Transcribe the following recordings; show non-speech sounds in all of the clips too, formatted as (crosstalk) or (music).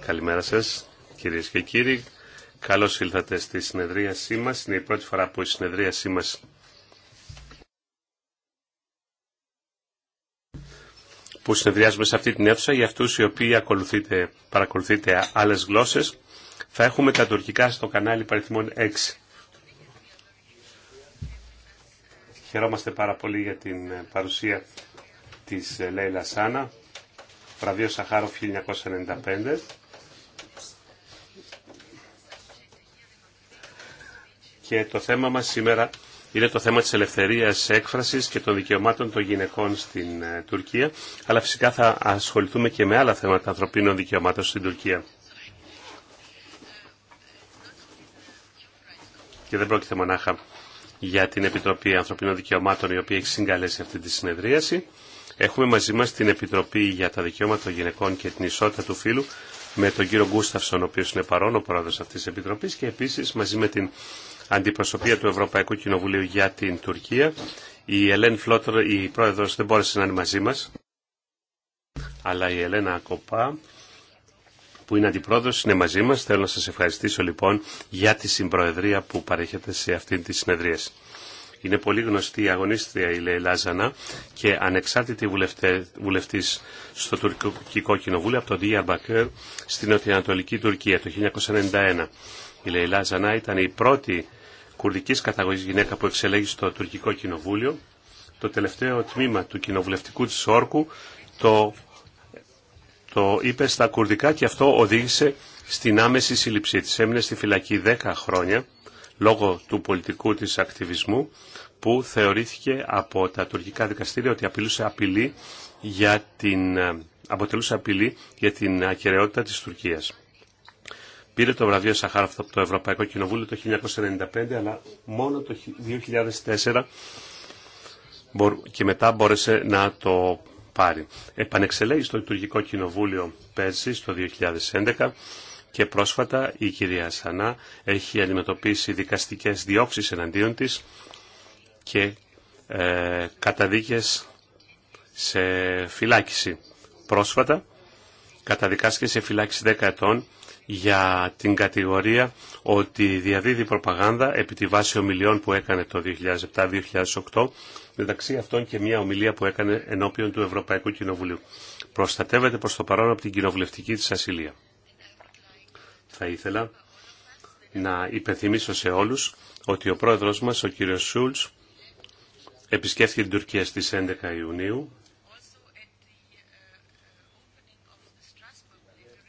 Καλημέρα σας κυρίες και κύριοι. Καλώς ήλθατε στη συνεδρίασή μας. Είναι η πρώτη φορά που η συνεδρίασή μας που συνεδριάζουμε σε αυτή την αίθουσα για αυτούς οι οποίοι ακολουθείτε, παρακολουθείτε άλλες γλώσσες. Θα έχουμε τα τουρκικά στο κανάλι παριθμών 6. Χαιρόμαστε πάρα πολύ για την παρουσία της Λέιλα Σάνα βραβείο Σαχάρο 1995. Και το θέμα μας σήμερα είναι το θέμα της ελευθερίας έκφρασης και των δικαιωμάτων των γυναικών στην ε, Τουρκία, αλλά φυσικά θα ασχοληθούμε και με άλλα θέματα ανθρωπίνων δικαιωμάτων στην Τουρκία. Και δεν πρόκειται μονάχα για την Επιτροπή Ανθρωπίνων Δικαιωμάτων, η οποία έχει συγκαλέσει αυτή τη συνεδρίαση, Έχουμε μαζί μας την Επιτροπή για τα Δικαιώματα των Γυναικών και την Ισότητα του Φύλου με τον κύριο Γκούσταυσον, ο οποίος είναι παρόν ο πρόεδρος αυτής της Επιτροπής και επίσης μαζί με την αντιπροσωπεία του Ευρωπαϊκού Κοινοβουλίου για την Τουρκία. Η Ελένη Φλότερ, η πρόεδρος, δεν μπόρεσε να είναι μαζί μας, αλλά η Ελένα Ακοπά, που είναι αντιπρόεδρο, είναι μαζί μα. Θέλω να σα ευχαριστήσω λοιπόν για τη συμπροεδρία που παρέχεται σε αυτή τη συνεδρίαση. Είναι πολύ γνωστή η αγωνίστρια η Λέιλα Λάζανά και ανεξάρτητη βουλευτής στο τουρκικό κοινοβούλιο από το Δία Μπακέρ στην νοτιοανατολική Τουρκία το 1991. Η Λέιλα Λάζανά ήταν η πρώτη κουρδικής καταγωγής γυναίκα που εξελέγει στο τουρκικό κοινοβούλιο. Το τελευταίο τμήμα του κοινοβουλευτικού της όρκου το, το είπε στα κουρδικά και αυτό οδήγησε στην άμεση σύλληψή της. Έμεινε στη φυλακή 10 χρόνια λόγω του πολιτικού της ακτιβισμού που θεωρήθηκε από τα τουρκικά δικαστήρια ότι απειλούσε απειλή για την, ε, αποτελούσε απειλή για την ακεραιότητα της Τουρκίας. Πήρε το βραβείο Σαχάροφ από το Ευρωπαϊκό Κοινοβούλιο το 1995, αλλά μόνο το 2004 και μετά μπόρεσε να το πάρει. Επανεξελέγει στο τουρκικό Κοινοβούλιο πέρσι, το 2011, και πρόσφατα η κυρία Σανά έχει αντιμετωπίσει δικαστικές διώξεις εναντίον της και ε, καταδίκες σε φυλάκιση. Πρόσφατα καταδικάστηκε σε φυλάκιση 10 ετών για την κατηγορία ότι διαδίδει προπαγάνδα επί τη βάση ομιλιών που έκανε το 2007-2008 μεταξύ αυτών και μια ομιλία που έκανε ενώπιον του Ευρωπαϊκού Κοινοβουλίου. Προστατεύεται προς το παρόν από την κοινοβουλευτική της ασυλία. Θα ήθελα να υπενθυμίσω σε όλους ότι ο πρόεδρος μας, ο κύριος Σούλτς, επισκέφθηκε την Τουρκία στις 11 Ιουνίου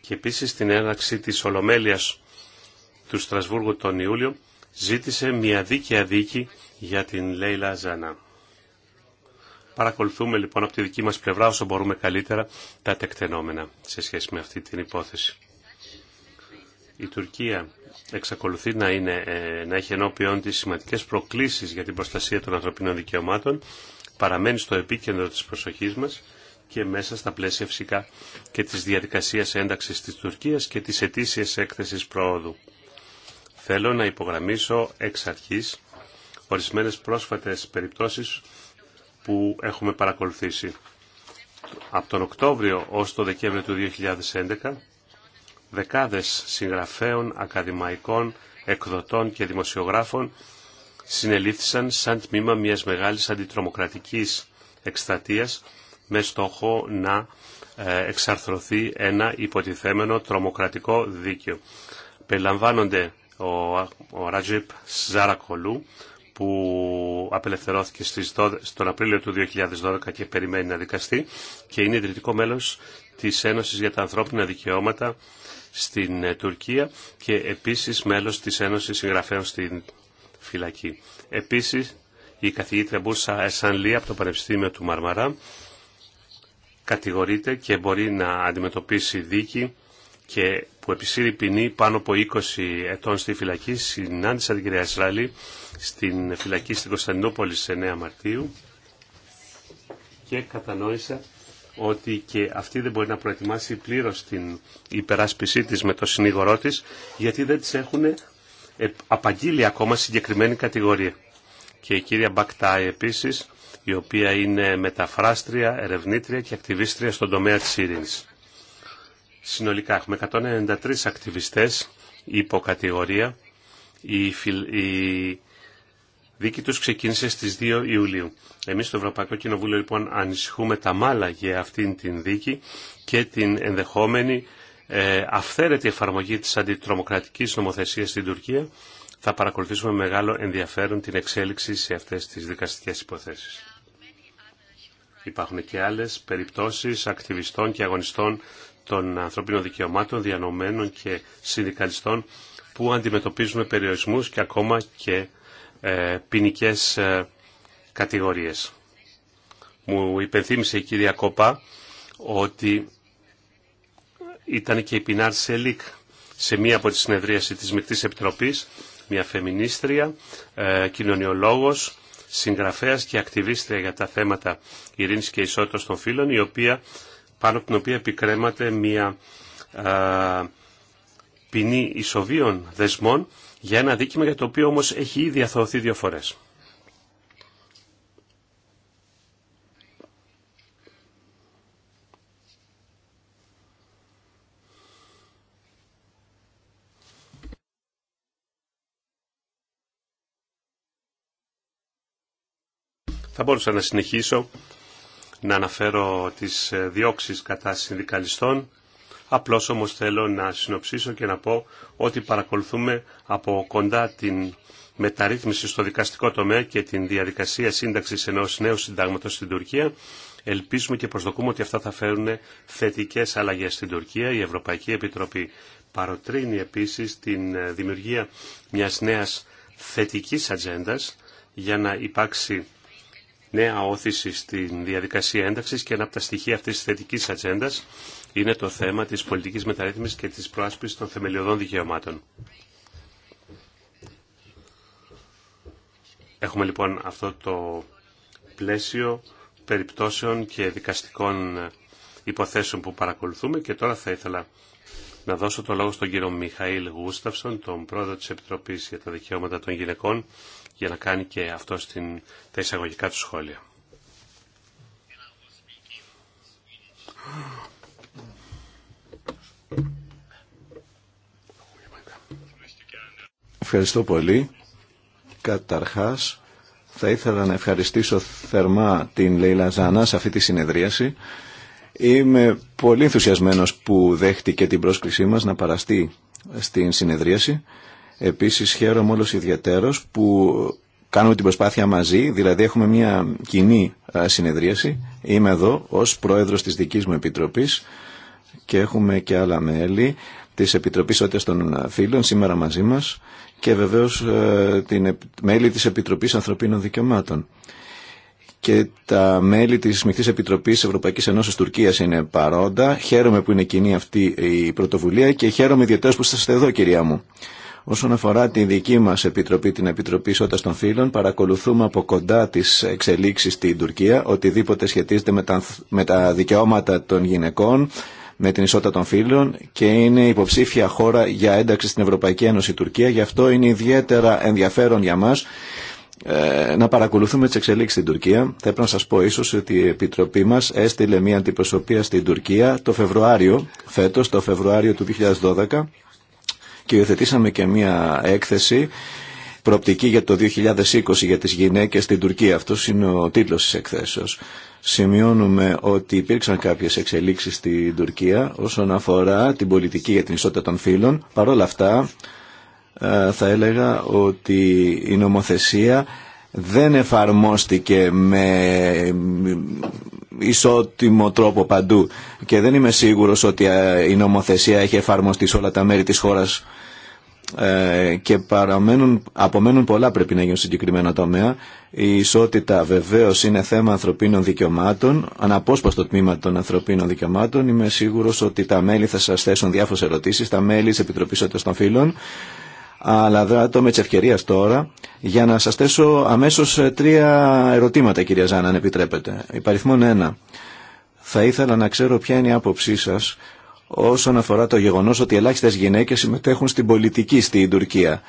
και επίσης στην έναρξη της Ολομέλειας του Στρασβούργου τον Ιούλιο ζήτησε μια δίκαια δίκη για την Λέιλα Ζανά. Παρακολουθούμε λοιπόν από τη δική μας πλευρά όσο μπορούμε καλύτερα τα τεκτενόμενα σε σχέση με αυτή την υπόθεση η Τουρκία εξακολουθεί να, είναι, ε, να έχει ενώπιον τις σημαντικές προκλήσεις για την προστασία των ανθρωπίνων δικαιωμάτων, παραμένει στο επίκεντρο της προσοχής μας και μέσα στα πλαίσια φυσικά και της διαδικασίας ένταξης της Τουρκίας και της ετήσιας έκθεσης προόδου. Θέλω να υπογραμμίσω εξ αρχής ορισμένες πρόσφατες περιπτώσεις που έχουμε παρακολουθήσει. Από τον Οκτώβριο ως το Δεκέμβριο του 2011 δεκάδες συγγραφέων, ακαδημαϊκών, εκδοτών και δημοσιογράφων συνελήφθησαν σαν τμήμα μιας μεγάλης αντιτρομοκρατικής εκστατείας με στόχο να ε, εξαρθρωθεί ένα υποτιθέμενο τρομοκρατικό δίκαιο. Περιλαμβάνονται ο, ο Ρατζιπ Ζαρακολού που απελευθερώθηκε στις 12, στον Απρίλιο του 2012 και περιμένει να δικαστεί και είναι ιδρυτικό μέλος της Ένωσης για τα Ανθρώπινα Δικαιώματα στην ε, Τουρκία και επίσης μέλος της Ένωσης Συγγραφέων στην φυλακή. Επίσης, η καθηγήτρια Μπούρσα Εσανλή από το Πανεπιστήμιο του Μαρμαρά κατηγορείται και μπορεί να αντιμετωπίσει δίκη και που επισύρει ποινή πάνω από 20 ετών στη φυλακή. Συνάντησα την κυρία Εσράλη στην φυλακή στην Κωνσταντινούπολη σε 9 Μαρτίου και κατανόησα ότι και αυτή δεν μπορεί να προετοιμάσει πλήρω την υπεράσπισή της με το συνήγορό τη, γιατί δεν της έχουν ε, απαγγείλει ακόμα συγκεκριμένη κατηγορία. Και η κυρία Μπακτάη επίσης, η οποία είναι μεταφράστρια, ερευνήτρια και ακτιβίστρια στον τομέα τη ειρήνης. Συνολικά έχουμε 193 ακτιβιστές υποκατηγορία. Η, η δίκη τους ξεκίνησε στις 2 Ιουλίου. Εμείς στο Ευρωπαϊκό Κοινοβούλιο λοιπόν ανησυχούμε τα μάλα για αυτήν την δίκη και την ενδεχόμενη ε, αυθαίρετη εφαρμογή της αντιτρομοκρατικής νομοθεσίας στην Τουρκία. Θα παρακολουθήσουμε με μεγάλο ενδιαφέρον την εξέλιξη σε αυτές τις δικαστικές υποθέσεις. Υπάρχουν και άλλες περιπτώσεις ακτιβιστών και αγωνιστών των ανθρωπίνων δικαιωμάτων, διανομένων και συνδικαλιστών που αντιμετωπίζουν περιορισμούς και ακόμα και ε, ποινικέ ε, κατηγορίες. Μου υπενθύμησε η κυρία Κόπα ότι ήταν και η Πινάρ Σελίκ σε μία από τις συνεδρίασεις της Μικτής Επιτροπής, μια φεμινίστρια, ε, κοινωνιολόγος, συγγραφέας και ακτιβίστρια για τα θέματα ειρήνης και ισότητας των φύλων, η οποία, πάνω από την οποία επικρέμαται μια ποινή ισοβίων δεσμών για ένα δίκημα για το οποίο όμως έχει ήδη αθωωθεί δύο φορές. Θα μπορούσα να συνεχίσω να αναφέρω τις ε, διώξεις κατά συνδικαλιστών Απλώς όμως θέλω να συνοψίσω και να πω ότι παρακολουθούμε από κοντά την μεταρρύθμιση στο δικαστικό τομέα και την διαδικασία σύνταξης ενός νέου συντάγματος στην Τουρκία. Ελπίζουμε και προσδοκούμε ότι αυτά θα φέρουν θετικές αλλαγές στην Τουρκία. Η Ευρωπαϊκή Επιτροπή παροτρύνει επίσης την ε, δημιουργία μιας νέας θετικής ατζέντα για να υπάρξει νέα όθηση στην διαδικασία ένταξης και ένα από τα στοιχεία αυτής της θετικής ατζέντα είναι το θέμα της πολιτικής μεταρρύθμισης και της προάσπισης των θεμελιωδών δικαιωμάτων. Έχουμε λοιπόν αυτό το πλαίσιο περιπτώσεων και δικαστικών υποθέσεων που παρακολουθούμε και τώρα θα ήθελα να δώσω το λόγο στον κύριο Μιχαήλ Γούσταυσον, τον πρόεδρο της Επιτροπής για τα Δικαιώματα των Γυναικών, για να κάνει και αυτό στην, τα εισαγωγικά του σχόλια. Ευχαριστώ πολύ. Καταρχάς, θα ήθελα να ευχαριστήσω θερμά την Λέιλα Ζανά σε αυτή τη συνεδρίαση. Είμαι πολύ ενθουσιασμένος που δέχτηκε την πρόσκλησή μας να παραστεί στην συνεδρίαση. Επίσης χαίρομαι όλος ιδιαίτερος που κάνουμε την προσπάθεια μαζί, δηλαδή έχουμε μια κοινή συνεδρίαση. Είμαι εδώ ως πρόεδρος της δικής μου επιτροπής και έχουμε και άλλα μέλη της Επιτροπής Ότιας των Φίλων σήμερα μαζί μας και βεβαίως ε, την μέλη της Επιτροπής Ανθρωπίνων Δικαιωμάτων. Και τα μέλη της Μικτής Επιτροπής Ευρωπαϊκής Ενώσης Τουρκίας είναι παρόντα. Χαίρομαι που είναι κοινή αυτή η πρωτοβουλία και χαίρομαι ιδιαίτερα που είστε εδώ κυρία μου. Όσον αφορά τη δική μας Επιτροπή, την Επιτροπή Ισότητας των Φίλων, παρακολουθούμε από κοντά τις εξελίξεις στην Τουρκία, οτιδήποτε σχετίζεται με τα δικαιώματα των γυναικών, με την ισότητα των φίλων και είναι υποψήφια χώρα για ένταξη στην Ευρωπαϊκή Ένωση Τουρκία. Γι' αυτό είναι ιδιαίτερα ενδιαφέρον για μας ε, να παρακολουθούμε τις εξελίξεις στην Τουρκία. Θα έπρεπε να σας πω ίσως ότι η Επιτροπή μας έστειλε μια αντιπροσωπεία στην Τουρκία το Φεβρουάριο, φέτος, το Φεβρουάριο του 2012 και υιοθετήσαμε και μια έκθεση προοπτική για το 2020 για τις γυναίκες στην Τουρκία. Αυτός είναι ο τίτλος της εκθέσεως. Σημειώνουμε ότι υπήρξαν κάποιες εξελίξεις στην Τουρκία όσον αφορά την πολιτική για την ισότητα των φύλων. Παρ' όλα αυτά ε, θα έλεγα ότι η νομοθεσία δεν εφαρμόστηκε με ισότιμο τρόπο παντού και δεν είμαι σίγουρος ότι ε, η νομοθεσία έχει εφαρμοστεί σε όλα τα μέρη της χώρας ε, και παραμένουν, απομένουν πολλά πρέπει να γίνουν συγκεκριμένα τομέα. Η ισότητα βεβαίω είναι θέμα ανθρωπίνων δικαιωμάτων, αναπόσπαστο τμήμα των ανθρωπίνων δικαιωμάτων. Είμαι σίγουρο ότι τα μέλη θα σα θέσουν διάφορε ερωτήσει, τα μέλη τη Επιτροπή Ισότητα των φίλων. Αλλά δράτω με τη ευκαιρία τώρα για να σα θέσω αμέσω ε, τρία ερωτήματα, κυρία Ζάνα, αν επιτρέπετε. Υπαριθμόν ένα. Θα ήθελα να ξέρω ποια είναι η άποψή σας όσον αφορά το γεγονός ότι ελάχιστες γυναίκες συμμετέχουν στην πολιτική στην Τουρκία.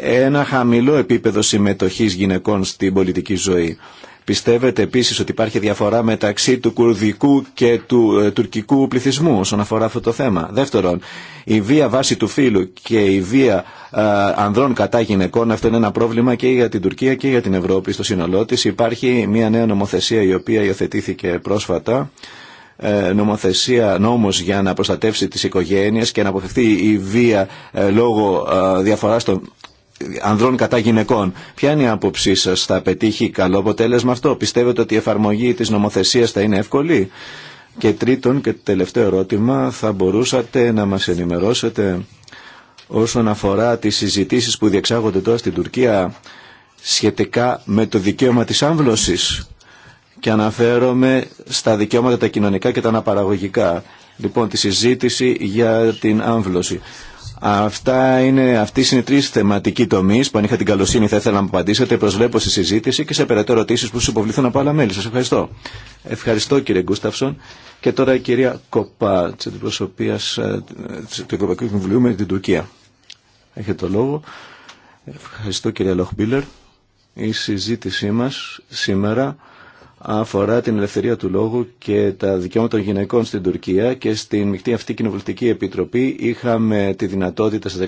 Ένα χαμηλό επίπεδο συμμετοχής γυναικών στην πολιτική ζωή. Πιστεύετε επίσης ότι υπάρχει διαφορά μεταξύ του κουρδικού και του ε, τουρκικού πληθυσμού όσον αφορά αυτό το θέμα. Δεύτερον, η βία βάση του φύλου και η βία ε, ανδρών κατά γυναικών, αυτό είναι ένα πρόβλημα και για την Τουρκία και για την Ευρώπη στο σύνολό της. Υπάρχει μια νέα νομοθεσία η οποία υιοθετήθηκε πρόσφατα ε, νομοθεσία, νόμος για να προστατεύσει τις οικογένειες και να αποφευθεί η βία ε, λόγω ε, διαφοράς των ανδρών κατά γυναικών. Ποια είναι η άποψή σα, θα πετύχει καλό αποτέλεσμα αυτό, πιστεύετε ότι η εφαρμογή της νομοθεσίας θα είναι εύκολη. Και τρίτον και τελευταίο ερώτημα, θα μπορούσατε να μας ενημερώσετε όσον αφορά τις συζητήσεις που διεξάγονται τώρα στην Τουρκία σχετικά με το δικαίωμα της άμβλωσης και αναφέρομαι στα δικαιώματα τα κοινωνικά και τα αναπαραγωγικά. Λοιπόν, τη συζήτηση για την άμβλωση. Αυτά είναι, αυτοί είναι τρει θεματικοί τομεί που αν είχα την καλοσύνη θα ήθελα να μου απαντήσετε. Προσβλέπω στη συζήτηση και σε περαιτέρω ερωτήσει που σου υποβληθούν από άλλα μέλη. Σα ευχαριστώ. Ευχαριστώ κύριε Γκούσταυσον. Και τώρα η κυρία Κοπά τη αντιπροσωπεία ε, του Ευρωπαϊκού Κοινοβουλίου με την Τουρκία. Έχετε το λόγο. Ευχαριστώ κύριε Λοχμπίλερ. Η συζήτησή μα σήμερα αφορά την ελευθερία του λόγου και τα δικαιώματα των γυναικών στην Τουρκία και στην μεικτή αυτή κοινοβουλευτική επιτροπή είχαμε τη δυνατότητα στις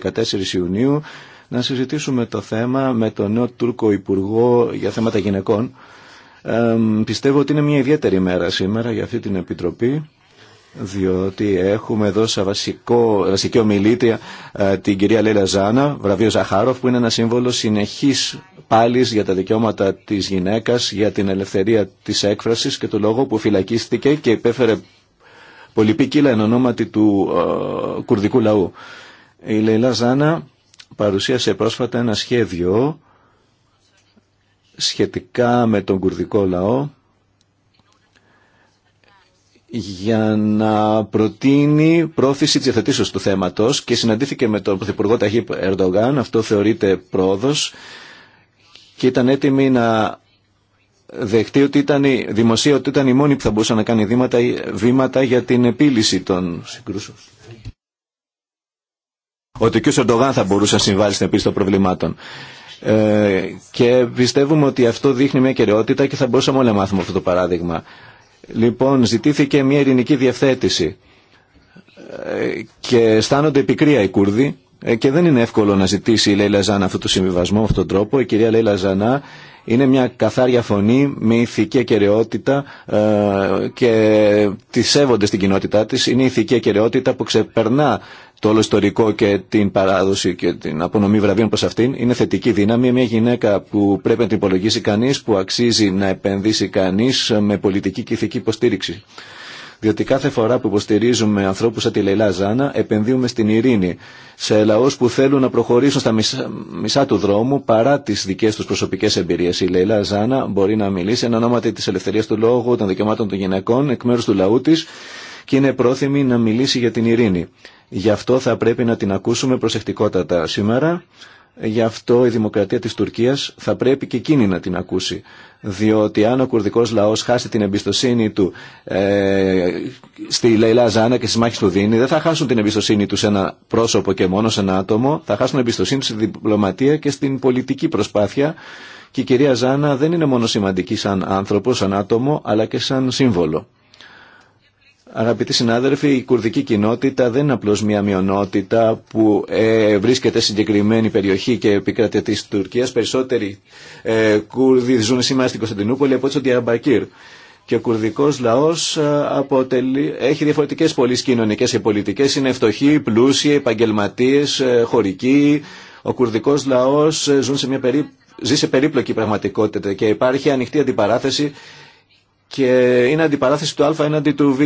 14 Ιουνίου να συζητήσουμε το θέμα με τον νέο Τούρκο Υπουργό για θέματα γυναικών. πιστεύω ότι είναι μια ιδιαίτερη μέρα σήμερα για αυτή την επιτροπή διότι έχουμε εδώ σαν βασικό, βασική ομιλήτρια ε, την κυρία Λέλα Ζάνα, βραβείο Ζαχάροφ, που είναι ένα σύμβολο συνεχής πάλης για τα δικαιώματα της γυναίκας, για την ελευθερία της έκφρασης και του λόγου που φυλακίστηκε και υπέφερε πολυπή κύλα εν ονόματι του ε, κουρδικού λαού. Η Λέλα Ζάνα παρουσίασε πρόσφατα ένα σχέδιο σχετικά με τον κουρδικό λαό για να προτείνει πρόθεση της διαθετήσεως του θέματος και συναντήθηκε με τον Πρωθυπουργό Ταχύπ Ερντογάν, αυτό θεωρείται πρόοδος και ήταν έτοιμη να δεχτεί ότι ήταν η δημοσία ότι ήταν η μόνη που θα μπορούσε να κάνει βήματα, βήματα για την επίλυση των συγκρούσεων. Ότι ο κ. Ερντογάν θα μπορούσε να συμβάλλει στην επίλυση των προβλημάτων. Ε, και πιστεύουμε ότι αυτό δείχνει μια κυριότητα και θα μπορούσαμε όλοι να μάθουμε αυτό το παράδειγμα. Λοιπόν, ζητήθηκε μια ειρηνική διευθέτηση και αισθάνονται επικρία οι Κούρδοι ε, και δεν είναι εύκολο να ζητήσει η Λέιλα Ζάνα αυτό το συμβιβασμό, αυτόν τον τρόπο. Η κυρία Λέιλα Ζανά είναι μια καθάρια φωνή με ηθική αικαιρεότητα ε, και τη σέβονται στην κοινότητά της. Είναι η ηθική αικαιρεότητα που ξεπερνά το όλο ιστορικό και την παράδοση και την απονομή βραβείων προς αυτήν. Είναι θετική δύναμη μια γυναίκα που πρέπει να την υπολογίσει κανείς, που αξίζει να επενδύσει κανείς με πολιτική και ηθική υποστήριξη. Διότι κάθε φορά που υποστηρίζουμε ανθρώπους σαν τη Λελά Ζάνα, επενδύουμε στην ειρήνη. Σε λαού που θέλουν να προχωρήσουν στα μισά, του δρόμου παρά τις δικές τους προσωπικές εμπειρίες. Η Λελά Ζάνα μπορεί να μιλήσει εν ονόματι της ελευθερίας του λόγου, των δικαιωμάτων των γυναικών, εκ μέρου του λαού τη και είναι πρόθυμη να μιλήσει για την ειρήνη. Γι' αυτό θα πρέπει να την ακούσουμε προσεκτικότατα σήμερα. Γι' αυτό η δημοκρατία της Τουρκίας θα πρέπει και εκείνη να την ακούσει. Διότι αν ο κουρδικός λαός χάσει την εμπιστοσύνη του ε, στη Λαϊλά Ζάνα και στις μάχες του Δίνη, δεν θα χάσουν την εμπιστοσύνη του σε ένα πρόσωπο και μόνο σε ένα άτομο, θα χάσουν την εμπιστοσύνη στη διπλωματία και στην πολιτική προσπάθεια. Και η κυρία Ζάνα δεν είναι μόνο σημαντική σαν άνθρωπο, σαν άτομο, αλλά και σαν σύμβολο. Αγαπητοί συνάδελφοι, η κουρδική κοινότητα δεν είναι απλώς μια μειονότητα που ε, βρίσκεται σε συγκεκριμένη περιοχή και επικρατεί της Τουρκίας. Περισσότεροι ε, Κούρδοι ζουν σήμερα στην Κωνσταντινούπολη από ό,τι στον Διαμπακύρ. Και ο κουρδικός λαός ε, αποτελεί, έχει διαφορετικές πολλές κοινωνικέ και πολιτικές. Είναι φτωχοί, πλούσιοι, επαγγελματίε, ε, χωρικοί. Ο κουρδικός λαός ε, ζουν σε μια περί... ζει σε περίπλοκη πραγματικότητα και υπάρχει ανοιχτή αντιπαράθεση και είναι αντιπαράθεση του α έναντι του β.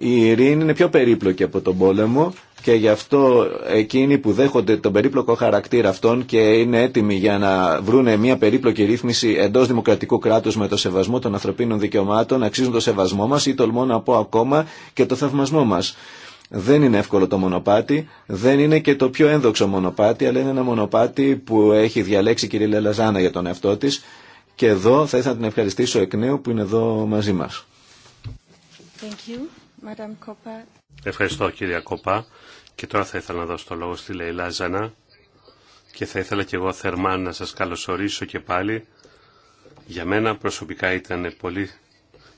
Η ειρήνη είναι πιο περίπλοκη από τον πόλεμο και γι' αυτό εκείνοι που δέχονται τον περίπλοκο χαρακτήρα αυτών και είναι έτοιμοι για να βρούνε μια περίπλοκη ρύθμιση εντό δημοκρατικού κράτου με το σεβασμό των ανθρωπίνων δικαιωμάτων αξίζουν το σεβασμό μα ή τολμώ να πω ακόμα και το θαυμασμό μα. Δεν είναι εύκολο το μονοπάτι, δεν είναι και το πιο ένδοξο μονοπάτι, αλλά είναι ένα μονοπάτι που έχει διαλέξει η κυρία Λαζάνα για τον εαυτό τη. Και εδώ θα ήθελα να την ευχαριστήσω εκ νέου που είναι εδώ μαζί μας. Thank you, Madam Ευχαριστώ κυρία Κόπα. Και τώρα θα ήθελα να δώσω το λόγο στη Λεϊλά Ζανά και θα ήθελα και εγώ θερμά να σας καλωσορίσω και πάλι. Για μένα προσωπικά ήταν πολύ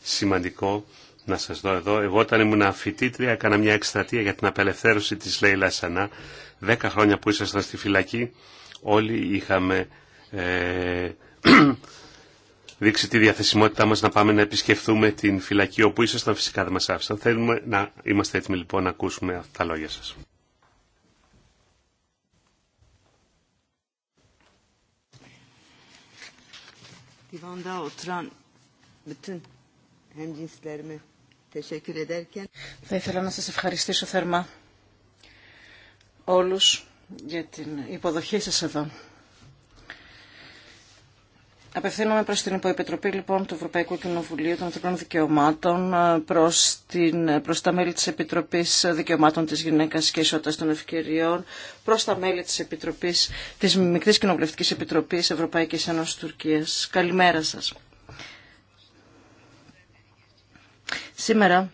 σημαντικό να σας δω εδώ. Εγώ όταν ήμουν φοιτήτρια έκανα μια εκστρατεία για την απελευθέρωση της Λέιλα Ζανά. Δέκα χρόνια που ήσασταν στη φυλακή όλοι είχαμε ε, (clears throat) ε δείξει τη διαθεσιμότητά μας να πάμε να επισκεφθούμε την φυλακή όπου ήσασταν φυσικά δεν μας άφησαν. Θέλουμε να είμαστε έτοιμοι λοιπόν να ακούσουμε αυτά τα λόγια σας. Θα ήθελα να σας ευχαριστήσω θερμά όλους για την υποδοχή σας εδώ. Απευθύνομαι προς την Υποεπιτροπή λοιπόν του Ευρωπαϊκού Κοινοβουλίου των Ανθρωπίνων Δικαιωμάτων, ε, προς, την, ε, προς τα μέλη της Επιτροπής Δικαιωμάτων της Γυναίκας και Ισότητας των Ευκαιριών, προς τα μέλη της Επιτροπής, της μικρής Κοινοβουλευτικής Επιτροπής Ευρωπαϊκής Ένωσης Τουρκίας. Καλημέρα σας. Σήμερα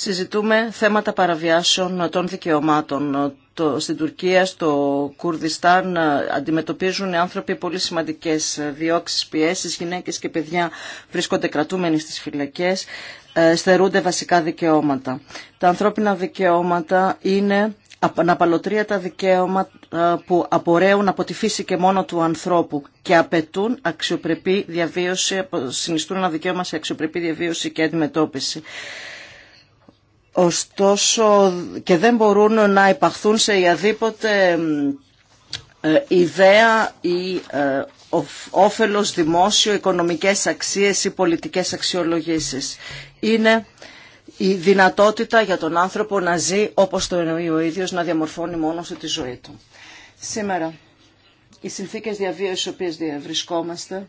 συζητούμε θέματα παραβιάσεων των δικαιωμάτων. Το, στην Τουρκία, στο Κουρδιστάν ε, αντιμετωπίζουν άνθρωποι πολύ σημαντικές ε, διώξεις, πιέσεις, γυναίκες και παιδιά βρίσκονται κρατούμενοι στις φυλακές, ε, στερούνται βασικά δικαιώματα. Τα ανθρώπινα δικαιώματα είναι αναπαλωτρία τα δικαίωματα που απορρέουν από τη φύση και μόνο του ανθρώπου και απαιτούν αξιοπρεπή διαβίωση, συνιστούν ένα δικαίωμα σε αξιοπρεπή διαβίωση και αντιμετώπιση ωστόσο και δεν μπορούν να υπαχθούν σε οποιαδήποτε ε, ιδέα ή ε, όφελος δημόσιο, οικονομικές αξίες ή πολιτικές αξιολογήσεις. Είναι η δυνατότητα για τον άνθρωπο να ζει όπως το εννοεί ο ίδιος, να διαμορφώνει μόνος τη ζωή του. Σήμερα, οι συνθήκες διαβίωσης στις οποίες βρισκόμαστε,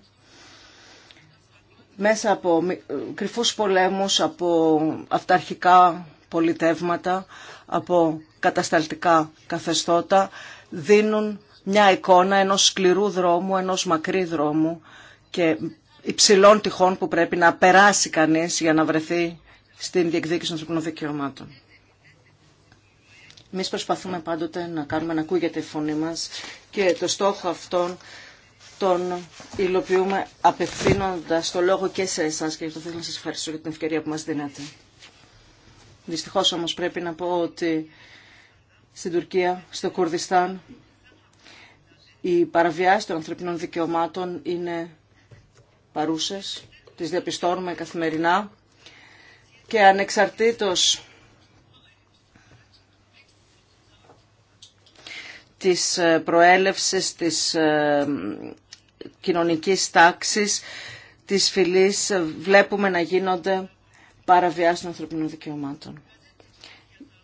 μέσα από ε, κρυφούς πολέμους, από αυταρχικά πολιτεύματα, από κατασταλτικά καθεστώτα, δίνουν μια εικόνα ενός σκληρού δρόμου, ενός μακρύ δρόμου και υψηλών τυχών που πρέπει να περάσει κανείς για να βρεθεί στην διεκδίκηση των ανθρωπινών δικαιωμάτων. Εμεί προσπαθούμε πάντοτε να κάνουμε να ακούγεται η φωνή μας και το στόχο αυτόν τον υλοποιούμε απευθύνοντας το λόγο και σε εσάς και αυτό θέλω να σας ευχαριστώ για την ευκαιρία που μας δίνετε. Δυστυχώ όμως πρέπει να πω ότι στην Τουρκία, στο Κουρδιστάν, οι παραβιάσεις των ανθρωπινών δικαιωμάτων είναι παρούσες, τις διαπιστώνουμε καθημερινά και ανεξαρτήτως της ε, προέλευσης της ε, κοινωνικής τάξης, της φυλής, ε, βλέπουμε να γίνονται παραβιάσεις των ανθρωπίνων δικαιωμάτων.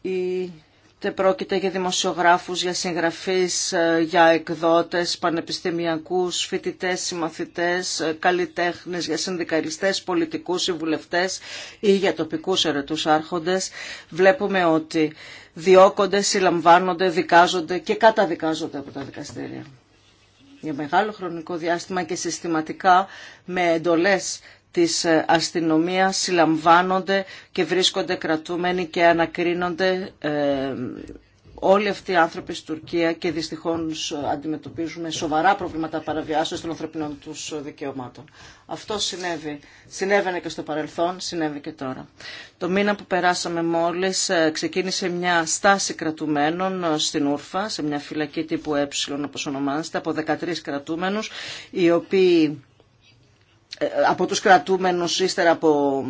Είτε πρόκειται για δημοσιογράφους, για συγγραφείς, ε, για εκδότες, πανεπιστημιακούς, φοιτητές, συμμαθητές, ε, καλλιτέχνες, για συνδικαλιστές, πολιτικούς, συμβουλευτέ ή για τοπικούς ερετούς άρχοντες. Βλέπουμε ότι διώκονται, συλλαμβάνονται, δικάζονται και καταδικάζονται από τα δικαστήρια για μεγάλο χρονικό διάστημα και συστηματικά με εντολές της ε, αστυνομίας συλλαμβάνονται και βρίσκονται κρατούμενοι και ανακρίνονται ε, όλοι αυτοί οι άνθρωποι στην Τουρκία και δυστυχώς ε, αντιμετωπίζουμε σοβαρά προβλήματα παραβιάσεως των ανθρωπινών τους δικαιωμάτων. Αυτό συνέβη. Συνέβαινε και στο παρελθόν, συνέβη και τώρα. Το μήνα που περάσαμε μόλις ξεκίνησε μια στάση κρατουμένων στην Ούρφα, σε μια φυλακή τύπου ε, όπως ονομάζεται, από 13 κρατούμενους, οι οποίοι ε, από τους κρατούμενους ύστερα από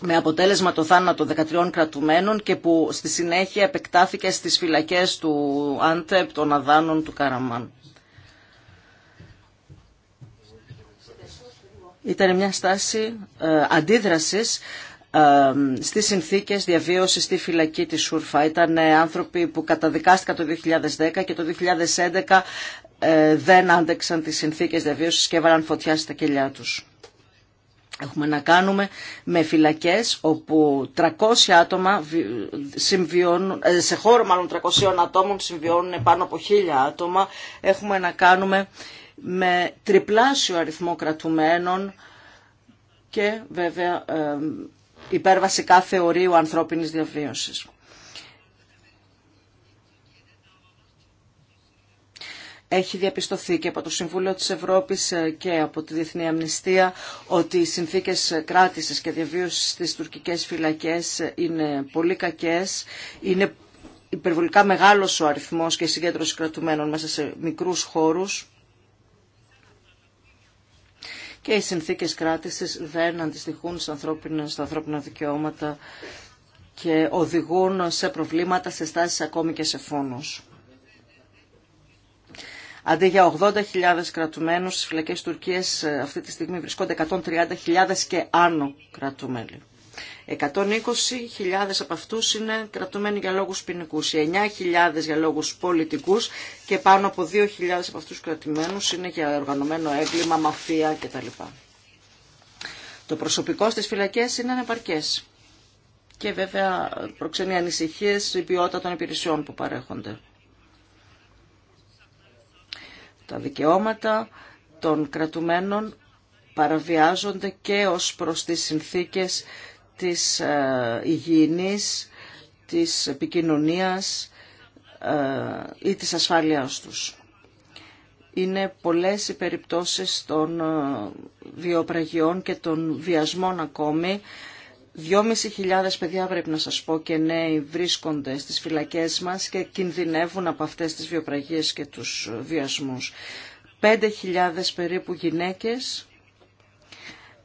με αποτέλεσμα το θάνατο 13 κρατουμένων και που στη συνέχεια επεκτάθηκε στις φυλακές του Άντεπ, των Αδάνων, του Καραμάν. Ήταν μια στάση ε, αντίδρασης ε, στις συνθήκες διαβίωσης στη φυλακή της Σούρφα. Ήταν άνθρωποι που καταδικάστηκαν το 2010 και το 2011 ε, δεν άντεξαν τις συνθήκες διαβίωσης και έβαλαν φωτιά στα κελιά τους. Έχουμε να κάνουμε με φυλακές όπου 300 άτομα συμβιώνουν, ε, σε χώρο μάλλον 300 ατόμων συμβιώνουν πάνω από 1000 άτομα. Έχουμε να κάνουμε με τριπλάσιο αριθμό κρατουμένων και βέβαια ε, υπέρβαση κάθε ορίου ανθρώπινης διαβίωσης. έχει διαπιστωθεί και από το Συμβούλιο της Ευρώπης ε, και από τη Διεθνή Αμνηστία ότι οι συνθήκες κράτησης και διαβίωσης στις τουρκικές φυλακές είναι πολύ κακές, είναι υπερβολικά μεγάλος ο αριθμός και η συγκέντρωση κρατουμένων μέσα σε μικρούς χώρους και οι συνθήκες κράτησης δεν αντιστοιχούν στα ανθρώπινα, δικαιώματα και οδηγούν σε προβλήματα, σε στάσεις ακόμη και σε φόνους. Αντί για 80.000 κρατουμένους στις φυλακές Τουρκίας ε, αυτή τη στιγμή βρισκόνται 130.000 και άνω κρατούμενοι. 120.000 από αυτούς είναι κρατούμενοι για λόγους ποινικούς, 9.000 για λόγους πολιτικούς και πάνω από 2.000 από αυτούς κρατημένους είναι για οργανωμένο έγκλημα, μαφία κτλ. Το προσωπικό στις φυλακές είναι ανεπαρκές και βέβαια προξενεί ανησυχίες η ποιότητα των υπηρεσιών που παρέχονται. Τα δικαιώματα των κρατουμένων παραβιάζονται και ως προς τις συνθήκες της ε, υγιεινής, της επικοινωνίας ε, ή της ασφάλειάς τους. Είναι πολλές οι περιπτώσεις των ε, βιοπραγιών και των βιασμών ακόμη 2.500 παιδιά πρέπει να σας πω και νέοι βρίσκονται στις φυλακές μας και κινδυνεύουν από αυτές τις βιοπραγίες και τους βιασμούς. 5.000 περίπου γυναίκες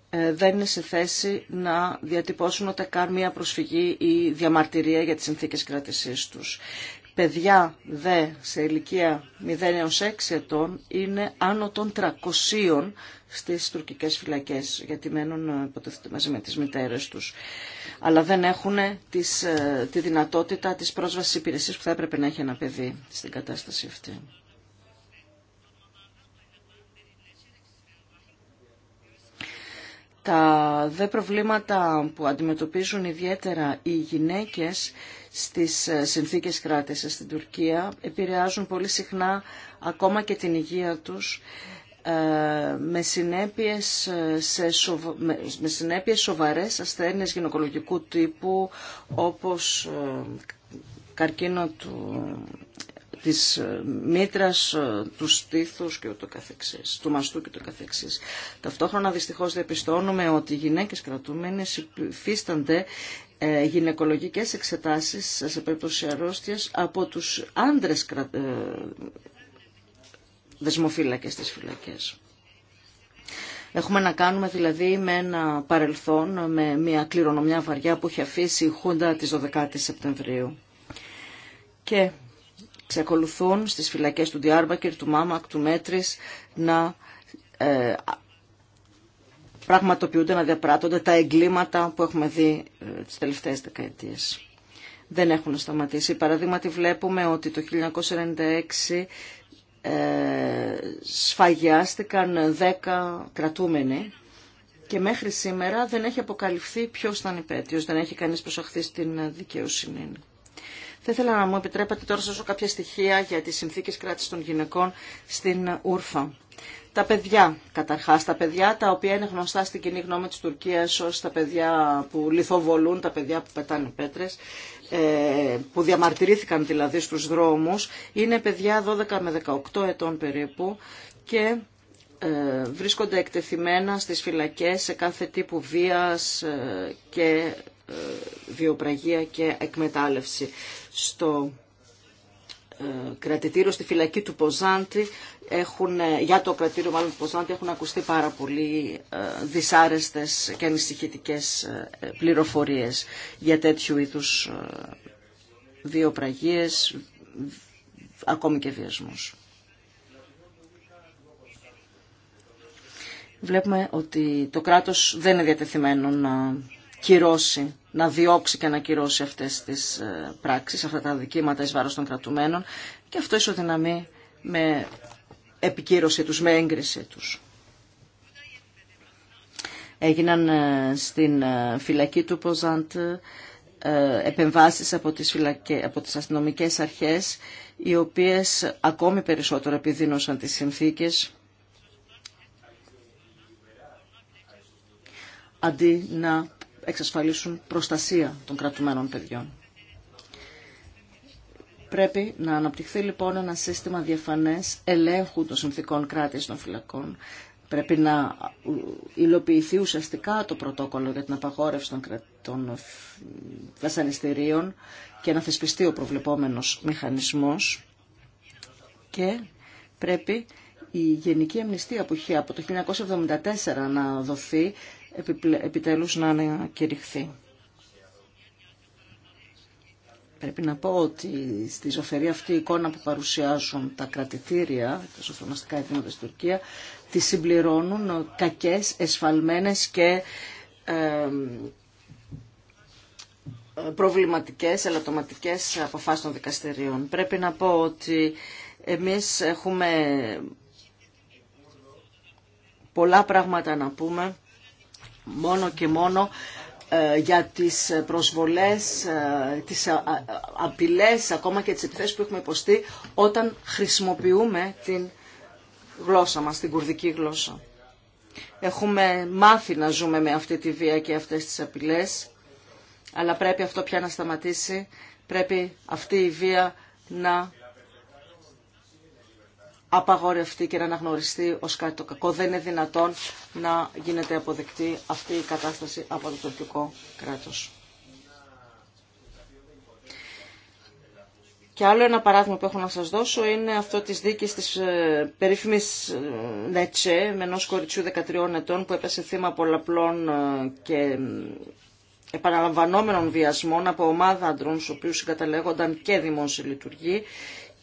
ε, δεν είναι σε θέση να διατυπώσουν ούτε καν μία προσφυγή ή διαμαρτυρία για τις συνθήκες κράτησής τους. Παιδιά δε σε ηλικία 0 έως 6 ετών είναι άνω των 300 στις τουρκικές φυλακές γιατί μένουν ε, μαζί με τις μητέρες τους. Αλλά δεν έχουν τις, ε, τη δυνατότητα της πρόσβασης υπηρεσίας που θα έπρεπε να έχει ένα παιδί στην κατάσταση αυτή. Τα δε προβλήματα που αντιμετωπίζουν ιδιαίτερα οι γυναίκες στις ε, συνθήκες κράτησης στην Τουρκία επηρεάζουν πολύ συχνά ακόμα και την υγεία τους ε, με συνέπειες, ε, σε συνέπειες σοβαρές ασθένειες γυναικολογικού τύπου όπως ε, καρκίνο του, της μήτρας, του στήθους και ούτω καθεξής, του μαστού και το καθεξής. Ταυτόχρονα δυστυχώς διαπιστώνουμε ότι οι γυναίκες κρατούμενες υφίστανται γυναικολογικές εξετάσεις σε περίπτωση αρρώστιας από τους άντρες δεσμοφύλακες στις φυλακές. Έχουμε να κάνουμε δηλαδή με ένα παρελθόν, με μια κληρονομιά βαριά που έχει αφήσει η Χούντα της 12 η Σεπτεμβρίου. Και ξεκολουθούν στις φυλακές του Διάρμπακερ, του Μάμακ, του Μέτρης να ε, πραγματοποιούνται, να διαπράττονται τα εγκλήματα που έχουμε δει ε, τις τελευταίες δεκαετίες. Δεν έχουν σταματήσει. Παραδείγματι βλέπουμε ότι το 1996 σφαγιάστηκαν δέκα κρατούμενοι και μέχρι σήμερα δεν έχει αποκαλυφθεί ποιος ήταν υπέτειος, δεν έχει κανείς προσαχθεί στην δικαιοσύνη. Θα ήθελα να μου επιτρέπετε τώρα να σας κάποια στοιχεία για τις συνθήκες κράτησης των γυναικών στην Ούρφα. Τα παιδιά, καταρχάς, τα παιδιά τα οποία είναι γνωστά στην κοινή γνώμη της Τουρκίας ως τα παιδιά που λιθοβολούν, τα παιδιά που πετάνε πέτρες, ε, που διαμαρτυρήθηκαν δηλαδή στους δρόμους, είναι παιδιά 12 με 18 ετών περίπου και ε, βρίσκονται εκτεθειμένα στις φυλακές σε κάθε τύπου βίας ε, και βιοπραγία και εκμετάλλευση. Στο ε, κρατητήριο στη φυλακή του Ποζάντη έχουν, ε, για το κρατήριο μάλλον του Ποζάντη έχουν ακουστεί πάρα πολύ ε, δυσάρεστες και ανησυχητικέ πληροφορίες για τέτοιου είδους βιοπραγίες, ακόμη και βιασμούς. Βλέπουμε ότι το κράτος δεν είναι διατεθειμένο να κυρώσει να διώξει και να κυρώσει αυτές τις ε, πράξεις, αυτά τα δικήματα εις βάρος των κρατουμένων και αυτό ισοδυναμεί με επικύρωση τους, με έγκριση τους. Έγιναν ε, στην ε, φυλακή του Ποζάντ επεμβάσεις από τις, φυλακές, από τις αστυνομικές αρχές οι οποίες ακόμη περισσότερο επιδίνωσαν τις συνθήκες αντί να εξασφαλίσουν προστασία των κρατουμένων παιδιών. Πρέπει να αναπτυχθεί λοιπόν ένα σύστημα διαφανές ελέγχου των συνθήκων κράτης των φυλακών. Πρέπει να υλοποιηθεί ουσιαστικά το πρωτόκολλο για την απαγόρευση των βασανιστήριων και να θεσπιστεί ο προβλεπόμενος μηχανισμός και πρέπει η Γενική Αμνηστία που είχε από το 1974 να δοθεί επιτέλους να ανακηρυχθεί. Πρέπει να πω ότι στη ζωφερή αυτή η εικόνα που παρουσιάζουν τα κρατητήρια, τα σοφροναστικά είναι στην Τουρκία, τη συμπληρώνουν κακές, εσφαλμένες και ε, προβληματικές, ελαττωματικές αποφάσεις των δικαστηρίων. Πρέπει να πω ότι εμείς έχουμε πολλά πράγματα να πούμε μόνο και μόνο ε, για τις προσβολές, ε, τις απειλές, ακόμα και τις επιθέσεις που έχουμε υποστεί όταν χρησιμοποιούμε την γλώσσα μας, την κουρδική γλώσσα. Έχουμε μάθει να ζούμε με αυτή τη βία και αυτές τις απειλές, αλλά πρέπει αυτό πια να σταματήσει, πρέπει αυτή η βία να απαγορευτεί και να αναγνωριστεί ως κάτι το κακό. Δεν είναι δυνατόν να γίνεται αποδεκτή αυτή η κατάσταση από το τουρκικό κράτος. Και άλλο ένα παράδειγμα που έχω να σας δώσω είναι αυτό της δίκης της ε, περίφημης ε, Νετσέ με ενός κοριτσιού 13 ετών που έπεσε θύμα πολλαπλών ε, και επαναλαμβανόμενων βιασμών από ομάδα αντρών στους οποίους συγκαταλέγονταν και δημόσιοι λειτουργοί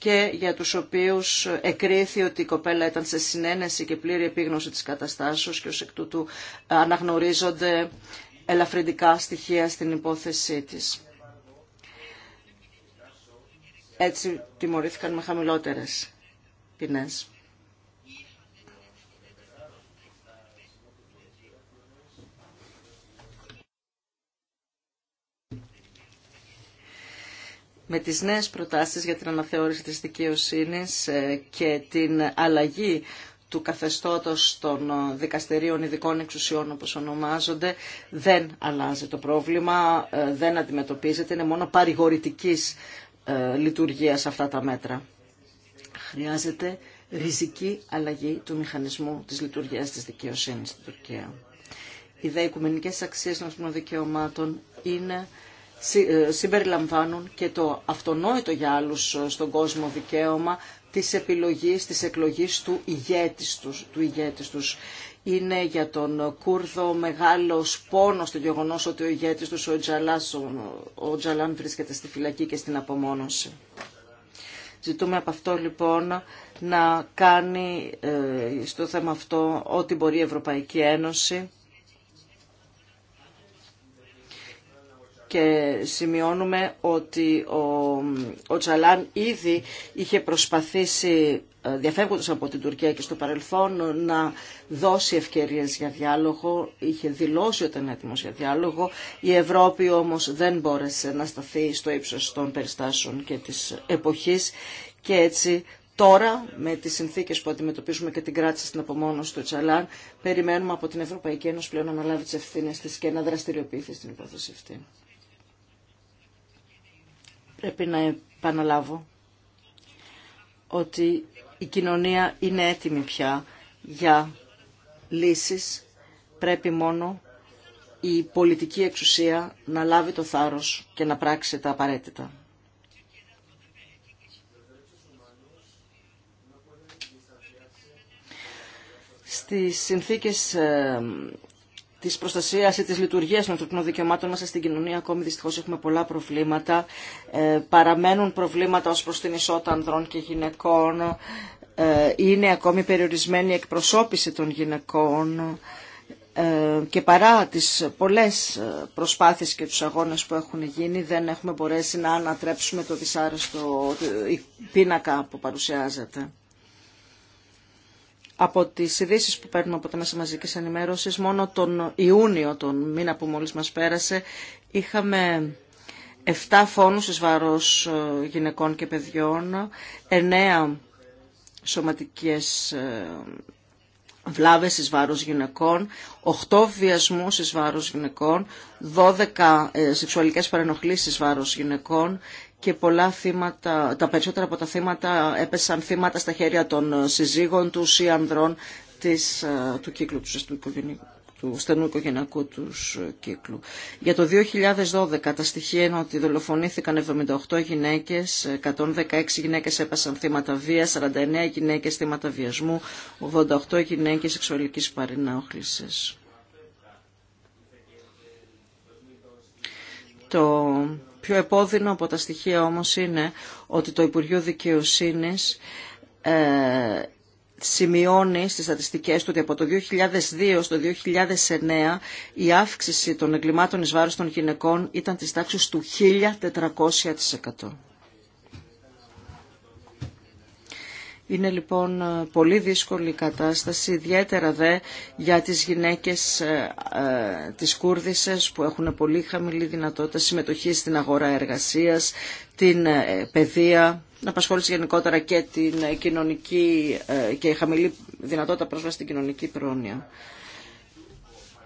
και για τους οποίους εκρίθη ότι η κοπέλα ήταν σε συνένεση και πλήρη επίγνωση της καταστάσεως και ως εκ τούτου αναγνωρίζονται ελαφρυντικά στοιχεία στην υπόθεσή της. Έτσι τιμωρήθηκαν με χαμηλότερες ποινές. με τις νέες προτάσεις για την αναθεώρηση της δικαιοσύνης ε, και την αλλαγή του καθεστώτος των ε, δικαστηρίων ειδικών εξουσιών όπως ονομάζονται δεν αλλάζει το πρόβλημα, ε, δεν αντιμετωπίζεται, είναι μόνο παρηγορητικής λειτουργίας αυτά τα μέτρα. Χρειάζεται ριζική αλλαγή του μηχανισμού της λειτουργίας της δικαιοσύνης στην Τουρκία. Οι δε οικουμενικές αξίες των δικαιωμάτων είναι ε, συμπεριλαμβάνουν και το αυτονόητο για άλλους ε, στον κόσμο δικαίωμα της επιλογής, της εκλογής του ηγέτης Του ηγέτης τους. Είναι για τον Κούρδο μεγάλο πόνο το γεγονό ότι ο ηγέτης τους, ο, Τζαλάς, ο Τζαλάν, βρίσκεται στη φυλακή και στην απομόνωση. Ζητούμε από αυτό λοιπόν να κάνει ε, στο θέμα αυτό ό,τι μπορεί η Ευρωπαϊκή Ένωση και σημειώνουμε ότι ο, ο Τσαλάν ήδη είχε προσπαθήσει ε, διαφεύγοντας από την Τουρκία και στο παρελθόν να δώσει ευκαιρίες για διάλογο, είχε δηλώσει ότι ήταν έτοιμος για διάλογο. Η Ευρώπη όμως δεν μπόρεσε να σταθεί στο ύψος των περιστάσεων και της εποχής και έτσι Τώρα, με τις συνθήκες που αντιμετωπίζουμε και την κράτηση στην απομόνωση του Τσαλάν, περιμένουμε από την Ευρωπαϊκή Ένωση πλέον να αναλάβει τις ευθύνες της και να δραστηριοποιηθεί στην υπόθεση αυτή. Πρέπει να επαναλάβω ότι η κοινωνία είναι έτοιμη πια για λύσεις. Πρέπει μόνο η πολιτική εξουσία να λάβει το θάρρος και να πράξει τα απαραίτητα. Στις συνθήκες ε, τη προστασία ή τη λειτουργία των ανθρωπίνων δικαιωμάτων μέσα στην κοινωνία, ακόμη δυστυχώ έχουμε πολλά προβλήματα. Ε, παραμένουν προβλήματα ω προ την ισότητα ανδρών και γυναικών. Ε, είναι ακόμη περιορισμένη η εκπροσώπηση των γυναικών ε, και παρά τις πολλές προσπάθειες και τους αγώνες που έχουν γίνει δεν έχουμε μπορέσει να ανατρέψουμε το δυσάρεστο πίνακα που παρουσιάζεται από τις ειδήσει που παίρνουμε από τα μέσα μαζικής ενημέρωση, μόνο τον Ιούνιο, τον μήνα που μόλις μας πέρασε, είχαμε 7 φόνους εις βάρος ε, γυναικών και παιδιών, 9 σωματικές ε, βλάβες εις βάρος γυναικών, 8 βιασμούς εις βάρος γυναικών, 12 ε, σεξουαλικές παρενοχλήσεις εις βάρος γυναικών και πολλά θύματα, τα περισσότερα από τα θύματα έπεσαν θύματα στα χέρια των ε, συζύγων τους ή ανδρών της, ε, του κύκλου τους, του, στενού οικογενειακού του ε, κύκλου. Για το 2012 τα στοιχεία είναι ότι δολοφονήθηκαν 78 γυναίκες, 116 γυναίκες έπεσαν θύματα βία, 49 γυναίκες θύματα βιασμού, 88 γυναίκες σεξουαλικής παρενόχλησης. Το πιο επώδυνο από τα στοιχεία όμως είναι ότι το Υπουργείο Δικαιοσύνης ε, σημειώνει στις στατιστικές του ότι από το 2002 στο 2009 η αύξηση των εγκλημάτων εις βάρος των γυναικών ήταν της τάξης του 1400%. Είναι λοιπόν πολύ δύσκολη η κατάσταση, ιδιαίτερα δε για τις γυναίκες ε, ε, που έχουν πολύ χαμηλή δυνατότητα συμμετοχή στην αγορά εργασίας, την ε, παιδεία, να απασχόληση γενικότερα και την ε, κοινωνική ε, και χαμηλή δυνατότητα πρόσβαση στην κοινωνική πρόνοια.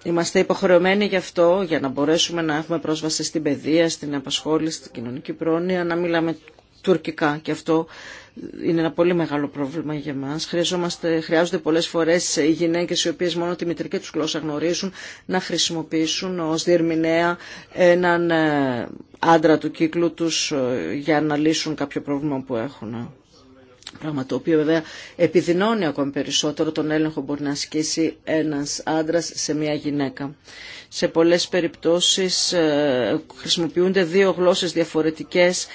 Είμαστε υποχρεωμένοι γι' αυτό για να μπορέσουμε να έχουμε πρόσβαση στην παιδεία, στην απασχόληση, στην κοινωνική πρόνοια, να μιλάμε τουρκικά και αυτό είναι ένα πολύ μεγάλο πρόβλημα για μας. Χρειαζόμαστε, χρειάζονται πολλές φορές οι γυναίκες οι οποίες μόνο τη μητρική τους γλώσσα γνωρίζουν να χρησιμοποιήσουν ως διερμηνέα έναν ε, άντρα του κύκλου τους ε, για να λύσουν κάποιο πρόβλημα που έχουν. Πράγμα το οποίο βέβαια επιδεινώνει ακόμη περισσότερο τον έλεγχο μπορεί να ασκήσει ένας άντρας σε μια γυναίκα. Σε πολλές περιπτώσεις ε, χρησιμοποιούνται δύο γλώσσες διαφορετικές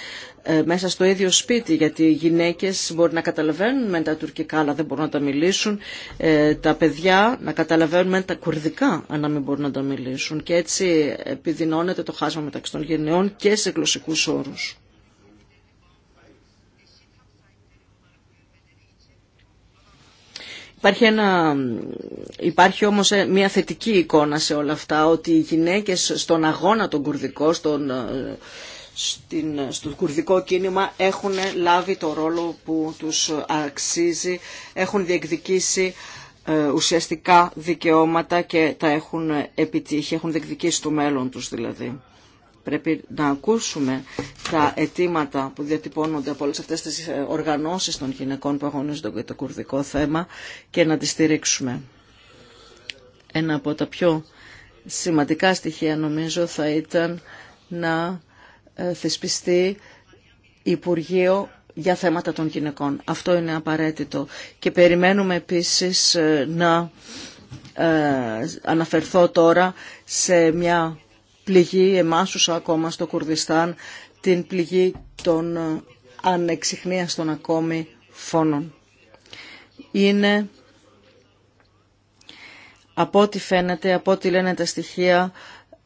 ε, μέσα στο ίδιο σπίτι, γιατί οι γυναίκες μπορεί να καταλαβαίνουν με τα τουρκικά αλλά δεν μπορούν να τα μιλήσουν, ε, τα παιδιά να καταλαβαίνουν με τα κουρδικά αλλά μην μπορούν να τα μιλήσουν και έτσι επιδεινώνεται το χάσμα μεταξύ των γενναιών και σε γλωσσικού όρου. Υπάρχει, ένα, υπάρχει όμως ε, μια θετική εικόνα σε όλα αυτά, ότι οι γυναίκες στον αγώνα τον κουρδικό, στον, στην, στο κουρδικό κίνημα έχουν λάβει το ρόλο που τους αξίζει, έχουν διεκδικήσει ε, ουσιαστικά δικαιώματα και τα έχουν επιτύχει, έχουν διεκδικήσει το μέλλον τους δηλαδή. Πρέπει να ακούσουμε τα αιτήματα που διατυπώνονται από όλες αυτές τις ε, οργανώσεις των γυναικών που αγωνίζονται για το κουρδικό θέμα και να τις στηρίξουμε. Ένα από τα πιο σημαντικά στοιχεία νομίζω θα ήταν να ε, θεσπιστεί Υπουργείο για θέματα των γυναικών. Αυτό είναι απαραίτητο. Και περιμένουμε επίσης ε, να ε, αναφερθώ τώρα σε μια πληγή εμάσουσα ακόμα στο Κουρδιστάν, την πληγή των ανεξιχνίαστων ακόμη φόνων. Είναι από ό,τι φαίνεται, από ό,τι λένε τα στοιχεία,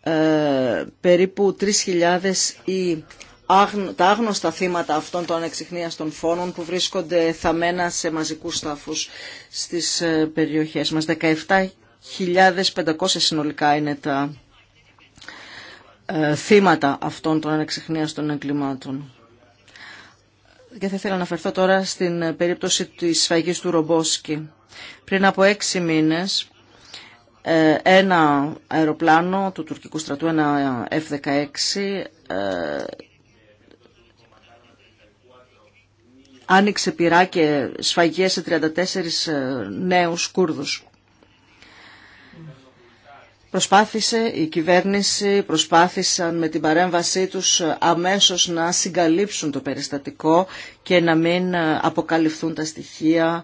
ε, περίπου 3.000 οι τα άγνωστα θύματα αυτών των των φόνων που βρίσκονται θαμμένα σε μαζικούς στάφους στις ε, περιοχές μας. 17.500 συνολικά είναι τα ε, θύματα αυτών των των εγκλημάτων. Και θα ήθελα να αναφερθώ τώρα στην περίπτωση της σφαγής του Ρομπόσκι. Πριν από έξι μήνες ε, ένα αεροπλάνο του τουρκικού στρατού, ένα F-16, ε, άνοιξε πυρά και σφαγέ σε 34 ε, νέους Κούρδους. Προσπάθησε η κυβέρνηση, προσπάθησαν με την παρέμβασή τους αμέσως να συγκαλύψουν το περιστατικό και να μην αποκαλυφθούν τα στοιχεία,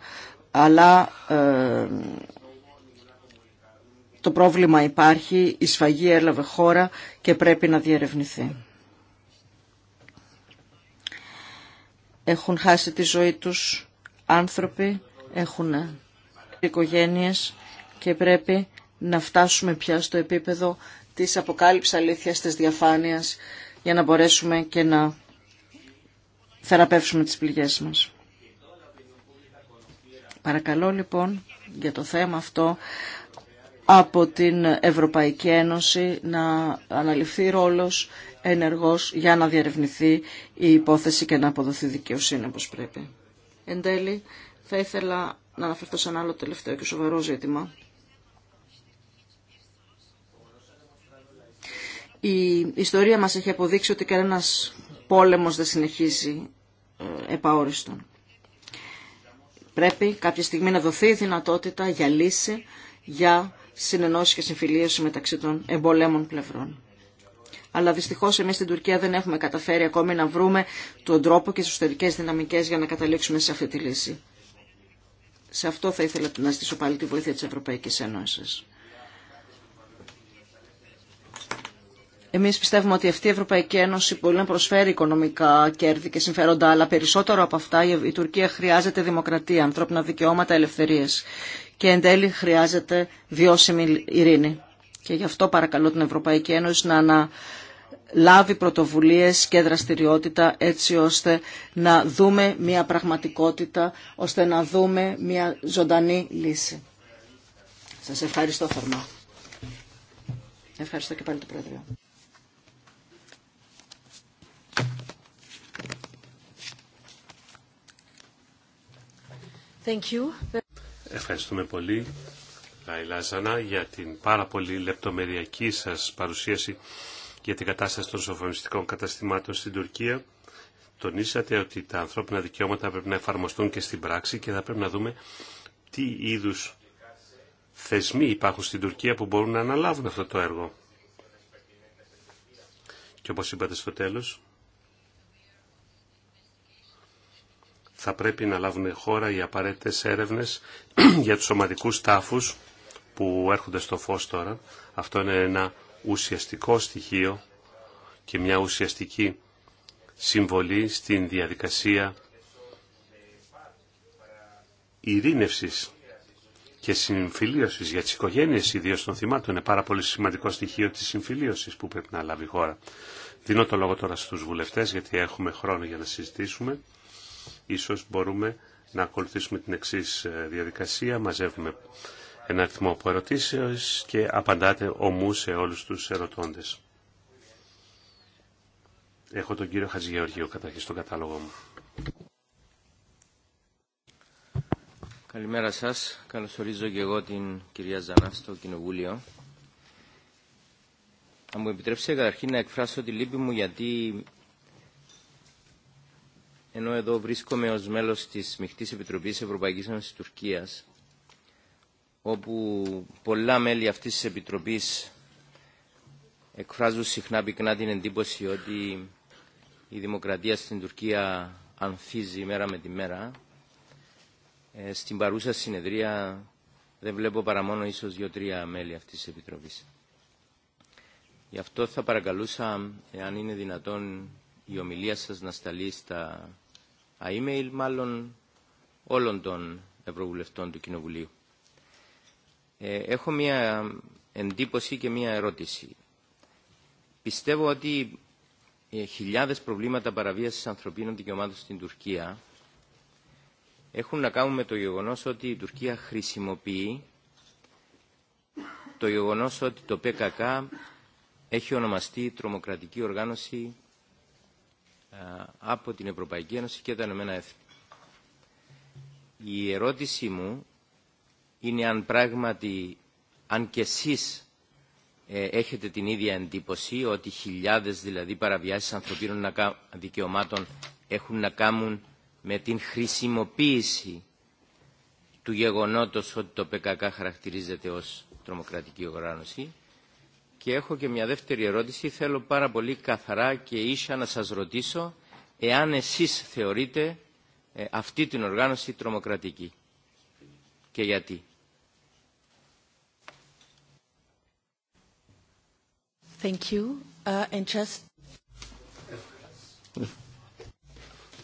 αλλά το πρόβλημα υπάρχει, η σφαγή έλαβε χώρα και πρέπει να διερευνηθεί. Έχουν χάσει τη ζωή τους άνθρωποι, έχουν οικογένειες και πρέπει να φτάσουμε πια στο επίπεδο της αποκάλυψης αλήθειας, της διαφάνειας για να μπορέσουμε και να θεραπεύσουμε τις πληγές μας. Παρακαλώ λοιπόν για το θέμα αυτό από την Ευρωπαϊκή Ένωση να αναλυφθεί ρόλος ενεργός για να διαρευνηθεί η υπόθεση και να αποδοθεί δικαιοσύνη όπως πρέπει. Εν τέλει, θα ήθελα να αναφερθώ σε ένα άλλο τελευταίο και σοβαρό ζήτημα. Η ιστορία μας έχει αποδείξει ότι κανένας πόλεμος δεν συνεχίζει ε, επαόριστον. Πρέπει κάποια στιγμή να δοθεί η δυνατότητα για λύση, για συνενώσει και συμφιλίωση μεταξύ των εμπολέμων πλευρών. Αλλά δυστυχώ εμεί στην Τουρκία δεν έχουμε καταφέρει ακόμη να βρούμε τον τρόπο και τι εσωτερικέ δυναμικέ για να καταλήξουμε σε αυτή τη λύση. Σε αυτό θα ήθελα να στήσω πάλι τη βοήθεια τη Ευρωπαϊκή Ένωση. Εμεί πιστεύουμε ότι αυτή η Ευρωπαϊκή Ένωση μπορεί να προσφέρει οικονομικά κέρδη και συμφέροντα, αλλά περισσότερο από αυτά η Τουρκία χρειάζεται δημοκρατία, ανθρώπινα δικαιώματα, ελευθερίε και εν τέλει χρειάζεται βιώσιμη ειρήνη. Και γι' αυτό παρακαλώ την Ευρωπαϊκή Ένωση να αναλάβει λάβει πρωτοβουλίες και δραστηριότητα έτσι ώστε να δούμε μια πραγματικότητα, ώστε να δούμε μια ζωντανή λύση. Σας ευχαριστώ θερμά. Ευχαριστώ και πάλι το Πρόεδρο. Thank you. Ευχαριστούμε πολύ, Λαϊλά Ζανά, για την πάρα πολύ λεπτομεριακή σας παρουσίαση για την κατάσταση των σοφρονιστικών καταστημάτων στην Τουρκία. Τονίσατε ότι τα ανθρώπινα δικαιώματα πρέπει να εφαρμοστούν και στην πράξη και θα πρέπει να δούμε τι είδους θεσμοί υπάρχουν στην Τουρκία που μπορούν να αναλάβουν αυτό το έργο. Και όπως είπατε στο τέλος, θα πρέπει να λάβουν χώρα οι απαραίτητες έρευνες (clears throat) για τους σωματικούς τάφους που έρχονται στο φως τώρα. Αυτό είναι ένα ουσιαστικό στοιχείο και μια ουσιαστική συμβολή στην διαδικασία ειρήνευσης και συμφιλίωσης για τις οικογένειες ιδίως των θυμάτων. Είναι πάρα πολύ σημαντικό στοιχείο της συμφιλίωσης που πρέπει να λάβει η χώρα. Δίνω το λόγο τώρα στους βουλευτές γιατί έχουμε χρόνο για να συζητήσουμε. Ίσως μπορούμε να ακολουθήσουμε την εξή ε, διαδικασία. Μαζεύουμε ένα αριθμό από και απαντάτε ομού σε όλους τους ερωτώντες. Έχω τον κύριο Χατζηγεωργίου καταρχήν στον κατάλογο μου. Καλημέρα σας. Καλωσορίζω και εγώ την κυρία Ζανά στο Κοινοβούλιο. Θα μου επιτρέψετε καταρχήν να εκφράσω τη λύπη μου γιατί ενώ εδώ βρίσκομαι ως μέλος της Μιχτής Επιτροπής Ευρωπαϊκής Ένωσης Τουρκίας, όπου πολλά μέλη αυτής της Επιτροπής εκφράζουν συχνά πυκνά την εντύπωση ότι η δημοκρατία στην Τουρκία ανθίζει μέρα με τη μέρα. Ε, στην παρούσα συνεδρία δεν βλέπω παρά μόνο ίσως δύο-τρία μέλη αυτής της Επιτροπής. Γι' αυτό θα παρακαλούσα, εάν είναι δυνατόν, η ομιλία σας να σταλεί στα email μάλλον όλων των Ευρωβουλευτών του Κοινοβουλίου. Ε, έχω μία εντύπωση και μία ερώτηση. Πιστεύω ότι ε, χιλιάδες προβλήματα παραβίασης ανθρωπίνων δικαιωμάτων στην Τουρκία έχουν να κάνουν με το γεγονός ότι η Τουρκία χρησιμοποιεί το γεγονός ότι το ΠΚΚ έχει ονομαστεί τρομοκρατική οργάνωση ε, από την Ευρωπαϊκή Ένωση και τα Ηνωμένα Έθνη. Η ερώτησή μου είναι αν πράγματι, αν και εσείς ε, έχετε την ίδια εντύπωση ότι χιλιάδες δηλαδή παραβιάσεις ανθρωπίνων δικαιωμάτων έχουν να κάνουν με την χρησιμοποίηση του γεγονότος ότι το ΠΚΚ χαρακτηρίζεται ως τρομοκρατική οργάνωση και έχω και μια δεύτερη ερώτηση. Θέλω πάρα πολύ καθαρά και ίσα να σας ρωτήσω εάν εσείς θεωρείτε ε, αυτή την οργάνωση τρομοκρατική και γιατί. Thank you. Uh, and just...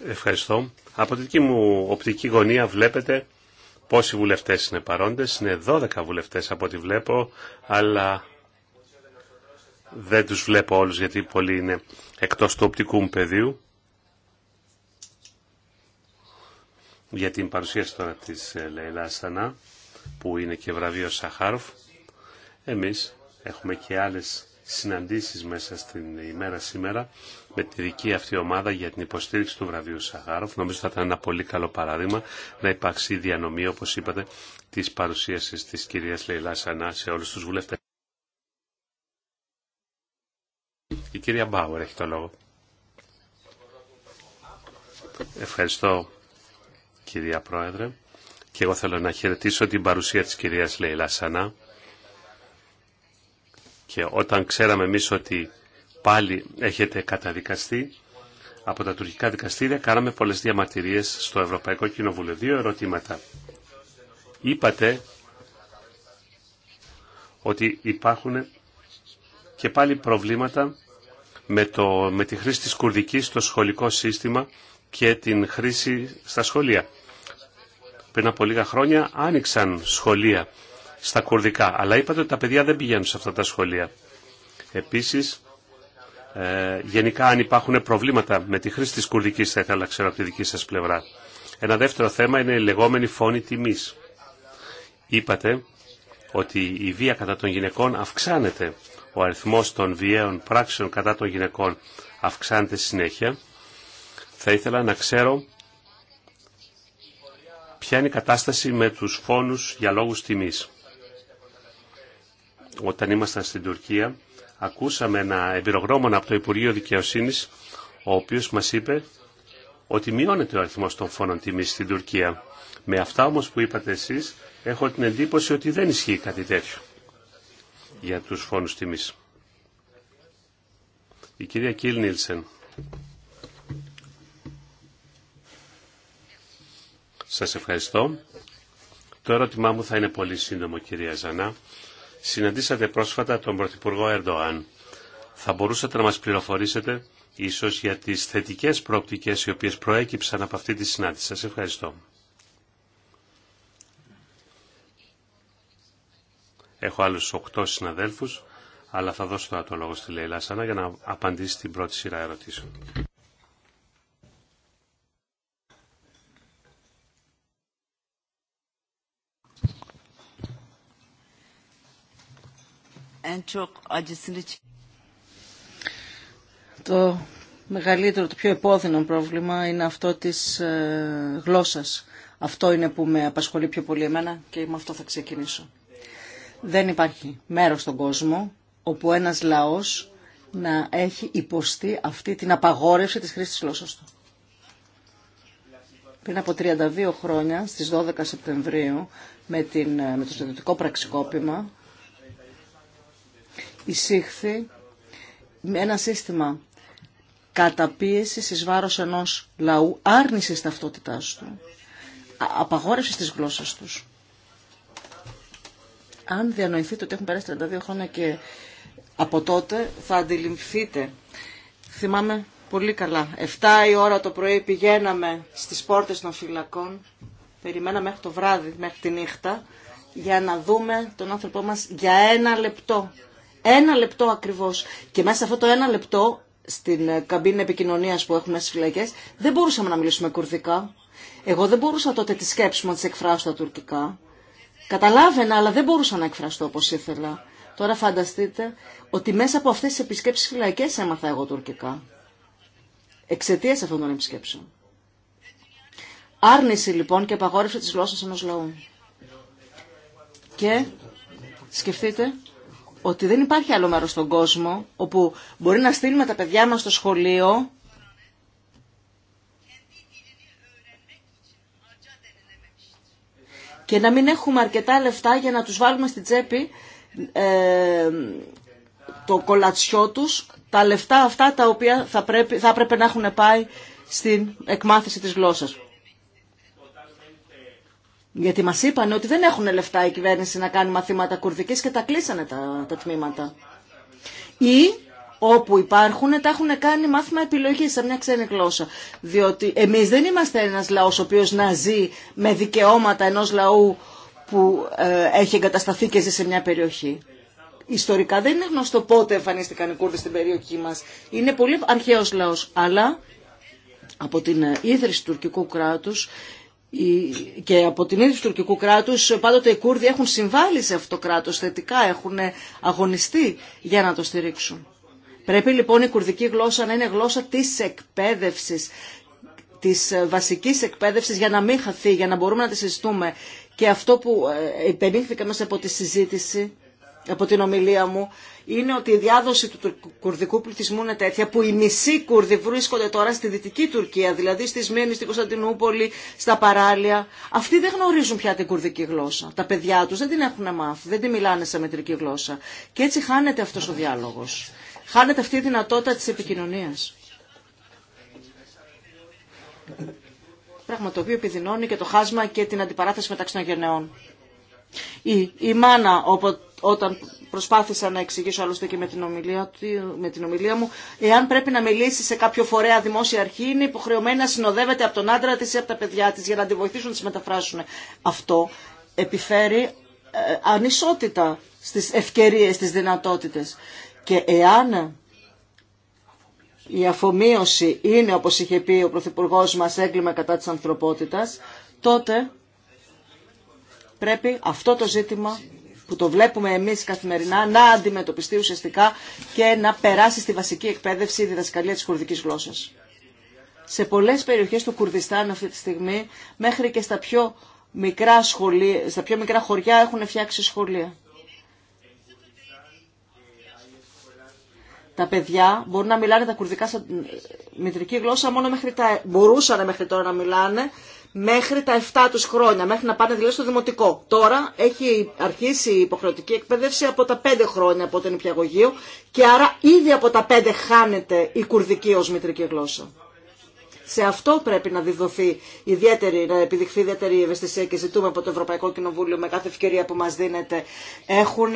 Ευχαριστώ. Από τη δική μου οπτική γωνία βλέπετε πόσοι βουλευτές είναι παρόντες. Είναι 12 βουλευτές από ό,τι βλέπω, αλλά δεν τους βλέπω όλους γιατί πολλοί είναι εκτός του οπτικού μου πεδίου. Για την παρουσίαση τώρα της ε, Λεϊλά Σανά, που είναι και βραβείο Σαχάροφ, εμείς έχουμε και άλλες συναντήσεις μέσα στην ημέρα σήμερα με τη δική αυτή ομάδα για την υποστήριξη του βραβείου Σαχάροφ. Νομίζω θα ήταν ένα πολύ καλό παράδειγμα να υπάρξει διανομή, όπως είπατε, της παρουσίασης της κυρίας Λεϊλά Σανά σε όλους τους βουλευτές. κυρία Μπάουερ έχει το λόγο. Ευχαριστώ κυρία Πρόεδρε και εγώ θέλω να χαιρετήσω την παρουσία της κυρίας Λέιλα Σανά και όταν ξέραμε εμεί ότι πάλι έχετε καταδικαστεί από τα τουρκικά δικαστήρια κάναμε πολλές διαμαρτυρίες στο Ευρωπαϊκό Κοινοβούλιο. Δύο ερωτήματα. Είπατε ότι υπάρχουν και πάλι προβλήματα με, το, με τη χρήση της κουρδικής στο σχολικό σύστημα και την χρήση στα σχολεία. Πριν από λίγα χρόνια άνοιξαν σχολεία στα κουρδικά, αλλά είπατε ότι τα παιδιά δεν πηγαίνουν σε αυτά τα σχολεία. Επίσης, ε, γενικά αν υπάρχουν προβλήματα με τη χρήση της κουρδικής θα ήθελα να ξέρω από τη δική σας πλευρά. Ένα δεύτερο θέμα είναι η λεγόμενη φόνη τιμής. Είπατε ότι η βία κατά των γυναικών αυξάνεται ο αριθμός των βιαίων πράξεων κατά των γυναικών αυξάνεται συνέχεια. Θα ήθελα να ξέρω ποια είναι η κατάσταση με τους φόνους για λόγους τιμής. Όταν ήμασταν στην Τουρκία, ακούσαμε ένα εμπειρογνώμονα από το Υπουργείο Δικαιοσύνης, ο οποίος μας είπε ότι μειώνεται ο αριθμός των φόνων τιμής στην Τουρκία. Με αυτά όμως που είπατε εσείς, έχω την εντύπωση ότι δεν ισχύει κάτι τέτοιο για τους φόνους τιμής. Η κυρία Κιλ Νίλσεν. Σας ευχαριστώ. Το ερώτημά μου θα είναι πολύ σύντομο, κυρία Ζανά. Συναντήσατε πρόσφατα τον Πρωθυπουργό Ερντοάν. Θα μπορούσατε να μας πληροφορήσετε ίσως για τις θετικές προοπτικές οι οποίες προέκυψαν από αυτή τη συνάντηση. Σας ευχαριστώ. Έχω άλλους οκτώ συναδέλφους, αλλά θα δώσω τώρα το λόγο στη Λέιλα Σάνα για να απαντήσει την πρώτη σειρά ερωτήσεων. Το μεγαλύτερο, το πιο επώδυνο πρόβλημα είναι αυτό της ε, γλώσσας. Αυτό είναι που με απασχολεί πιο πολύ εμένα και με αυτό θα ξεκινήσω. Δεν υπάρχει μέρος στον κόσμο όπου ένας λαός να έχει υποστεί αυτή την απαγόρευση της χρήσης της γλώσσας του. Πριν από 32 χρόνια, στις 12 Σεπτεμβρίου, με, την, με το στρατιωτικό πραξικόπημα, εισήχθη ένα σύστημα καταπίεσης εις βάρος ενός λαού, άρνησης ταυτότητάς του, απαγόρευσης της γλώσσας τους αν διανοηθείτε ότι έχουν περάσει 32 χρόνια και από τότε θα αντιληφθείτε. Θυμάμαι πολύ καλά. 7 η ώρα το πρωί πηγαίναμε στις πόρτες των φυλακών. Περιμέναμε μέχρι το βράδυ, μέχρι τη νύχτα, για να δούμε τον άνθρωπό μας για ένα λεπτό. Ένα λεπτό ακριβώς. Και μέσα σε αυτό το ένα λεπτό, στην ε, καμπίνη επικοινωνίας που έχουμε στις φυλακές, δεν μπορούσαμε να μιλήσουμε κουρδικά. Εγώ δεν μπορούσα τότε τη σκέψη μου να τις εκφράσω στα τουρκικά. Καταλάβαινα, αλλά δεν μπορούσα να εκφραστώ όπως ήθελα. Τώρα φανταστείτε ότι μέσα από αυτές τι επισκέψει φυλακέ έμαθα εγώ τουρκικά. Εξαιτία αυτών των επισκέψεων. Άρνηση λοιπόν και απαγόρευση τη γλώσσα ενό λαού. Και σκεφτείτε ότι δεν υπάρχει άλλο μέρος στον κόσμο όπου μπορεί να στείλουμε τα παιδιά μα στο σχολείο και να μην έχουμε αρκετά λεφτά για να τους βάλουμε στην τσέπη ε, το κολατσιό τους, τα λεφτά αυτά τα οποία θα, πρέπει, θα πρέπει να έχουν πάει στην εκμάθηση της γλώσσας. Γιατί μας είπαν ότι δεν έχουν λεφτά η κυβέρνηση να κάνει μαθήματα κουρδικής και τα κλείσανε τα, τα τμήματα. Ή όπου υπάρχουν τα έχουν κάνει μάθημα επιλογής σε μια ξένη γλώσσα. Διότι εμείς δεν είμαστε ένας λαός ο οποίος να ζει με δικαιώματα ενός λαού που ε, έχει εγκατασταθεί και ζει σε μια περιοχή. Ιστορικά δεν είναι γνωστό πότε εμφανίστηκαν οι Κούρδοι στην περιοχή μας. Είναι πολύ αρχαίος λαός, αλλά από την ε, ίδρυση του τουρκικού κράτους και από την ίδρυση του τουρκικού κράτους πάντοτε οι Κούρδοι έχουν συμβάλει σε αυτό το κράτος θετικά, έχουν αγωνιστεί για να το στηρίξουν. Πρέπει λοιπόν η κουρδική γλώσσα να είναι γλώσσα της εκπαίδευσης, της βασικής εκπαίδευσης για να μην χαθεί, για να μπορούμε να τη συζητούμε. Και αυτό που υπενήχθηκα ε, μέσα από τη συζήτηση, από την ομιλία μου, είναι ότι η διάδοση του κουρδικού πληθυσμού είναι τέτοια που οι μισοί Κούρδοι βρίσκονται τώρα στη δυτική Τουρκία, δηλαδή στη Σμύρνη, στην Κωνσταντινούπολη, στα παράλια. Αυτοί δεν γνωρίζουν πια την κουρδική γλώσσα. Τα παιδιά του δεν την έχουν μάθει, δεν τη μιλάνε σε μετρική γλώσσα. Και έτσι χάνεται αυτό ο διάλογο χάνεται αυτή η δυνατότητα της επικοινωνίας. Πράγμα το οποίο επιδεινώνει και το χάσμα και την αντιπαράθεση μεταξύ των γενναιών. Η, η μάνα όταν προσπάθησα να εξηγήσω άλλωστε και με την, ομιλία, με την ομιλία μου, εάν πρέπει να μιλήσει σε κάποιο φορέα δημόσια αρχή, είναι υποχρεωμένη να συνοδεύεται από τον άντρα της ή από τα παιδιά της για να τη βοηθήσουν να τις μεταφράσουν. Αυτό επιφέρει ε, ανισότητα στις ευκαιρίες, στις δυνατότητες. Και εάν η αφομοίωση είναι, όπως είχε πει ο Πρωθυπουργό μας, έγκλημα κατά της ανθρωπότητας, τότε πρέπει αυτό το ζήτημα που το βλέπουμε εμείς καθημερινά να αντιμετωπιστεί ουσιαστικά και να περάσει στη βασική εκπαίδευση η διδασκαλία της κουρδικής γλώσσας. Σε πολλές περιοχές του Κουρδιστάν αυτή τη στιγμή, μέχρι και στα πιο μικρά χωριά έχουν φτιάξει σχολεία. τα παιδιά μπορούν να μιλάνε τα κουρδικά σαν μητρική γλώσσα μόνο μέχρι τα... μπορούσαν μέχρι τώρα να μιλάνε μέχρι τα 7 τους χρόνια, μέχρι να πάνε δηλαδή στο δημοτικό. Τώρα έχει αρχίσει η υποχρεωτική εκπαίδευση από τα 5 χρόνια από την υπηαγωγείο και άρα ήδη από τα 5 χάνεται η κουρδική ως μητρική γλώσσα. Σε αυτό πρέπει να διδοθεί ιδιαίτερη, να επιδειχθεί ιδιαίτερη ευαισθησία και ζητούμε από το Ευρωπαϊκό Κοινοβούλιο με κάθε ευκαιρία που μας δίνεται. Έχουν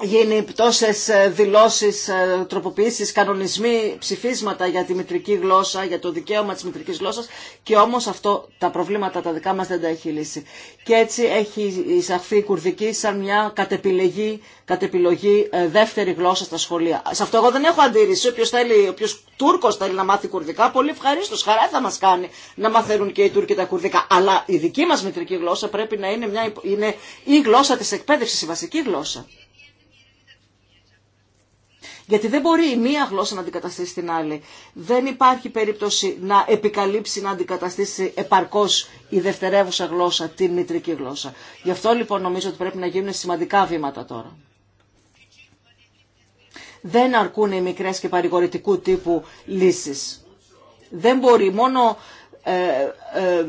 γίνει τόσες ε, δηλώσεις, ε, τροποποιήσεις, κανονισμοί, ψηφίσματα για τη μητρική γλώσσα, για το δικαίωμα της μητρικής γλώσσας και όμως αυτό τα προβλήματα τα δικά μας δεν τα έχει λύσει. Και έτσι έχει εισαχθεί η κουρδική σαν μια κατεπιλεγή, κατεπιλογή ε, δεύτερη γλώσσα στα σχολεία. Σε αυτό εγώ δεν έχω αντίρρηση. Όποιος, θέλει, όποιος Τούρκος θέλει να μάθει κουρδικά, πολύ ευχαρίστως, χαρά θα μας κάνει να μαθαίνουν και οι Τούρκοι τα κουρδικά. Αλλά η δική μας μητρική γλώσσα πρέπει να είναι, μια, είναι η γλώσσα της εκπαίδευση, η βασική γλώσσα. Γιατί δεν μπορεί η μία γλώσσα να αντικαταστήσει την άλλη. Δεν υπάρχει περίπτωση να επικαλύψει, να αντικαταστήσει επαρκώ η δευτερεύουσα γλώσσα, την μητρική γλώσσα. Γι' αυτό λοιπόν νομίζω ότι πρέπει να γίνουν σημαντικά βήματα τώρα. Δεν αρκούν οι μικρέ και παρηγορητικού τύπου λύσεις. Δεν μπορεί μόνο ε, ε,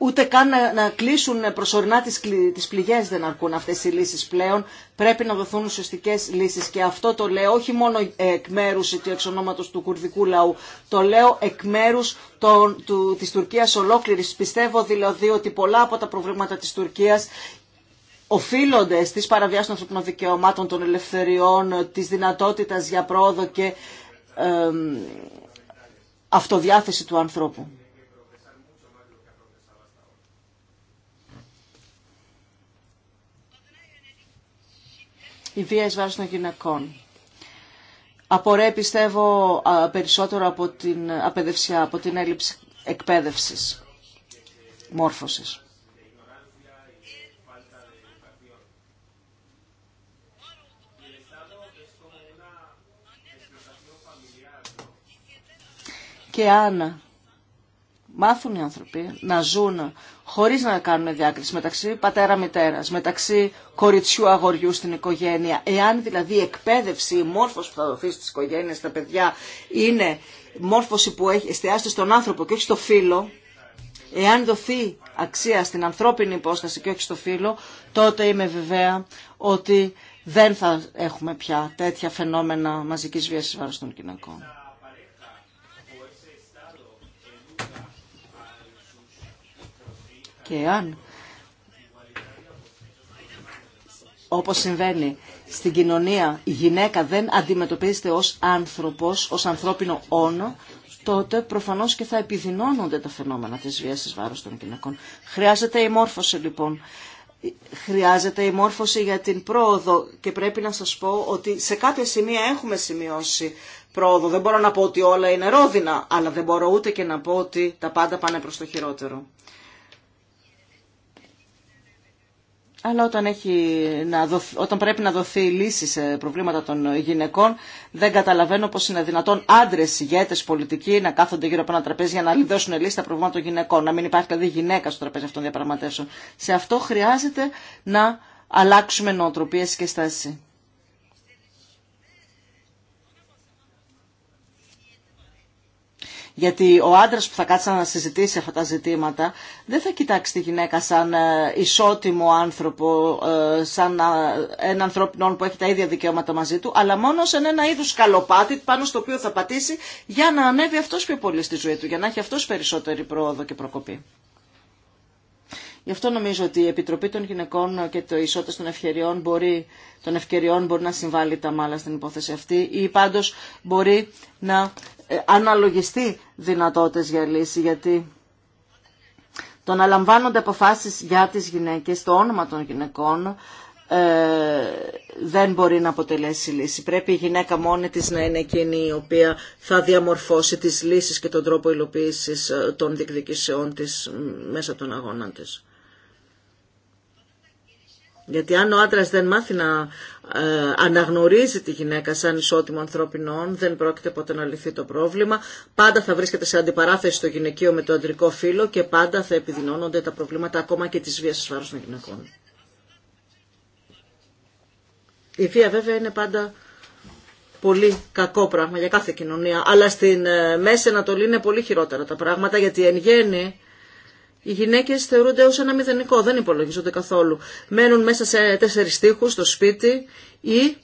Ούτε καν να, να κλείσουν προσωρινά τις, τις πληγές δεν αρκούν αυτές οι λύσεις πλέον. Πρέπει να δοθούν ουσιαστικές λύσεις και αυτό το λέω όχι μόνο εκ μέρους του έξονόματος του κουρδικού λαού, το λέω εκ μέρους των, του, της Τουρκίας ολόκληρης. Πιστεύω δηλαδή ότι πολλά από τα προβλήματα της Τουρκίας οφείλονται στις παραβιάσεις των ανθρωπινών δικαιωμάτων, των ελευθεριών, της δυνατότητας για πρόοδο και αυτοδιάθεση του ανθρώπου. η βία εις βάρος των γυναικών. Απορρέει πιστεύω περισσότερο από την από την έλλειψη εκπαίδευσης, μόρφωσης. Και Άννα μάθουν οι άνθρωποι να ζουν χωρίς να κάνουν διάκριση μεταξύ πατέρα-μητέρας, μεταξύ κοριτσιού-αγοριού στην οικογένεια. Εάν δηλαδή η εκπαίδευση, η μόρφωση που θα δοθεί στις οικογένειες, στα παιδιά, είναι μόρφωση που έχει εστιάσει στον άνθρωπο και όχι στο φίλο, εάν δοθεί αξία στην ανθρώπινη υπόσταση και όχι στο φίλο, τότε είμαι βεβαία ότι δεν θα έχουμε πια τέτοια φαινόμενα μαζικής βίασης βάρος των γυναικών. και αν όπως συμβαίνει στην κοινωνία η γυναίκα δεν αντιμετωπίζεται ως άνθρωπος, ως ανθρώπινο όνο, τότε προφανώς και θα επιδεινώνονται τα φαινόμενα της βίας της βάρος των γυναικών. Χρειάζεται η μόρφωση λοιπόν. Χρειάζεται η μόρφωση για την πρόοδο και πρέπει να σας πω ότι σε κάποια σημεία έχουμε σημειώσει πρόοδο. Δεν μπορώ να πω ότι όλα είναι ρόδινα, αλλά δεν μπορώ ούτε και να πω ότι τα πάντα πάνε προς το χειρότερο. Αλλά όταν, έχει να όταν πρέπει να δοθεί λύση σε προβλήματα των γυναικών, δεν καταλαβαίνω πώ είναι δυνατόν άντρε, ηγέτε, πολιτικοί να κάθονται γύρω από ένα τραπέζι για να δώσουν λύση στα προβλήματα των γυναικών. Να μην υπάρχει δηλαδή γυναίκα στο τραπέζι αυτών διαπραγματεύσεων. Σε αυτό χρειάζεται να αλλάξουμε νοοτροπίε και στάση. Γιατί ο άντρας που θα κάτσει να συζητήσει αυτά τα ζητήματα δεν θα κοιτάξει τη γυναίκα σαν ε, ισότιμο άνθρωπο, ε, σαν ε, ένα ανθρώπινο που έχει τα ίδια δικαιώματα μαζί του, αλλά μόνο σαν ένα είδου καλοπάτι πάνω στο οποίο θα πατήσει για να ανέβει αυτός πιο πολύ στη ζωή του, για να έχει αυτός περισσότερη πρόοδο και προκοπή. Γι' αυτό νομίζω ότι η Επιτροπή των Γυναικών και το Ισότητα των Ευκαιριών μπορεί, των ευκαιριών μπορεί να συμβάλλει τα μάλα στην υπόθεση αυτή ή πάντως μπορεί να αναλογιστεί δυνατότητες για λύση, γιατί το να λαμβάνονται αποφάσεις για τις γυναίκες, το όνομα των γυναικών, ε, δεν μπορεί να αποτελέσει λύση. Πρέπει η γυναίκα μόνη της να είναι εκείνη η οποία θα διαμορφώσει τις λύσεις και τον τρόπο υλοποίησης ε, των διεκδικήσεών της μέσα των αγώνα της. Γιατί αν ο άντρας δεν μάθει να ε, αναγνωρίζει τη γυναίκα σαν ισότιμο ανθρώπινο, δεν πρόκειται ποτέ να λυθεί το πρόβλημα. Πάντα θα βρίσκεται σε αντιπαράθεση στο γυναικείο με το αντρικό φύλλο και πάντα θα επιδεινώνονται τα προβλήματα ακόμα και της βία στους των γυναικών. Η βία βέβαια είναι πάντα πολύ κακό πράγμα για κάθε κοινωνία, αλλά στην ε, Μέση Ανατολή είναι πολύ χειρότερα τα πράγματα γιατί εν γέννη οι γυναίκες θεωρούνται ως ένα μηδενικό, δεν υπολογίζονται καθόλου. Μένουν μέσα σε τέσσερις τείχου στο σπίτι ή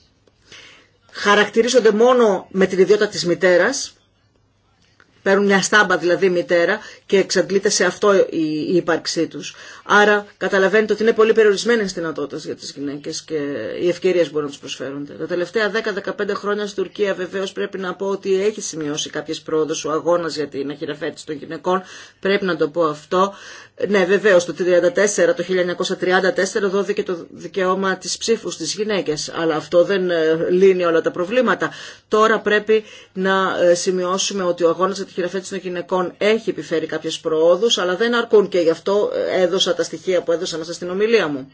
χαρακτηρίζονται μόνο με την ιδιότητα της μητέρας παίρνουν μια στάμπα δηλαδή μητέρα και εξαντλείται σε αυτό η ύπαρξή τους. Άρα καταλαβαίνετε ότι είναι πολύ περιορισμένες δυνατότητες για τις γυναίκες και οι ευκαιρίες μπορούν να τους προσφέρονται. Τα τελευταία 10-15 χρόνια στην Τουρκία βεβαίως πρέπει να πω ότι έχει σημειώσει κάποιες πρόοδες ο αγώνας για την αχειραφέτηση των γυναικών, πρέπει να το πω αυτό. Ναι, βεβαίω το 1934, το 1934 δόθηκε το δικαίωμα τη ψήφου στι γυναίκε. Αλλά αυτό δεν ε, λύνει όλα τα προβλήματα. Τώρα πρέπει να ε, σημειώσουμε ότι ο αγώνα για τη χειραφέτηση των γυναικών έχει επιφέρει κάποιε προόδου, αλλά δεν αρκούν και γι' αυτό ε, έδωσα τα στοιχεία που έδωσα μέσα στην ομιλία μου.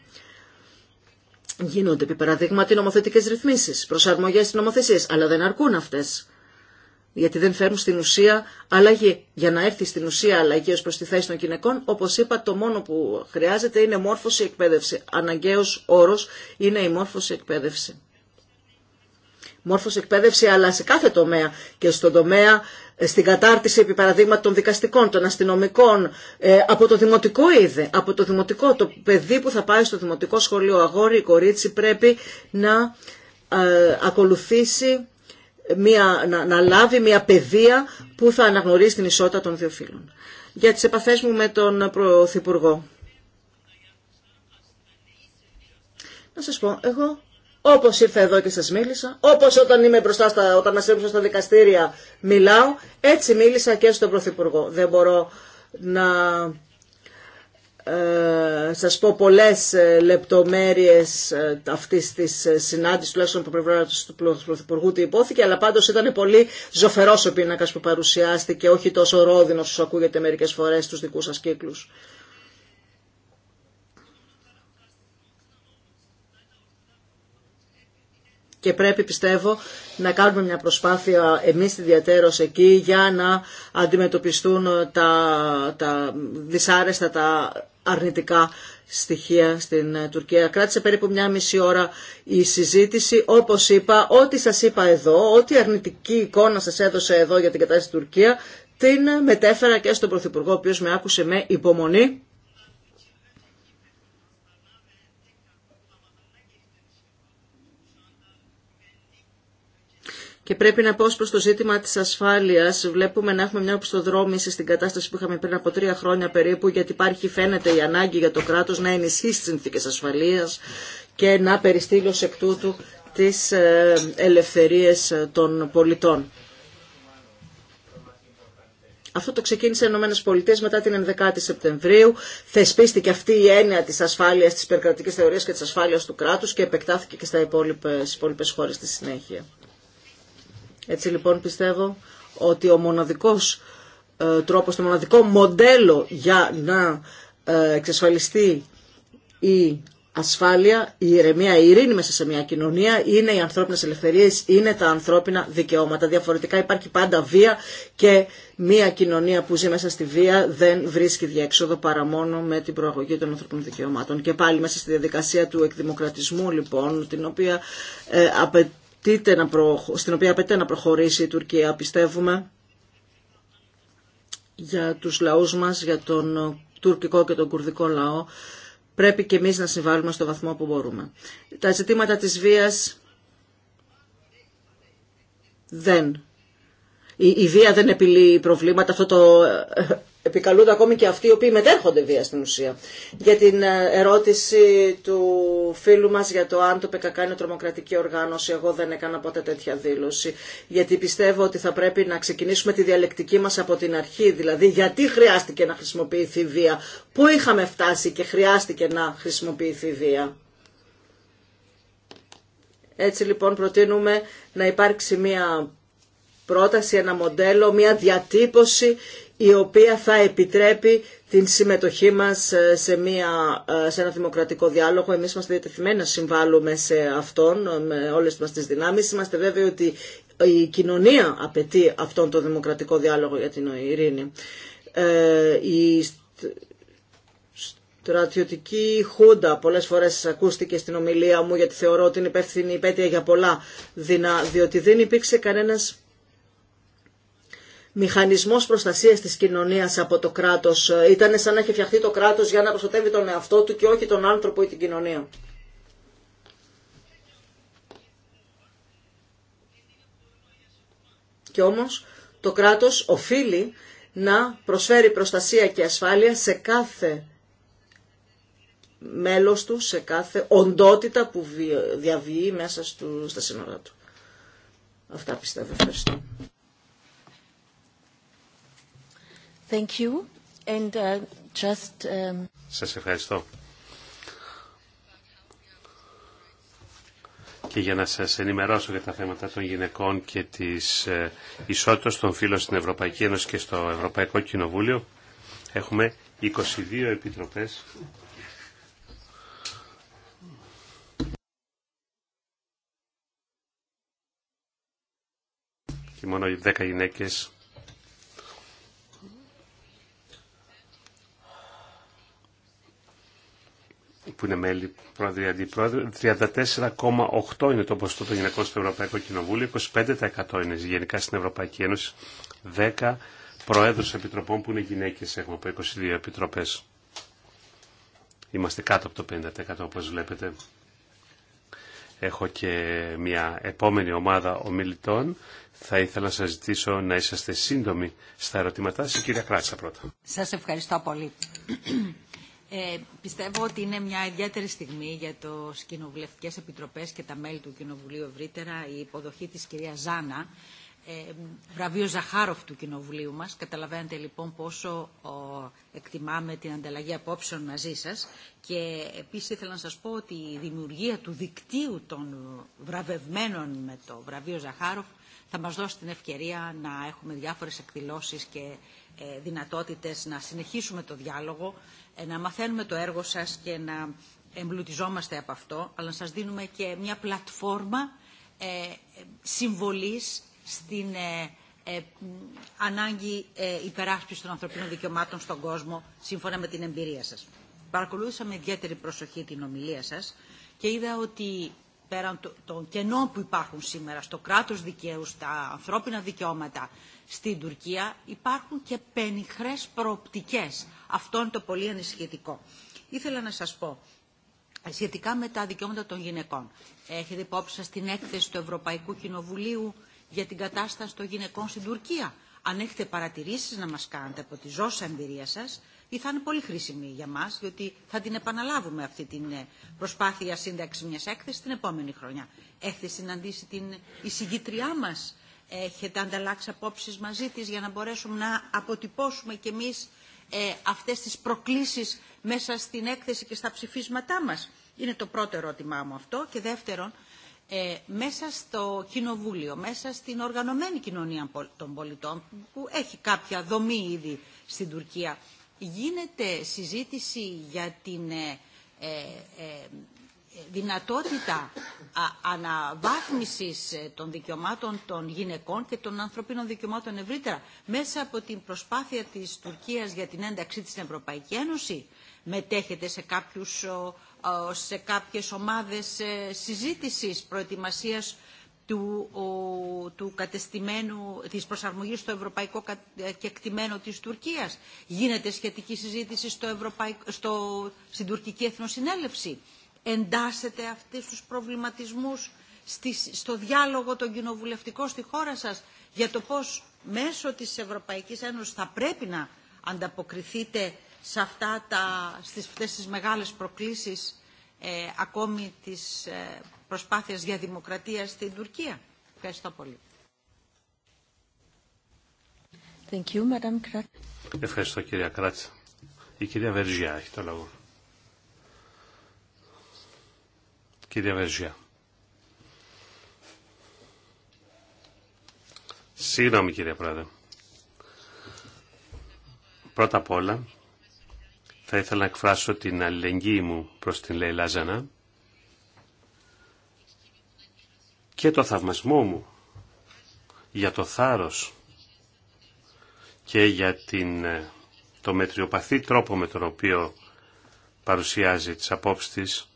Γίνονται, επί παραδείγματι, νομοθετικέ ρυθμίσει, προσαρμογέ στι νομοθεσίε, αλλά δεν αρκούν αυτέ γιατί δεν φέρουν στην ουσία αλλαγή. Για να έρθει στην ουσία αλλαγή ω προ τη θέση των γυναικών, όπω είπα, το μόνο που χρειάζεται είναι μόρφωση εκπαίδευση. αναγκαιο ορο είναι η μόρφωση εκπαίδευση. Μόρφωση εκπαίδευση, αλλά σε κάθε τομέα και στον τομέα ε, στην κατάρτιση επί παραδείγματων των δικαστικών, των αστυνομικών, ε, από το δημοτικό είδε, από το δημοτικό, το παιδί που θα πάει στο δημοτικό σχολείο, αγόρι ή κορίτσι, πρέπει να ε, ακολουθήσει μια, να, να λάβει μια παιδεία που θα αναγνωρίσει την ισότητα των δύο φίλων. Για τις επαφές μου με τον Πρωθυπουργό. Να σας πω, εγώ όπως ήρθα εδώ και σας μίλησα, όπως όταν, είμαι μπροστά όταν μας στα δικαστήρια μιλάω, έτσι μίλησα και στον Πρωθυπουργό. Δεν μπορώ να ε, σας πω πολλές ε, λεπτομέρειες ε, αυτής της συνάντησης τουλάχιστον από πλευρά του Πρωθυπουργού τι υπόθηκε αλλά πάντως ήταν πολύ ζωφερός ο πίνακας που παρουσιάστηκε όχι τόσο ρόδινος όσο ακούγεται μερικές φορές στους δικούς σας κύκλους. και πρέπει πιστεύω να κάνουμε μια προσπάθεια εμείς ιδιαίτερως εκεί για να αντιμετωπιστούν τα, τα δυσάρεστα, τα αρνητικά στοιχεία στην ε, Τουρκία. Κράτησε περίπου μια μισή ώρα η συζήτηση. Όπως είπα, ό,τι σας είπα εδώ, ό,τι αρνητική εικόνα σας έδωσε εδώ για την κατάσταση στην Τουρκία, την μετέφερα και στον Πρωθυπουργό, ο οποίος με άκουσε με υπομονή Και πρέπει να πω προ το ζήτημα τη ασφάλεια. Βλέπουμε να έχουμε μια οπισθοδρόμηση στην κατάσταση που είχαμε πριν από τρία χρόνια περίπου, γιατί υπάρχει, φαίνεται, η ανάγκη για το κράτο να ενισχύσει τι συνθήκε ασφαλεία και να περιστείλει ω εκ τούτου τι ε, ελευθερίε ε, των πολιτών. Αυτό το ξεκίνησε οι ΗΠΑ μετά την 11η Σεπτεμβρίου. Θεσπίστηκε αυτή η έννοια τη ασφάλεια, τη υπερκρατική θεωρία και τη ασφάλεια του κράτου και επεκτάθηκε και στα υπόλοιπε χώρε στη συνέχεια. Έτσι λοιπόν πιστεύω ότι ο μοναδικός ε, τρόπος, το μοναδικό μοντέλο για να ε, εξασφαλιστεί η ασφάλεια, η ηρεμία, η ειρήνη μέσα σε μια κοινωνία είναι οι ανθρώπινες ελευθερίες, είναι τα ανθρώπινα δικαιώματα. Διαφορετικά υπάρχει πάντα βία και μια κοινωνία που ζει μέσα στη βία δεν βρίσκει διέξοδο παρά μόνο με την προαγωγή των ανθρώπινων δικαιωμάτων. Και πάλι μέσα στη διαδικασία του εκδημοκρατισμού λοιπόν, την οποία ε, να προχω... στην οποία απαιτείται να προχωρήσει η Τουρκία, πιστεύουμε, για τους λαούς μας, για τον τουρκικό και τον κουρδικό λαό, πρέπει και εμείς να συμβάλλουμε στο βαθμό που μπορούμε. Τα ζητήματα της βίας δεν. Η, η βία δεν επιλύει προβλήματα. Αυτό το ε, επικαλούνται ακόμη και αυτοί οι οποίοι μετέρχονται βία στην ουσία. Για την ε, ερώτηση του φίλου μας για το αν το ΠΚΚ είναι τρομοκρατική οργάνωση, εγώ δεν έκανα ποτέ τέτοια δήλωση, γιατί πιστεύω ότι θα πρέπει να ξεκινήσουμε τη διαλεκτική μας από την αρχή, δηλαδή γιατί χρειάστηκε να χρησιμοποιηθεί βία, πού είχαμε φτάσει και χρειάστηκε να χρησιμοποιηθεί βία. Έτσι λοιπόν προτείνουμε να υπάρξει μια πρόταση, ένα μοντέλο, μια διατύπωση η οποία θα επιτρέπει την συμμετοχή μας ε, σε, μια, ε, σε ένα δημοκρατικό διάλογο. Εμείς είμαστε διατεθειμένοι να συμβάλλουμε σε αυτόν ε, με όλες μας τις δυνάμεις. Είμαστε βέβαιοι ότι η κοινωνία απαιτεί αυτόν τον δημοκρατικό διάλογο για την ειρήνη. η στρατιωτική χούντα πολλές φορές ακούστηκε στην ομιλία μου γιατί θεωρώ ότι είναι υπεύθυνη υπέτεια για πολλά δυνά, διότι δεν υπήρξε κανένας μηχανισμός προστασίας της κοινωνίας από το κράτος. Ε, Ήταν σαν να έχει φτιαχτεί το κράτος για να προστατεύει τον εαυτό του και όχι τον άνθρωπο ή την κοινωνία. Και όμως το κράτος οφείλει να προσφέρει προστασία και ασφάλεια σε κάθε μέλος του, σε κάθε οντότητα που διαβιεί μέσα στα σύνορά του. Αυτά πιστεύω. Ευχαριστώ. Thank uh, um, Σας ευχαριστώ. Και για να σας ενημερώσω για τα θέματα των γυναικών και της ε, ισότητας των φίλων στην Ευρωπαϊκή Ένωση και στο Ευρωπαϊκό Κοινοβούλιο, έχουμε 22 επιτροπές και μόνο 10 γυναίκες που είναι μέλη πρόεδροι αντιπρόεδροι, 34,8 είναι το ποσοστό των γυναικών στο Ευρωπαϊκό Κοινοβούλιο, 25% είναι γενικά στην Ευρωπαϊκή Ένωση, 10 προεδρου επιτροπών που είναι γυναίκε έχουμε από 22 επίτροπε. Είμαστε κάτω από το 50% όπω βλέπετε. Έχω και μια επόμενη ομάδα ομιλητών. Θα ήθελα να σας ζητήσω να είσαστε σύντομοι στα ερωτήματά σας. Κυρία Κράτσα πρώτα. Σας ευχαριστώ πολύ. Ε, πιστεύω ότι είναι μια ιδιαίτερη στιγμή για το κοινοβουλευτικέ επιτροπέ και τα μέλη του Κοινοβουλίου ευρύτερα η υποδοχή της κυρία Ζάνα, ε, βραβείο Ζαχάροφ του Κοινοβουλίου μας. Καταλαβαίνετε λοιπόν πόσο εκτιμάμε την ανταλλαγή απόψεων μαζί σας και επίσης ήθελα να σας πω ότι η δημιουργία του δικτύου των βραβευμένων με το βραβείο Ζαχάροφ θα μας δώσει την ευκαιρία να έχουμε διάφορες εκδηλώσεις και ε, δυνατότητες να συνεχίσουμε το διάλογο, ε, να μαθαίνουμε το έργο σας και να εμπλουτιζόμαστε από αυτό, αλλά να σας δίνουμε και μια πλατφόρμα ε, συμβολής στην ανάγκη υπεράσπισης των ανθρωπίνων δικαιωμάτων στον κόσμο, σύμφωνα με την εμπειρία σας. Παρακολούθησα με ιδιαίτερη προσοχή την ομιλία σας και είδα ότι πέραν των κενών που υπάρχουν σήμερα στο κράτος δικαίου, στα ανθρώπινα δικαιώματα στην Τουρκία, υπάρχουν και πενιχρές προοπτικές. Αυτό είναι το πολύ ανησυχητικό. Ήθελα να σας πω, σχετικά με τα δικαιώματα των γυναικών. Έχετε υπόψη σας την έκθεση του Ευρωπαϊκού Κοινοβουλίου για την κατάσταση των γυναικών στην Τουρκία. Αν έχετε παρατηρήσεις να μας κάνετε από τη ζώσα εμπειρία σας, ή θα είναι πολύ χρήσιμη για μας, διότι θα την επαναλάβουμε αυτή την ε, προσπάθεια σύνταξη μιας έκθεσης την επόμενη χρονιά. Έχετε συναντήσει την εισηγήτριά μας, έχετε ανταλλάξει απόψεις μαζί της για να μπορέσουμε να αποτυπώσουμε κι εμείς ε, αυτές τις προκλήσεις μέσα στην έκθεση και στα ψηφίσματά μας. Είναι το πρώτο ερώτημά μου αυτό. Και δεύτερον, ε, μέσα στο κοινοβούλιο, μέσα στην οργανωμένη κοινωνία των πολιτών, που έχει κάποια δομή ήδη στην Τουρκία, γίνεται συζήτηση για την ε, ε, ε, δυνατότητα αναβάθμισης των δικαιωμάτων των γυναικών και των ανθρωπίνων δικαιωμάτων ευρύτερα μέσα από την προσπάθεια της Τουρκίας για την ένταξή της στην Ευρωπαϊκή Ένωση μετέχετε σε, κάποιους, σε κάποιες ομάδες συζήτησης προετοιμασίας του, ο, της προσαρμογής στο ευρωπαϊκό ε, κεκτημένο της Τουρκίας. Γίνεται σχετική συζήτηση στο Ευρωπαϊκ, στο, στην τουρκική εθνοσυνέλευση. Εντάσσεται αυτούς τους προβληματισμούς στο διάλογο τον κοινοβουλευτικό στη χώρα σας για το πώς μέσω της Ευρωπαϊκής Ένωσης θα πρέπει να ανταποκριθείτε σε αυτά τα, στις, αυτές μεγάλες προκλήσεις ε, ακόμη τις ε, προσπάθειες για δημοκρατία στην Τουρκία. Ευχαριστώ πολύ. Thank you, Madam Ευχαριστώ κυρία Κράτσα. Η κυρία Βεργιά έχει το λόγο. Κυρία Βεργιά. Συγγνώμη κύριε Πρόεδρε. Πρώτα απ' όλα θα ήθελα να εκφράσω την αλληλεγγύη μου προς την Λέιλα Λάζανα και το θαυμασμό μου για το θάρρος και για την, ε, το μετριοπαθή τρόπο με τον οποίο παρουσιάζει τις απόψεις της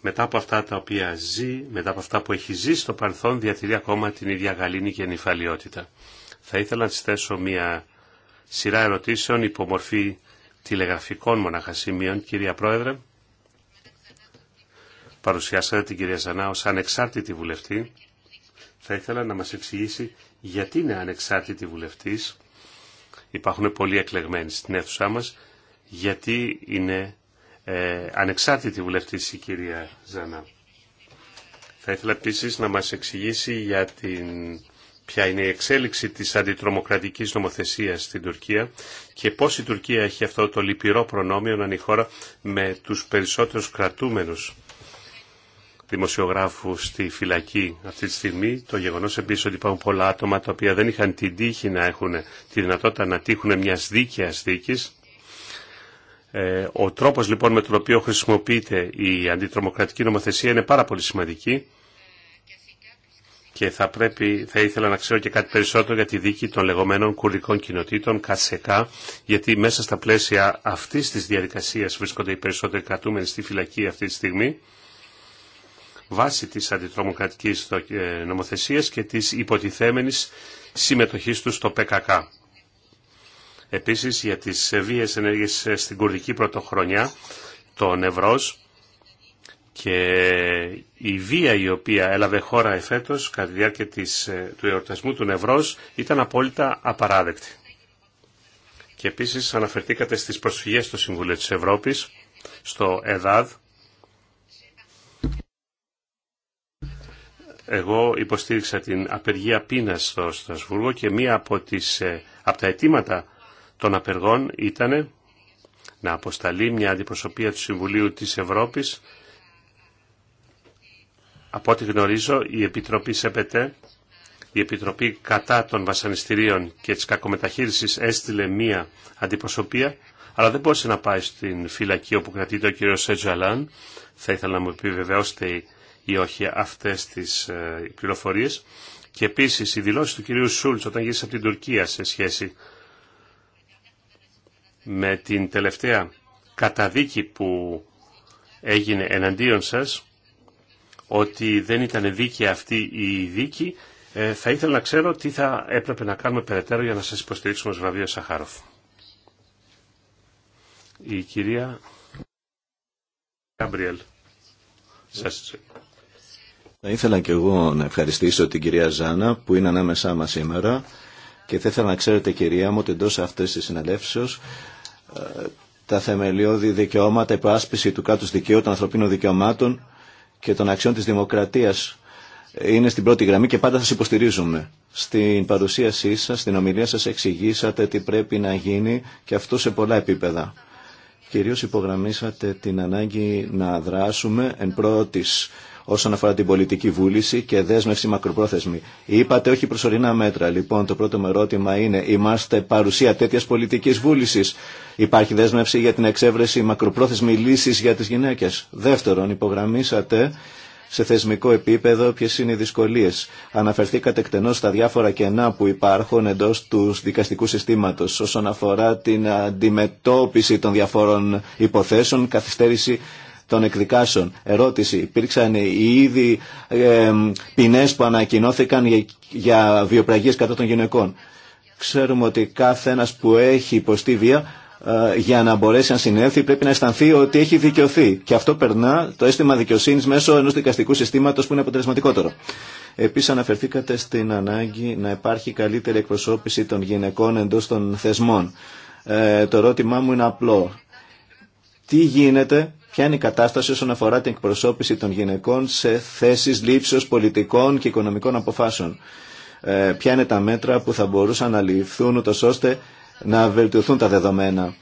μετά από αυτά τα οποία ζει, μετά από αυτά που έχει ζει στο παρελθόν, διατηρεί ακόμα την ίδια γαλήνη και νυφαλιότητα. Θα ήθελα να της θέσω μια σειρά ερωτήσεων υπομορφή τηλεγραφικών μονάχα κυρία Πρόεδρε. Παρουσιάσατε την κυρία Ζανά ως ανεξάρτητη βουλευτή. Θα ήθελα να μας εξηγήσει γιατί είναι ανεξάρτητη βουλευτής. Υπάρχουν πολλοί εκλεγμένοι στην αίθουσά μας. Γιατί είναι ε, ανεξάρτητη βουλευτής η κυρία Ζανά. Θα ήθελα επίσης να μας εξηγήσει για την ποια είναι η εξέλιξη της αντιτρομοκρατικής νομοθεσίας στην Τουρκία και πώς η Τουρκία έχει αυτό το λυπηρό προνόμιο να είναι η χώρα με τους περισσότερους κρατούμενους δημοσιογράφου στη φυλακή αυτή τη στιγμή. Το γεγονός επίσης ότι υπάρχουν πολλά άτομα τα οποία δεν είχαν την τύχη να έχουν τη δυνατότητα να τύχουν μια δίκαιας δίκης. Ε, ο τρόπος λοιπόν με τον οποίο χρησιμοποιείται η αντιτρομοκρατική νομοθεσία είναι πάρα πολύ σημαντική και θα, πρέπει, θα ήθελα να ξέρω και κάτι περισσότερο για τη δίκη των λεγόμενων κουρδικών κοινοτήτων, ΚΑΣΕΚΑ, γιατί μέσα στα πλαίσια αυτής της διαδικασίας βρίσκονται οι περισσότεροι κρατούμενοι στη φυλακή αυτή τη στιγμή, βάσει της αντιτρομοκρατική ε, νομοθεσίας και τη υποτιθέμενης συμμετοχή του στο ΠΚΚ. Επίση, για τι βίες ενέργειε στην κουρδική πρωτοχρονιά, το Νευρός, και η βία η οποία έλαβε χώρα εφέτος κατά τη διάρκεια της, ε, του εορτασμού του Νευρός ήταν απόλυτα απαράδεκτη. Και επίσης αναφερθήκατε στις προσφυγές στο Συμβουλίο της Ευρώπης, στο ΕΔΑΔ. Εγώ υποστήριξα την απεργία πείνας στο Στρασβούργο και μία από, τις, ε, από τα αιτήματα των απεργών ήταν να αποσταλεί μια απο τις τα αιτηματα των απεργων ηταν να αποσταλει μια αντιπροσωπεια του Συμβουλίου της Ευρώπης από ό,τι γνωρίζω, η Επιτροπή ΣΕΠΕΤΕ, η Επιτροπή κατά των βασανιστήριων και της κακομεταχείρισης έστειλε μία αντιπροσωπεία, αλλά δεν μπόρεσε να πάει στην φυλακή όπου κρατείται ο κ. Σέτζαλάν. Θα ήθελα να μου επιβεβαιώσετε ή όχι αυτές τις ε, πληροφορίες. Και επίσης η δηλώση του κ. Σούλτς όταν γύρισε από την Τουρκία σε σχέση με την τελευταία καταδίκη που έγινε εναντίον σας ότι δεν ήταν δίκη αυτή η δίκη, ε, θα ήθελα να ξέρω τι θα έπρεπε να κάνουμε περαιτέρω για να σας υποστηρίξουμε ως βραβείο Σαχάροφ. Η κυρία Γκάμπριελ. Σας θα ήθελα και εγώ να ευχαριστήσω την κυρία Ζάνα που είναι ανάμεσά μας σήμερα και θα ήθελα να ξέρετε κυρία μου ότι εντός αυτής της συνελεύσεως ε, τα θεμελιώδη δικαιώματα, η προάσπιση του κράτους δικαίου, των ανθρωπίνων δικαιωμάτων και των αξιών της δημοκρατίας είναι στην πρώτη γραμμή και πάντα σας υποστηρίζουμε. Στην παρουσίασή σας, στην ομιλία σας εξηγήσατε τι πρέπει να γίνει και αυτό σε πολλά επίπεδα. Κυρίως υπογραμμίσατε την ανάγκη να δράσουμε εν πρώτης όσον αφορά την πολιτική βούληση και δέσμευση μακροπρόθεσμη. Είπατε όχι προσωρινά μέτρα. Λοιπόν, το πρώτο μου ερώτημα είναι, είμαστε παρουσία τέτοια πολιτική βούληση. Υπάρχει δέσμευση για την εξέβρεση μακροπρόθεσμη λύση για τι γυναίκε. Δεύτερον, υπογραμμίσατε σε θεσμικό επίπεδο ποιε είναι οι δυσκολίε. Αναφερθήκατε εκτενώ στα διάφορα κενά που υπάρχουν εντό του δικαστικού συστήματο όσον αφορά την αντιμετώπιση των διαφόρων υποθέσεων, καθυστέρηση των εκδικάσεων. Ερώτηση. Υπήρξαν ήδη ε, ποινές που ανακοινώθηκαν για, για βιοπραγίες κατά των γυναικών. Ξέρουμε ότι κάθε ένας που έχει υποστεί βία ε, για να μπορέσει να συνέλθει πρέπει να αισθανθεί ότι έχει δικαιωθεί. Και αυτό περνά το αίσθημα δικαιοσύνη μέσω ενό δικαστικού συστήματος που είναι αποτελεσματικότερο. Επίσης αναφερθήκατε στην ανάγκη να υπάρχει καλύτερη εκπροσώπηση των γυναικών εντός των θεσμών. Ε, το ερώτημά μου είναι απλό. Τι γίνεται Ποια είναι η κατάσταση όσον αφορά την εκπροσώπηση των γυναικών σε θέσει λήψεω πολιτικών και οικονομικών αποφάσεων. Ε, ποια είναι τα μέτρα που θα μπορούσαν να ληφθούν ούτω ώστε να βελτιωθούν τα δεδομένα.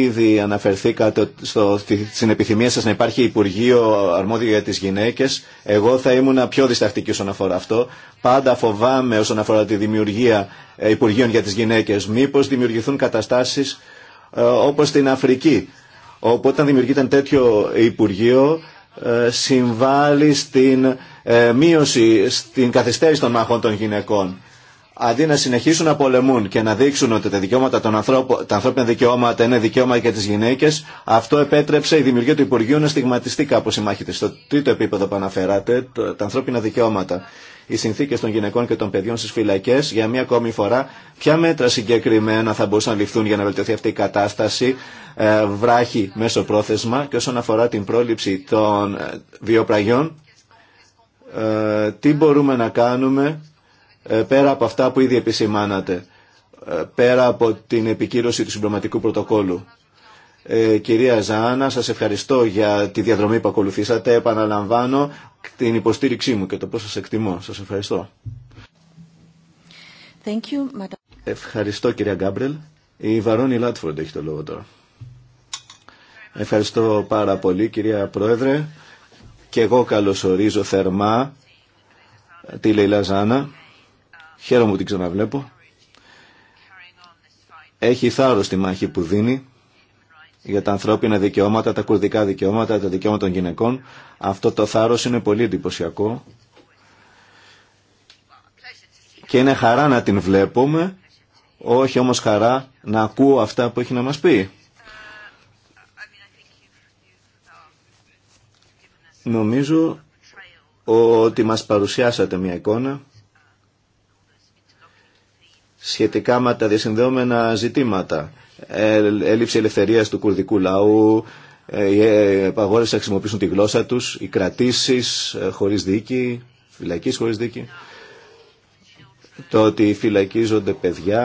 Ήδη αναφερθήκατε στο, στην επιθυμία σας να υπάρχει Υπουργείο Αρμόδιο για τις Γυναίκες. Εγώ θα ήμουν πιο διστακτική όσον αφορά αυτό. Πάντα φοβάμαι όσον αφορά τη δημιουργία ε, Υπουργείων για τις Γυναίκες. Μήπως δημιουργηθούν καταστάσεις ε, όπως στην Αφρική Οπότε αν δημιουργείται τέτοιο Υπουργείο ε, συμβάλλει στην ε, μείωση, στην καθυστέρηση των μαχών των γυναικών. Αντί να συνεχίσουν να πολεμούν και να δείξουν ότι τα, δικαιώματα των ανθρώπων, τα ανθρώπινα δικαιώματα είναι δικαιώματα για τι γυναίκε, αυτό επέτρεψε η δημιουργία του Υπουργείου να στιγματιστεί κάπω η μάχη Στο τρίτο επίπεδο που αναφέρατε, τα ανθρώπινα δικαιώματα οι συνθήκε των γυναικών και των παιδιών στι φυλακέ για μία ακόμη φορά. Ποια μέτρα συγκεκριμένα θα μπορούσαν να ληφθούν για να βελτιωθεί αυτή η κατάσταση, ε, βράχη μέσω πρόθεσμα και όσον αφορά την πρόληψη των ε, βιοπραγιών, ε, τι μπορούμε να κάνουμε ε, πέρα από αυτά που ήδη επισημάνατε, πέρα από την επικύρωση του συμπληρωματικού πρωτοκόλου. κυρία Ζάνα, σας ευχαριστώ για τη διαδρομή που ακολουθήσατε. Επαναλαμβάνω την υποστήριξή μου και το πώς σας εκτιμώ. Σας ευχαριστώ. Thank you, ευχαριστώ κυρία Γκάμπρελ. Η Βαρόνι Λάτφορντ έχει το λόγο τώρα. Ευχαριστώ πάρα πολύ κυρία Πρόεδρε. Και εγώ καλωσορίζω θερμά τη Λεϊλά Ζάνα. Χαίρομαι που την ξαναβλέπω. Έχει θάρρος τη μάχη που δίνει για τα ανθρώπινα δικαιώματα, τα κουρδικά δικαιώματα, τα δικαιώματα των γυναικών. Αυτό το θάρρος είναι πολύ εντυπωσιακό και είναι χαρά να την βλέπουμε, όχι όμως χαρά να ακούω αυτά που έχει να μας πει. Νομίζω ότι μας παρουσιάσατε μια εικόνα σχετικά με τα διασυνδεόμενα ζητήματα. Ε, Έλλειψη ελευθερίας του κουρδικού λαού, ε, ε, οι επαγόρευση να χρησιμοποιήσουν τη γλώσσα τους, οι κρατήσεις χωρίς δίκη, φυλακής χωρίς δίκη, το ότι φυλακίζονται παιδιά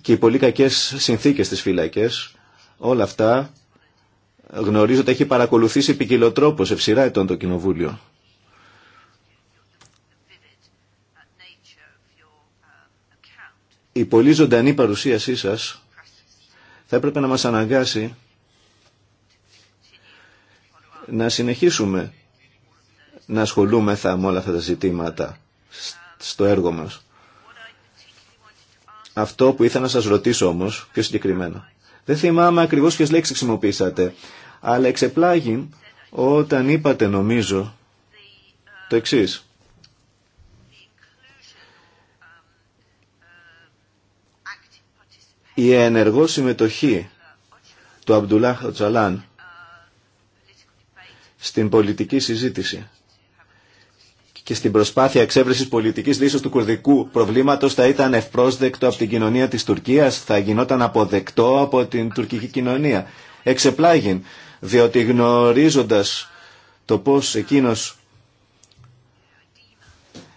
και οι πολύ κακές συνθήκες στις φυλακές, όλα αυτά γνωρίζω ότι έχει παρακολουθήσει ποικιλοτρόπως ευσυρά ετών το Κοινοβούλιο. η πολύ ζωντανή παρουσίασή σας θα έπρεπε να μας αναγκάσει να συνεχίσουμε να ασχολούμεθα με όλα αυτά τα ζητήματα στο έργο μας. Αυτό που ήθελα να σας ρωτήσω όμως, πιο συγκεκριμένα. Δεν θυμάμαι ακριβώς ποιες λέξεις χρησιμοποίησατε, αλλά εξεπλάγει όταν είπατε νομίζω το εξής. η ενεργό συμμετοχή του Αμπτουλάχ Τσαλάν στην πολιτική συζήτηση και στην προσπάθεια εξέβρεσης πολιτικής λύσης του κουρδικού προβλήματος θα ήταν ευπρόσδεκτο από την κοινωνία της Τουρκίας, θα γινόταν αποδεκτό από την τουρκική κοινωνία. Εξεπλάγιν, διότι γνωρίζοντας το πώς εκείνος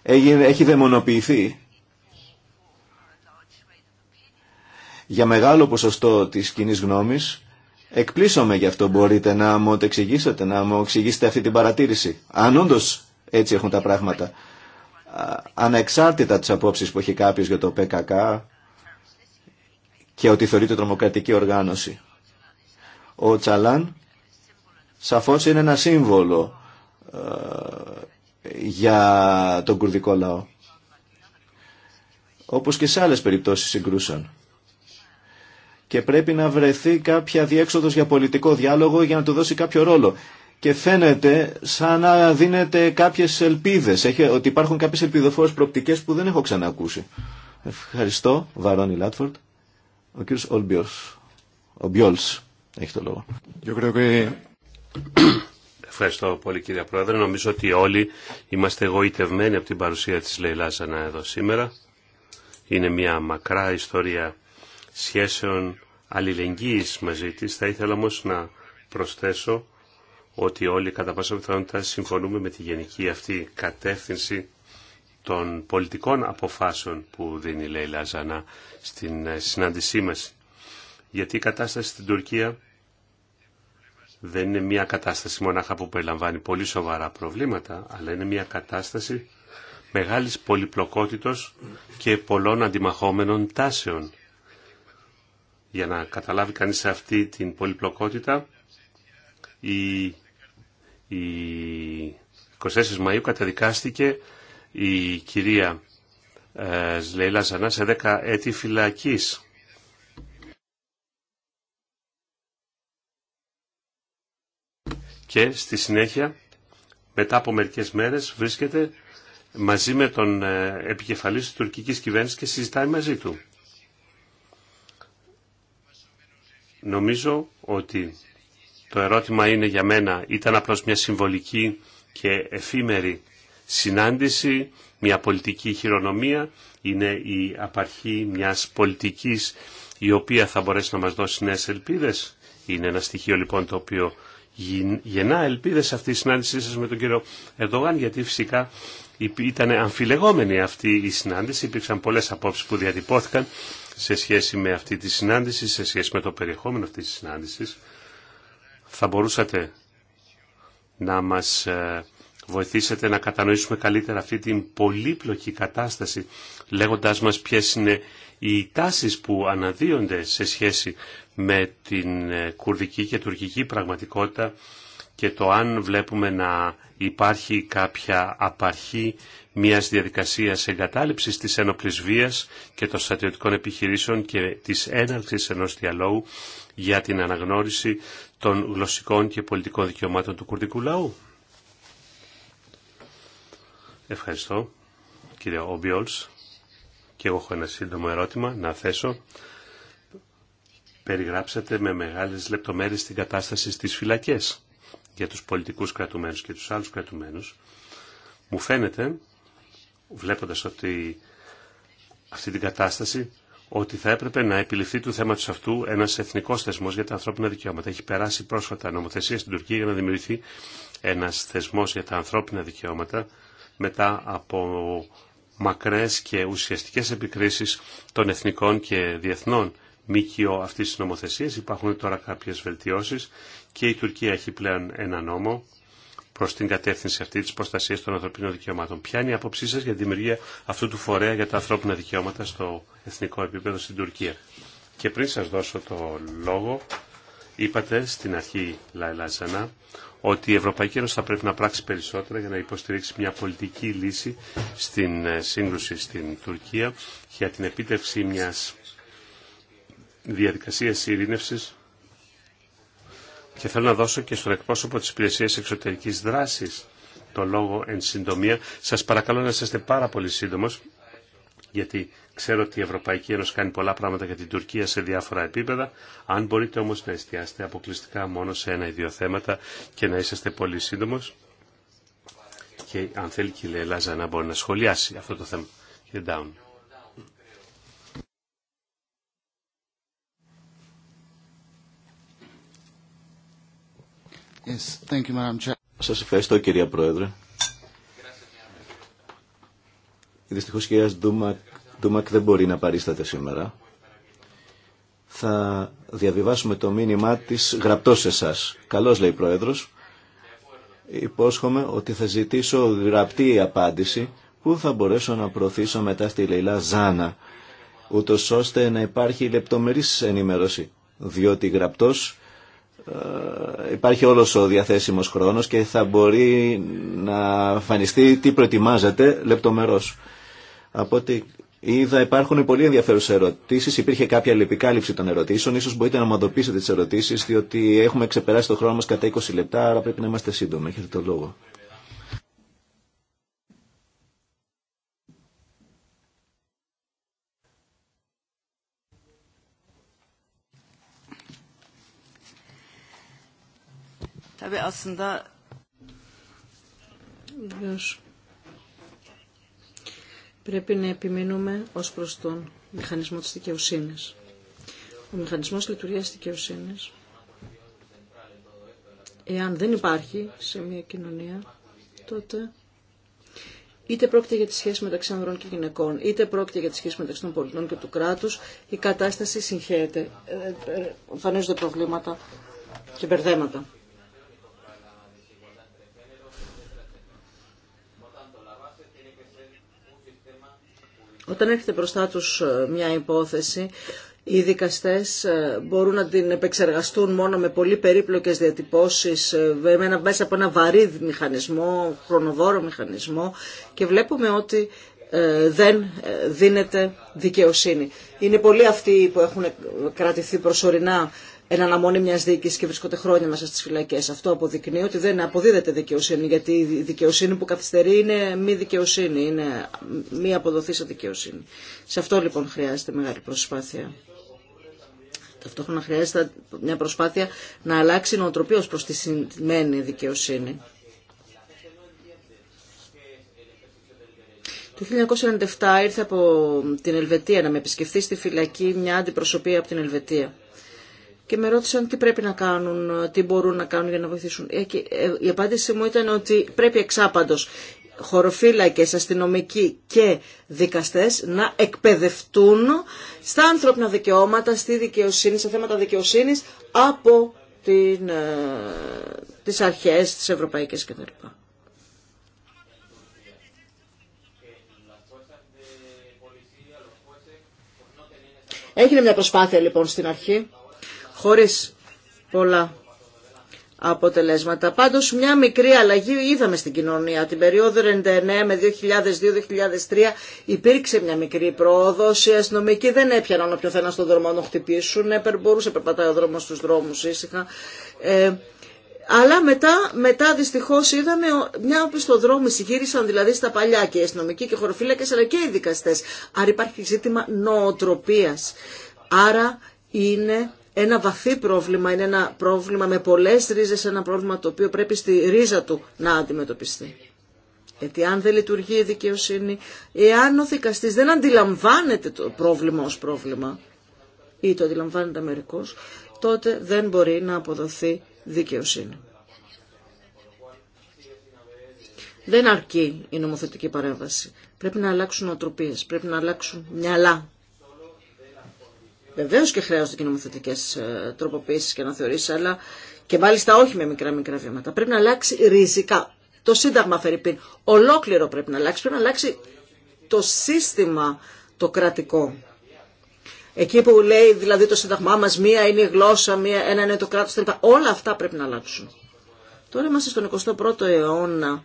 έχει δαιμονοποιηθεί για μεγάλο ποσοστό της κοινή γνώμης. Εκπλήσωμαι γι' αυτό. Μπορείτε να μου το εξηγήσετε, να μου εξηγήσετε αυτή την παρατήρηση. Αν όντω έτσι έχουν τα πράγματα. Ανεξάρτητα τις απόψεις που έχει κάποιος για το ΠΚΚ και ότι θεωρείται τρομοκρατική οργάνωση. Ο Τσαλάν σαφώς είναι ένα σύμβολο για τον κουρδικό λαό. Όπως και σε άλλες περιπτώσεις συγκρούσαν και πρέπει να βρεθεί κάποια διέξοδος για πολιτικό διάλογο για να του δώσει κάποιο ρόλο. Και φαίνεται σαν να δίνεται κάποιες ελπίδες, Έχει, ότι υπάρχουν κάποιες ελπιδοφόρες προπτικές που δεν έχω ξανακούσει. Ευχαριστώ, Βαρόνι Λάτφορντ. Ο κύριος Ολμπιός, ο έχει το λόγο. Ευχαριστώ πολύ κύριε Πρόεδρε. Νομίζω ότι όλοι είμαστε εγωιτευμένοι από την παρουσία της Λεϊλάς εδώ σήμερα. Είναι μια μακρά ιστορία σχέσεων αλληλεγγύης μαζί της. Θα ήθελα όμως να προσθέσω ότι όλοι κατά πάσα πιθανότητα συμφωνούμε με τη γενική αυτή κατεύθυνση των πολιτικών αποφάσεων που δίνει η Λαζανά στην ε, συνάντησή μας. Γιατί η κατάσταση στην Τουρκία δεν είναι μια κατάσταση μονάχα που περιλαμβάνει πολύ σοβαρά προβλήματα, αλλά είναι μια κατάσταση μεγάλης πολυπλοκότητος και πολλών αντιμαχόμενων τάσεων για να καταλάβει κανείς αυτή την πολυπλοκότητα, η, η 24 Μαΐου καταδικάστηκε η κυρία ε, Ζλέιλα Ζανά σε 10 έτη φυλακής. Και στη συνέχεια, μετά από μερικές μέρες, βρίσκεται μαζί με τον ε, επικεφαλής της τουρκικής κυβέρνησης και συζητάει μαζί του. Νομίζω ότι το ερώτημα είναι για μένα, ήταν απλώς μια συμβολική και εφήμερη συνάντηση, μια πολιτική χειρονομία, είναι η απαρχή μιας πολιτικής η οποία θα μπορέσει να μας δώσει νέες ελπίδες. Είναι ένα στοιχείο λοιπόν το οποίο γεννά ελπίδες αυτή η συνάντησή σας με τον κύριο Ερντογάν, γιατί φυσικά ήταν αμφιλεγόμενη αυτή η συνάντηση, υπήρξαν πολλές απόψεις που διατυπώθηκαν σε σχέση με αυτή τη συνάντηση, σε σχέση με το περιεχόμενο αυτής της συνάντησης. Θα μπορούσατε να μας ε, βοηθήσετε να κατανοήσουμε καλύτερα αυτή την πολύπλοκη κατάσταση, λέγοντάς μας ποιες είναι οι τάσεις που αναδύονται σε σχέση με την ε, κουρδική και τουρκική πραγματικότητα και το αν βλέπουμε να υπάρχει κάποια απαρχή μιας διαδικασίας εγκατάλειψης της ένοπλης βίας και των στρατιωτικών επιχειρήσεων και της έναρξης ενός διαλόγου για την αναγνώριση των γλωσσικών και πολιτικών δικαιωμάτων του κουρδικού λαού. Ευχαριστώ, κύριε Ομπιόλς. Και εγώ έχω ένα σύντομο ερώτημα να θέσω. Περιγράψατε με μεγάλες λεπτομέρειες την κατάσταση στις φυλακές για τους πολιτικούς κρατουμένους και τους άλλους κρατουμένους. Μου φαίνεται βλέποντας ότι αυτή την κατάσταση ότι θα έπρεπε να επιληφθεί του θέματο αυτού ένα εθνικό θεσμό για τα ανθρώπινα δικαιώματα. Έχει περάσει πρόσφατα νομοθεσία στην Τουρκία για να δημιουργηθεί ένα θεσμό για τα ανθρώπινα δικαιώματα μετά από μακρές και ουσιαστικές επικρίσεις των εθνικών και διεθνών μήκυο αυτής της νομοθεσίας. Υπάρχουν τώρα κάποιες βελτιώσεις και η Τουρκία έχει πλέον ένα νόμο προς την κατεύθυνση αυτή της προστασίας των ανθρωπίνων δικαιωμάτων. Ποια είναι η άποψή σας για τη δημιουργία αυτού του φορέα για τα ανθρώπινα δικαιώματα στο εθνικό επίπεδο στην Τουρκία. Και πριν σας δώσω το λόγο, είπατε στην αρχή, Λαϊλά Ζανά, ότι η Ευρωπαϊκή Ένωση θα πρέπει να πράξει περισσότερα για να υποστηρίξει μια πολιτική λύση στην ε, σύγκρουση στην Τουρκία για την επίτευξη μιας διαδικασίας ειρήνευσης και θέλω να δώσω και στον εκπρόσωπο της υπηρεσίας εξωτερικής δράσης το λόγο εν συντομία. Σας παρακαλώ να είστε πάρα πολύ σύντομος, γιατί ξέρω ότι η Ευρωπαϊκή Ένωση κάνει πολλά πράγματα για την Τουρκία σε διάφορα επίπεδα. Αν μπορείτε όμως να εστιάσετε αποκλειστικά μόνο σε ένα ή δύο θέματα και να είσαστε πολύ σύντομος. Και αν θέλει και η Λελάζα να μπορεί να σχολιάσει αυτό το θέμα. Down. Yes, Σας ευχαριστώ κυρία Πρόεδρε. Δυστυχώς κυρία Ντούμακ, δεν μπορεί να παρίσταται σήμερα. Θα διαβιβάσουμε το μήνυμά της γραπτός σε εσάς. Καλώς λέει η Πρόεδρος. Υπόσχομαι ότι θα ζητήσω γραπτή απάντηση που θα μπορέσω να προωθήσω μετά στη Λεϊλά Ζάνα ούτως ώστε να υπάρχει λεπτομερής ενημέρωση διότι γραπτός ε, υπάρχει όλος ο διαθέσιμος χρόνος και θα μπορεί να φανιστεί τι προετοιμάζεται λεπτομερώς. Από ό,τι είδα υπάρχουν πολύ ενδιαφέρουσες ερωτήσεις, υπήρχε κάποια λεπικάλυψη των ερωτήσεων, ίσως μπορείτε να ομαδοποιήσετε τις ερωτήσεις διότι έχουμε ξεπεράσει το χρόνο μας κατά 20 λεπτά, άρα πρέπει να είμαστε σύντομοι, έχετε το λόγο. tabii Πρέπει να επιμείνουμε ως προς τον μηχανισμό της δικαιοσύνης. Ο μηχανισμός λειτουργίας της δικαιοσύνης, εάν δεν υπάρχει σε μια κοινωνία, τότε είτε πρόκειται για τη σχέση μεταξύ ανδρών και γυναικών, είτε πρόκειται για τη σχέση μεταξύ των πολιτών και του κράτους, η κατάσταση συγχαίεται. Ε, ε, εμφανίζονται προβλήματα και μπερδέματα. Όταν έρχεται μπροστά τους ε, μια υπόθεση, οι δικαστές ε, μπορούν να την επεξεργαστούν μόνο με πολύ περίπλοκες διατυπώσεις, ε, μέσα από ένα βαρύ μηχανισμό, χρονοβόρο μηχανισμό και βλέπουμε ότι δεν δίνεται δικαιοσύνη. Είναι πολλοί αυτοί που έχουν κρατηθεί προσωρινά εν αναμονή μια δίκη και βρίσκονται χρόνια μέσα στι φυλακέ. Αυτό αποδεικνύει ότι δεν αποδίδεται δικαιοσύνη, γιατί η δικαιοσύνη που καθυστερεί είναι μη δικαιοσύνη, είναι μη αποδοθήσα δικαιοσύνη. Σε αυτό λοιπόν χρειάζεται μεγάλη προσπάθεια. Ταυτόχρονα χρειάζεται μια προσπάθεια να αλλάξει η νοοτροπία προς τη συνημένη δικαιοσύνη. Το 1997 ήρθε από την Ελβετία να με επισκεφθεί στη φυλακή μια αντιπροσωπεία από την Ελβετία και με ρώτησαν τι πρέπει να κάνουν, τι μπορούν να κάνουν για να βοηθήσουν. Ε, ε, η απάντησή μου ήταν ότι πρέπει εξάπαντος χωροφύλακες, αστυνομικοί και δικαστές να εκπαιδευτούν στα ανθρώπινα δικαιώματα, στη δικαιοσύνη, σε θέματα δικαιοσύνης από την, ε, τις αρχές, τις ευρωπαϊκές κτλ. Έγινε μια προσπάθεια λοιπόν στην αρχή χωρίς πολλά αποτελέσματα. Πάντως μια μικρή αλλαγή είδαμε στην κοινωνία. Την περίοδο 99 με 2002-2003 υπήρξε μια μικρή πρόοδος. Οι αστυνομικοί δεν έπιαναν όποιο θέναν στον δρόμο να χτυπήσουν. Μπορούσε περπατάει ο δρόμος στους δρόμους ήσυχα. Ε, αλλά μετά, μετά δυστυχώ είδαμε μια οπισθοδρόμηση. Γύρισαν δηλαδή στα παλιά και οι αστυνομικοί και οι χωροφύλακε αλλά και οι δικαστέ. Άρα υπάρχει ζήτημα νοοτροπία. Άρα είναι ένα βαθύ πρόβλημα, είναι ένα πρόβλημα με πολλές ρίζες, ένα πρόβλημα το οποίο πρέπει στη ρίζα του να αντιμετωπιστεί. Γιατί αν δεν λειτουργεί η δικαιοσύνη, εάν ο δικαστής δεν αντιλαμβάνεται το πρόβλημα ως πρόβλημα ή το αντιλαμβάνεται αμερικώς, τότε δεν μπορεί να αποδοθεί δικαιοσύνη. Δεν αρκεί η νομοθετική μερικώς, τοτε Πρέπει να αλλάξουν οτροπίες, πρέπει να αλλάξουν μυαλά Βεβαίω και χρειάζονται και νομοθετικέ ε, τροποποίησει και θεωρήσει αλλά και μάλιστα όχι με μικρά-μικρά βήματα. Πρέπει να αλλάξει ριζικά. Το Σύνταγμα, Φερρυπίν, ολόκληρο πρέπει να αλλάξει. Πρέπει να αλλάξει το σύστημα το κρατικό. Εκεί που λέει δηλαδή το Σύνταγμά μα, μία είναι η γλώσσα, μία, ένα είναι το κράτο, όλα αυτά πρέπει να αλλάξουν. Τώρα είμαστε στον 21ο αιώνα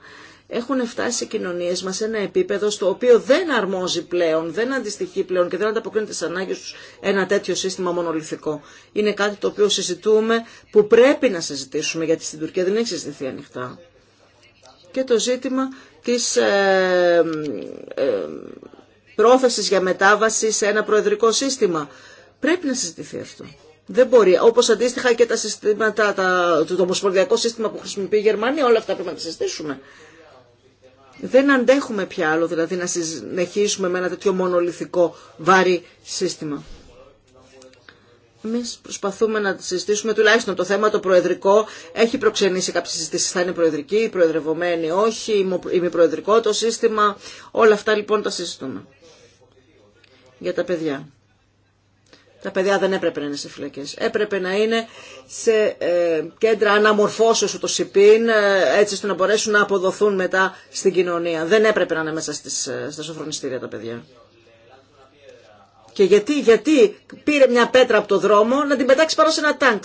έχουν φτάσει οι κοινωνίε μα σε ένα επίπεδο στο οποίο δεν αρμόζει πλέον, δεν αντιστοιχεί πλέον και δεν ανταποκρίνεται στι ανάγκε του ένα τέτοιο σύστημα μονολυθικό. Είναι κάτι το οποίο συζητούμε, που πρέπει να συζητήσουμε, γιατί στην Τουρκία δεν έχει συζητηθεί ανοιχτά. Και το ζήτημα τη ε, ε, πρόθεση για μετάβαση σε ένα προεδρικό σύστημα. Πρέπει να συζητηθεί αυτό. Δεν μπορεί. Όπως αντίστοιχα και τα συστήματα, τα, το, το σύστημα που χρησιμοποιεί η Γερμανία, όλα αυτά πρέπει να τα συζητήσουμε. Δεν αντέχουμε πια άλλο, δηλαδή να συνεχίσουμε με ένα τέτοιο μονολυθικό βάρη σύστημα. Εμεί προσπαθούμε να συζητήσουμε τουλάχιστον το θέμα το προεδρικό. Έχει προξενήσει κάποιε συζητήσει. Θα είναι προεδρική, η προεδρευομένη όχι, ημιπροεδρικό το σύστημα. Όλα αυτά λοιπόν τα συζητούμε. Για τα παιδιά. Τα παιδιά δεν έπρεπε να είναι σε φυλακέ. Έπρεπε να είναι σε ε, κέντρα αναμορφώσεω ούτω πίν ε, έτσι ώστε να μπορέσουν να αποδοθούν μετά στην κοινωνία. Δεν έπρεπε να είναι μέσα στις, ε, στα σοφρονιστήρια τα παιδιά. Και γιατί, γιατί πήρε μια πέτρα από το δρόμο να την πετάξει πάνω σε ένα τάγκ,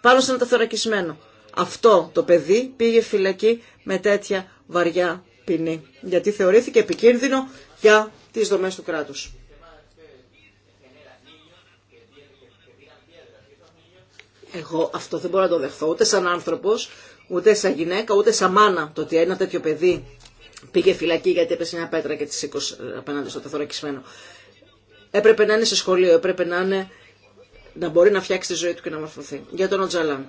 πάνω σε ένα τεθωρακισμένο. Αυτό το παιδί πήγε φυλακή με τέτοια βαριά ποινή. Γιατί θεωρήθηκε επικίνδυνο για τις δομές του κράτους. Εγώ αυτό δεν μπορώ να το δεχθώ ούτε σαν άνθρωπος, ούτε σαν γυναίκα, ούτε σαν μάνα. Το ότι ένα τέτοιο παιδί πήγε φυλακή γιατί έπεσε μια πέτρα και τη σήκωσε απέναντι στο τεθωρακισμένο. Έπρεπε να είναι σε σχολείο, έπρεπε να είναι να μπορεί να φτιάξει τη ζωή του και να μορφωθεί. Για τον Οτζαλάν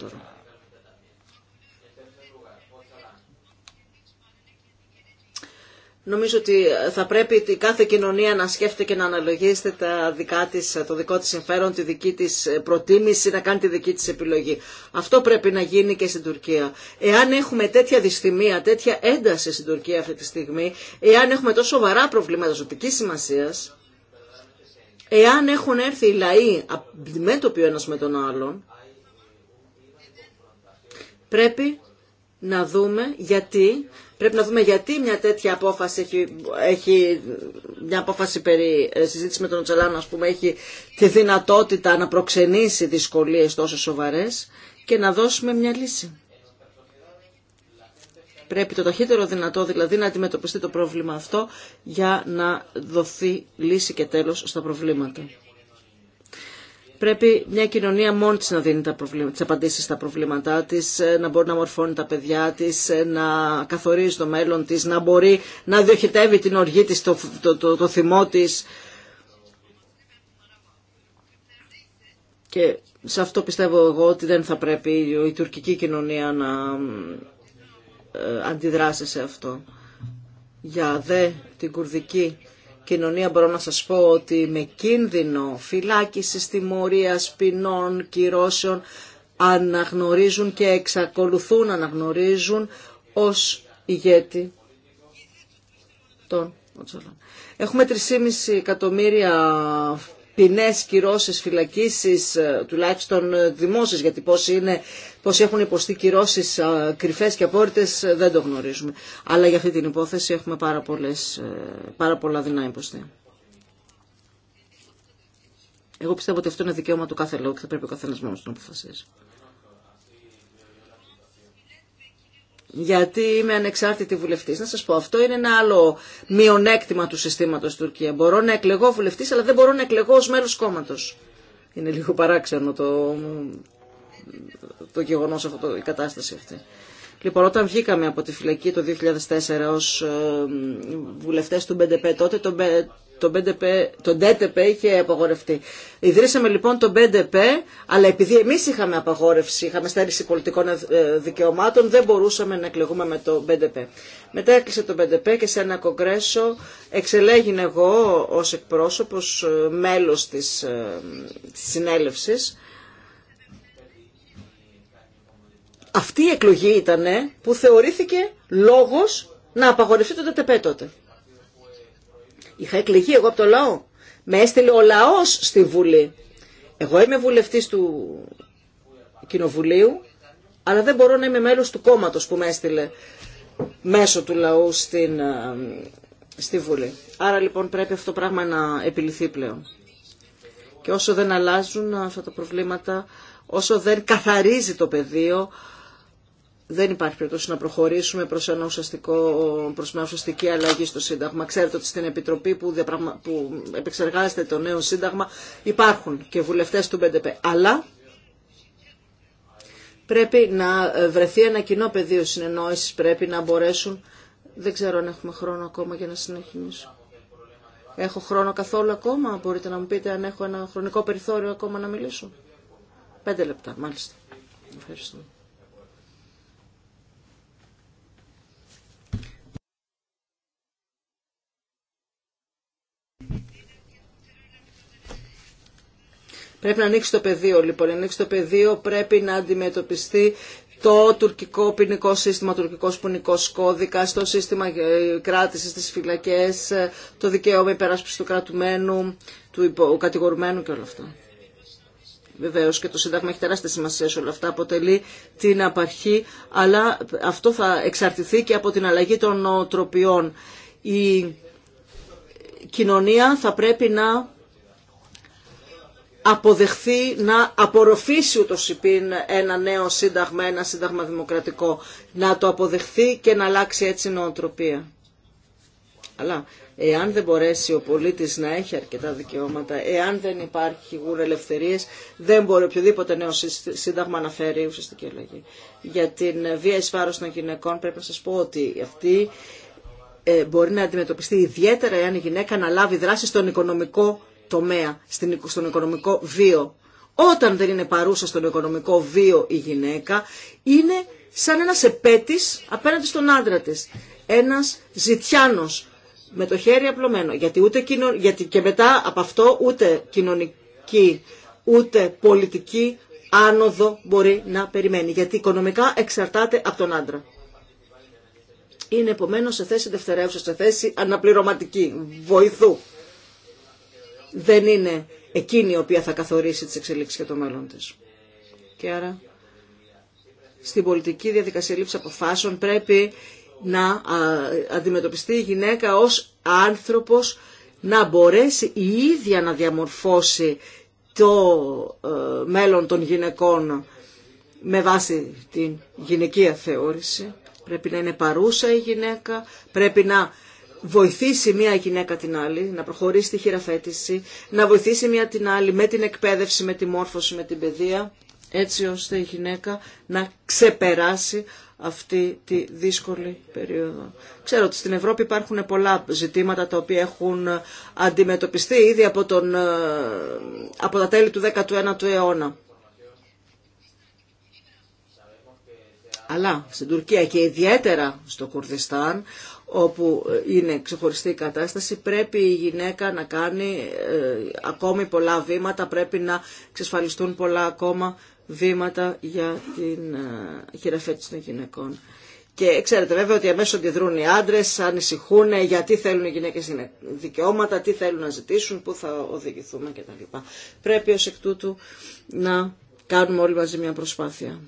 Νομίζω ότι θα πρέπει η κάθε κοινωνία να σκέφτεται και να αναλογίζεται τα δικά της, το δικό της συμφέρον, τη δική της ε, προτίμηση, να κάνει τη δική της επιλογή. Αυτό πρέπει να γίνει και στην Τουρκία. Εάν έχουμε τέτοια δυστημία, τέτοια ένταση στην Τουρκία αυτή τη στιγμή, εάν έχουμε τόσο σοβαρά προβλήματα ζωτική σημασία, εάν έχουν έρθει οι λαοί αντιμέτωποι ο ένας με τον άλλον, πρέπει να δούμε γιατί, πρέπει να δούμε γιατί μια τέτοια απόφαση έχει, έχει μια απόφαση περί ε, συζήτηση με τον Τσελάνο, ας πούμε, έχει τη δυνατότητα να προξενήσει δυσκολίες τόσο σοβαρές και να δώσουμε μια λύση. Πρέπει το ταχύτερο δυνατό δηλαδή να αντιμετωπιστεί το πρόβλημα αυτό για να δοθεί λύση και τέλος στα προβλήματα. Πρέπει μια κοινωνία μόνη της να δίνει τα προβλήματα, στα προβλήματά της, ε, να μπορεί να μορφώνει τα παιδιά της, ε, να καθορίζει το μέλλον της, να μπορεί να διοχετεύει την οργή της, το, το, το, θυμό της. Και σε αυτό πιστεύω εγώ ότι δεν θα πρέπει η τουρκική κοινωνία να ε, αντιδράσει σε αυτό. Για δε την κουρδική κοινωνία μπορώ να σας πω ότι με κίνδυνο φυλάκισης, τιμωρίας, ποινών, κυρώσεων αναγνωρίζουν και εξακολουθούν να αναγνωρίζουν ως ηγέτη των Έχουμε 3,5 εκατομμύρια ποινέ, κυρώσει φυλακίσεις, ε, τουλάχιστον ε, δημόσιες, γιατί πώς, είναι, πώς έχουν υποστεί κυρώσει ε, κρυφέ και απόρριτε, δεν το γνωρίζουμε. Αλλά για αυτή την υπόθεση έχουμε πάρα, πολλές, πάρα πολλά δεινά υποστεί. Εγώ πιστεύω ότι αυτό είναι δικαίωμα του κάθε λόγου και θα πρέπει ο καθένα μόνο να αποφασίζει. γιατί είμαι ανεξάρτητη βουλευτής. Να σας πω, αυτό είναι ένα άλλο μειονέκτημα του συστήματος Τουρκία. Μπορώ να εκλεγώ βουλευτής, αλλά δεν μπορώ να εκλεγώ ως μέλος κόμματος. Είναι λίγο παράξενο το, το γεγονός αυτό, η κατάσταση αυτή. Λοιπόν, όταν βγήκαμε από τη φυλακή το 2004 ως βουλευτές του Μπεντεπέ, τότε το, το, το είχε απαγορευτεί. Ιδρύσαμε λοιπόν το Μπεντεπέ, αλλά επειδή εμείς είχαμε απαγόρευση, είχαμε στέρηση πολιτικών ε, δικαιωμάτων, δεν μπορούσαμε να εκλεγούμε με το Μπεντεπέ. Μετά έκλεισε το Μπεντεπέ και σε ένα κογκρέσο εξελέγην εγώ ως εκπρόσωπος ε, μέλος της ε, συνέλευσης αυτή η εκλογή ήταν που θεωρήθηκε λόγος να απαγορευτεί το ΤΤΠ τότε. Είχα εκλεγεί εγώ από το λαό. Με έστειλε ο λαός στη Βουλή. Εγώ είμαι βουλευτής του Κοινοβουλίου, αλλά δεν μπορώ να είμαι μέλος του κόμματος που με έστειλε μέσω του λαού στην, ε, στη Βουλή. Άρα λοιπόν πρέπει αυτό το πράγμα να επιληθεί πλέον. Και όσο δεν αλλάζουν αυτά τα προβλήματα, όσο δεν καθαρίζει το πεδίο, δεν υπάρχει περίπτωση να προχωρήσουμε προς, ένα προς μια ουσιαστική αλλαγή στο Σύνταγμα. Ξέρετε ότι στην Επιτροπή που, που επεξεργάζεται το νέο Σύνταγμα υπάρχουν και βουλευτές του ΠΕΝΤΕΠΕ. Αλλά πρέπει να βρεθεί ένα κοινό πεδίο συνεννόηση, πρέπει να μπορέσουν... Δεν ξέρω αν έχουμε χρόνο ακόμα για να συνεχίσω. Έχω χρόνο καθόλου ακόμα, μπορείτε να μου πείτε αν έχω ένα χρονικό περιθώριο ακόμα να μιλήσω. Πέντε λεπτά, μάλιστα. Ευχαριστούμε. Πρέπει να ανοίξει το πεδίο λοιπόν. Να ανοίξει το πεδίο πρέπει να αντιμετωπιστεί το τουρκικό ποινικό σύστημα, το τουρκικό ποινικό κώδικα, το σύστημα ε, κράτηση στι φυλακέ, ε, το δικαίωμα υπεράσπιση του κρατουμένου, του κατηγορουμένου και όλα αυτά. Βεβαίω και το Σύνταγμα έχει τεράστια σημασία σε όλα αυτά, αποτελεί την απαρχή, αλλά αυτό θα εξαρτηθεί και από την αλλαγή των νοοτροπιών. Η κοινωνία θα πρέπει να αποδεχθεί να απορροφήσει ούτω πίν ένα νέο σύνταγμα, ένα σύνταγμα δημοκρατικό, να το αποδεχθεί και να αλλάξει έτσι νοοτροπία. Αλλά εάν δεν μπορέσει ο πολίτης να έχει αρκετά δικαιώματα, εάν δεν υπάρχει γούρ ελευθερίες, δεν μπορεί οποιοδήποτε νέο σύνταγμα να φέρει ουσιαστική αλλαγή. Για την βία εις των γυναικών πρέπει να σας πω ότι αυτή ε, μπορεί να αντιμετωπιστεί ιδιαίτερα εάν η γυναίκα να λάβει δράση στον οικονομικό τομέα, στον οικονομικό βίο. Όταν δεν είναι παρούσα στον οικονομικό βίο η γυναίκα, είναι σαν ένας επέτης απέναντι στον άντρα της. Ένας ζητιάνος, με το χέρι απλωμένο. Γιατί, ούτε Γιατί και μετά από αυτό ούτε κοινωνική, ούτε πολιτική άνοδο μπορεί να περιμένει. Γιατί οικονομικά εξαρτάται από τον άντρα. Είναι επομένω σε θέση δευτερεύουσα, σε θέση αναπληρωματική, βοηθού δεν είναι εκείνη η οποία θα καθορίσει τις εξελίξεις και το μέλλον της. Και άρα στην πολιτική διαδικασία λήψη αποφάσεων πρέπει να αντιμετωπιστεί η γυναίκα ως άνθρωπος να μπορέσει η ίδια να διαμορφώσει το ε, μέλλον των γυναικών με βάση την γυναικεία θεώρηση. Πρέπει να είναι παρούσα η γυναίκα, πρέπει να βοηθήσει μία γυναίκα την άλλη, να προχωρήσει τη χειραφέτηση, να βοηθήσει μία την άλλη με την εκπαίδευση, με τη μόρφωση, με την παιδεία, έτσι ώστε η γυναίκα να ξεπεράσει αυτή τη δύσκολη περίοδο. Ξέρω ότι στην Ευρώπη υπάρχουν πολλά ζητήματα τα οποία έχουν αντιμετωπιστεί ήδη από, τον, ε, από τα τέλη του 19ου αιώνα. Αλλά στην Τουρκία και ιδιαίτερα στο Κουρδιστάν όπου ε, είναι ξεχωριστή η κατάσταση, πρέπει η γυναίκα να κάνει ε, ακόμη πολλά βήματα, πρέπει να εξασφαλιστούν πολλά ακόμα βήματα για την ε, χειραφέτηση των γυναικών. Και ξέρετε βέβαια ότι αμέσως αντιδρούν οι άντρες, ανησυχούν γιατί θέλουν οι γυναίκες δικαιώματα, τι θέλουν να ζητήσουν, πού θα οδηγηθούμε κτλ. Πρέπει ω εκ τούτου να κάνουμε όλοι μαζί μια προσπάθεια.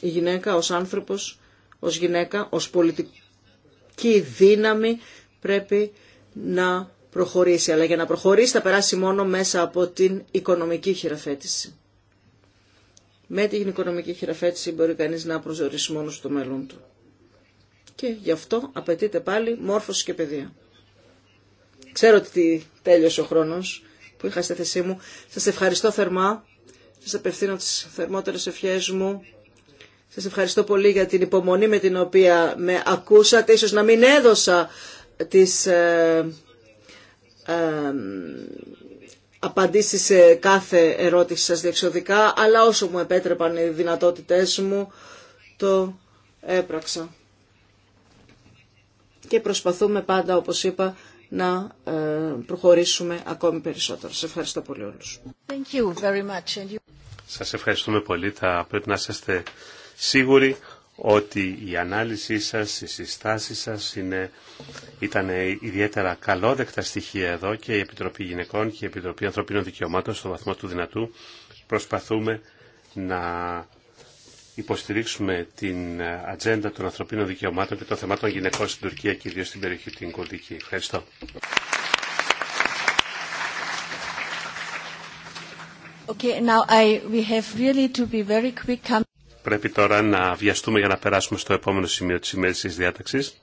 Η γυναίκα ως άνθρωπος ως γυναίκα, ως πολιτική δύναμη πρέπει να προχωρήσει. Αλλά για να προχωρήσει θα περάσει μόνο μέσα από την οικονομική χειραφέτηση. Με την οικονομική χειραφέτηση μπορεί κανείς να προσδιορίσει μόνο στο μέλλον του. Και γι' αυτό απαιτείται πάλι μόρφωση και παιδεία. Ξέρω ότι τέλειωσε ο χρόνος που είχα στη θέσή μου. Σας ευχαριστώ θερμά. Σας απευθύνω τις θερμότερες ευχές μου σας ευχαριστώ πολύ για την υπομονή με την οποία με ακούσατε. Ίσως να μην έδωσα τις ε, ε, απαντήσεις σε κάθε ερώτηση σας διεξοδικά, αλλά όσο μου επέτρεπαν οι δυνατότητές μου, το έπραξα. Και προσπαθούμε πάντα, όπως είπα, να ε, προχωρήσουμε ακόμη περισσότερο. Σας ευχαριστώ πολύ όλους. Thank you very much. Σας ευχαριστούμε πολύ. Θα πρέπει να είστε σίγουροι ότι η ανάλυση σας, οι συστάσεις σας είναι, ήταν ιδιαίτερα καλόδεκτα στοιχεία εδώ και η Επιτροπή Γυναικών και η Επιτροπή Ανθρωπίνων Δικαιωμάτων στο βαθμό του δυνατού προσπαθούμε να υποστηρίξουμε την ατζέντα των ανθρωπίνων δικαιωμάτων και των θεμάτων γυναικών στην Τουρκία και ιδίως στην περιοχή την Κουρδική. Ευχαριστώ. Okay, now I, we have really to be very quick πρέπει τώρα να βιαστούμε για να περάσουμε στο επόμενο σημείο της ημέρης της διάταξης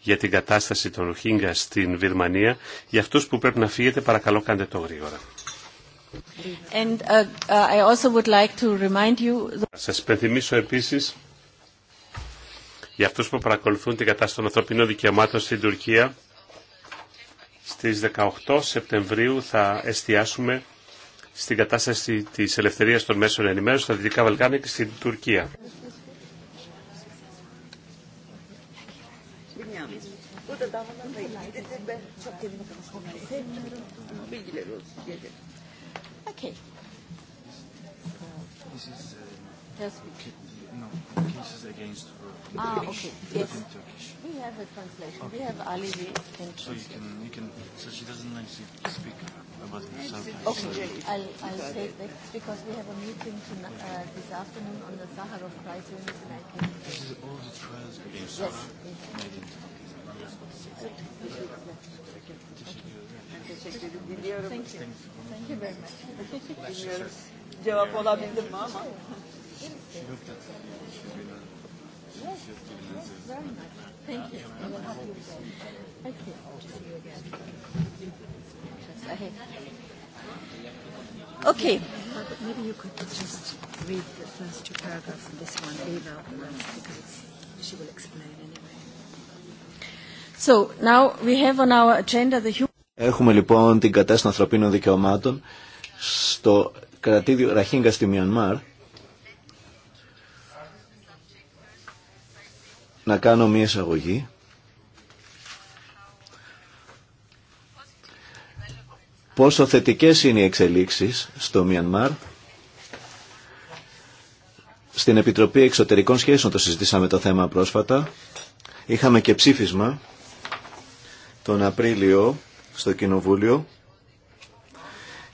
για την κατάσταση των Ροχίνγκα στην Βυρμανία. Για αυτούς που πρέπει να φύγετε, παρακαλώ κάντε το γρήγορα. And, uh, uh, Σας υπενθυμίσω επίσης για αυτούς που παρακολουθούν την κατάσταση των ανθρωπίνων δικαιωμάτων στην Τουρκία στις 18 Σεπτεμβρίου θα εστιάσουμε στην κατάσταση της ελευθερίας των μέσων ενημέρωσης στα Δυτικά Βαλκάνια και στην Τουρκία. This is, No, cases against her. Ah, okay. Yes. We have a translation. We have Ali. We can so you can, you can, so she doesn't like to speak about herself. Okay, I'll, I'll say that because we have a meeting tonight, uh, this afternoon on the Sakharov Prize winners and I can... This is all the trials against yes. her made in Turkey. Thank you. very much. Bilmiyorum cevap Okay. Maybe you could just read the first two paragraphs of this one, leave out the rest, because she will explain anyway. So, now we have on our agenda the human... Έχουμε λοιπόν την κατάσταση ανθρωπίνων δικαιωμάτων στο κρατήδιο Ραχίνγκα στη Μιανμάρ. να κάνω μία εισαγωγή. Πόσο θετικές είναι οι εξελίξεις στο Μιανμάρ. Στην Επιτροπή Εξωτερικών Σχέσεων το συζητήσαμε το θέμα πρόσφατα. Είχαμε και ψήφισμα τον Απρίλιο στο Κοινοβούλιο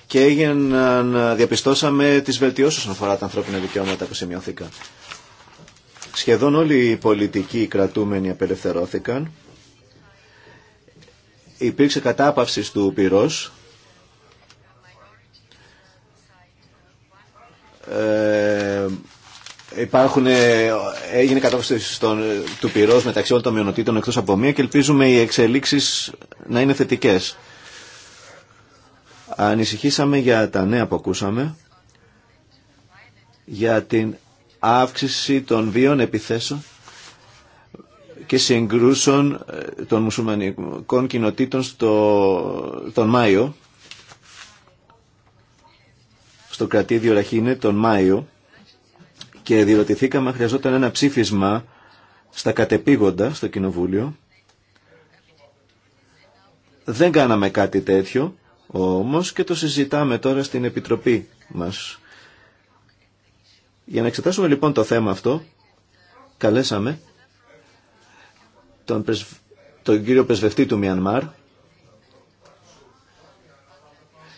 και έγιναν, διαπιστώσαμε τις βελτιώσεις όσον αφορά τα ανθρώπινα δικαιώματα που σημειώθηκαν. Σχεδόν όλοι οι πολιτικοί κρατούμενοι απελευθερώθηκαν. Υπήρξε κατάπαυση του πυρός. Ε, υπάρχουν, ε, έγινε κατάπαυση του πυρός μεταξύ όλων των μειονοτήτων εκτός από μία και ελπίζουμε οι εξελίξεις να είναι θετικές. Ανησυχήσαμε για τα νέα που ακούσαμε, για την αύξηση των βίων επιθέσεων και συγκρούσεων ε, των μουσουλμανικών κοινοτήτων στο, τον Μάιο στο κρατήδιο Ραχίνε τον Μάιο και διερωτηθήκαμε χρειαζόταν ένα ψήφισμα στα κατεπήγοντα στο Κοινοβούλιο δεν κάναμε κάτι τέτοιο όμως και το συζητάμε τώρα στην Επιτροπή μας για να εξετάσουμε λοιπόν το θέμα αυτό, καλέσαμε τον, τον κύριο πρεσβευτή του Μιανμάρ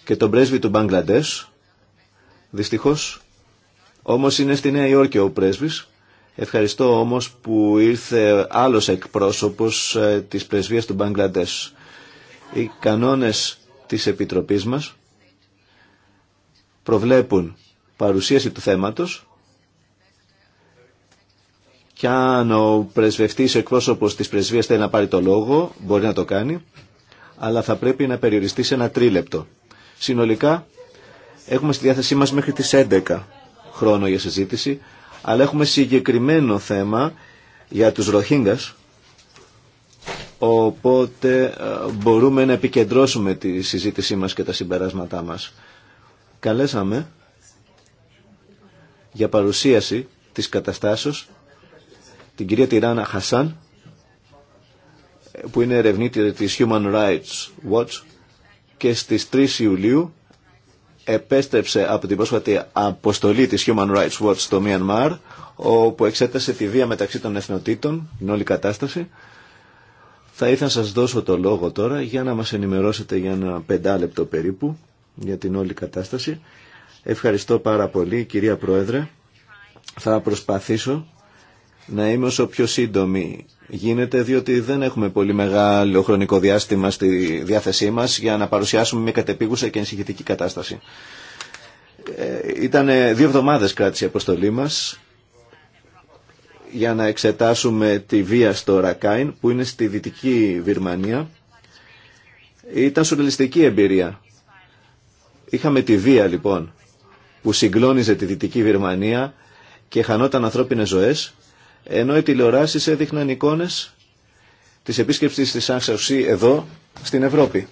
και τον πρέσβη του Μπαγκλαντές. Δυστυχώς όμως είναι στη Νέα Υόρκη ο πρέσβης. Ευχαριστώ όμως που ήρθε άλλος εκπρόσωπος ε, της πρεσβείας του Μπαγκλαντές. Οι κανόνες της Επιτροπής μας προβλέπουν παρουσίαση του θέματος και αν ο πρεσβευτής εκπρόσωπος της πρεσβείας θέλει να πάρει το λόγο, μπορεί να το κάνει, αλλά θα πρέπει να περιοριστεί σε ένα τρίλεπτο. Συνολικά έχουμε στη διάθεσή μας μέχρι τις 11 χρόνο για συζήτηση, αλλά έχουμε συγκεκριμένο θέμα για τους Ροχίνγκας, οπότε ε, μπορούμε να επικεντρώσουμε τη συζήτησή μας και τα συμπεράσματά μας. Καλέσαμε για παρουσίαση της καταστάσεως την κυρία Τιράνα Χασάν, που είναι ερευνήτρια της Human Rights Watch και στις 3 Ιουλίου επέστρεψε από την πρόσφατη αποστολή της Human Rights Watch στο Μιανμάρ όπου εξέτασε τη βία μεταξύ των εθνοτήτων, την όλη κατάσταση. Θα ήθελα να σας δώσω το λόγο τώρα για να μας ενημερώσετε για ένα πεντάλεπτο περίπου για την όλη κατάσταση. Ευχαριστώ πάρα πολύ κυρία Πρόεδρε. Θα προσπαθήσω να είμαι όσο πιο σύντομη γίνεται διότι δεν έχουμε πολύ μεγάλο χρονικό διάστημα στη διάθεσή μας για να παρουσιάσουμε μια κατεπίγουσα και ενσυχητική κατάσταση. Ε, ήταν δύο εβδομάδες κράτηση η αποστολή μας για να εξετάσουμε τη βία στο Ρακάιν που είναι στη δυτική Βιρμανία. Ήταν σουρελιστική εμπειρία. Είχαμε τη βία λοιπόν που συγκλώνιζε τη δυτική Βυρμανία και χανόταν ανθρώπινες ζωές ενώ οι τηλεοράσει έδειχναν εικόνε της επίσκεψης τη Αξαουσί εδώ στην Ευρώπη.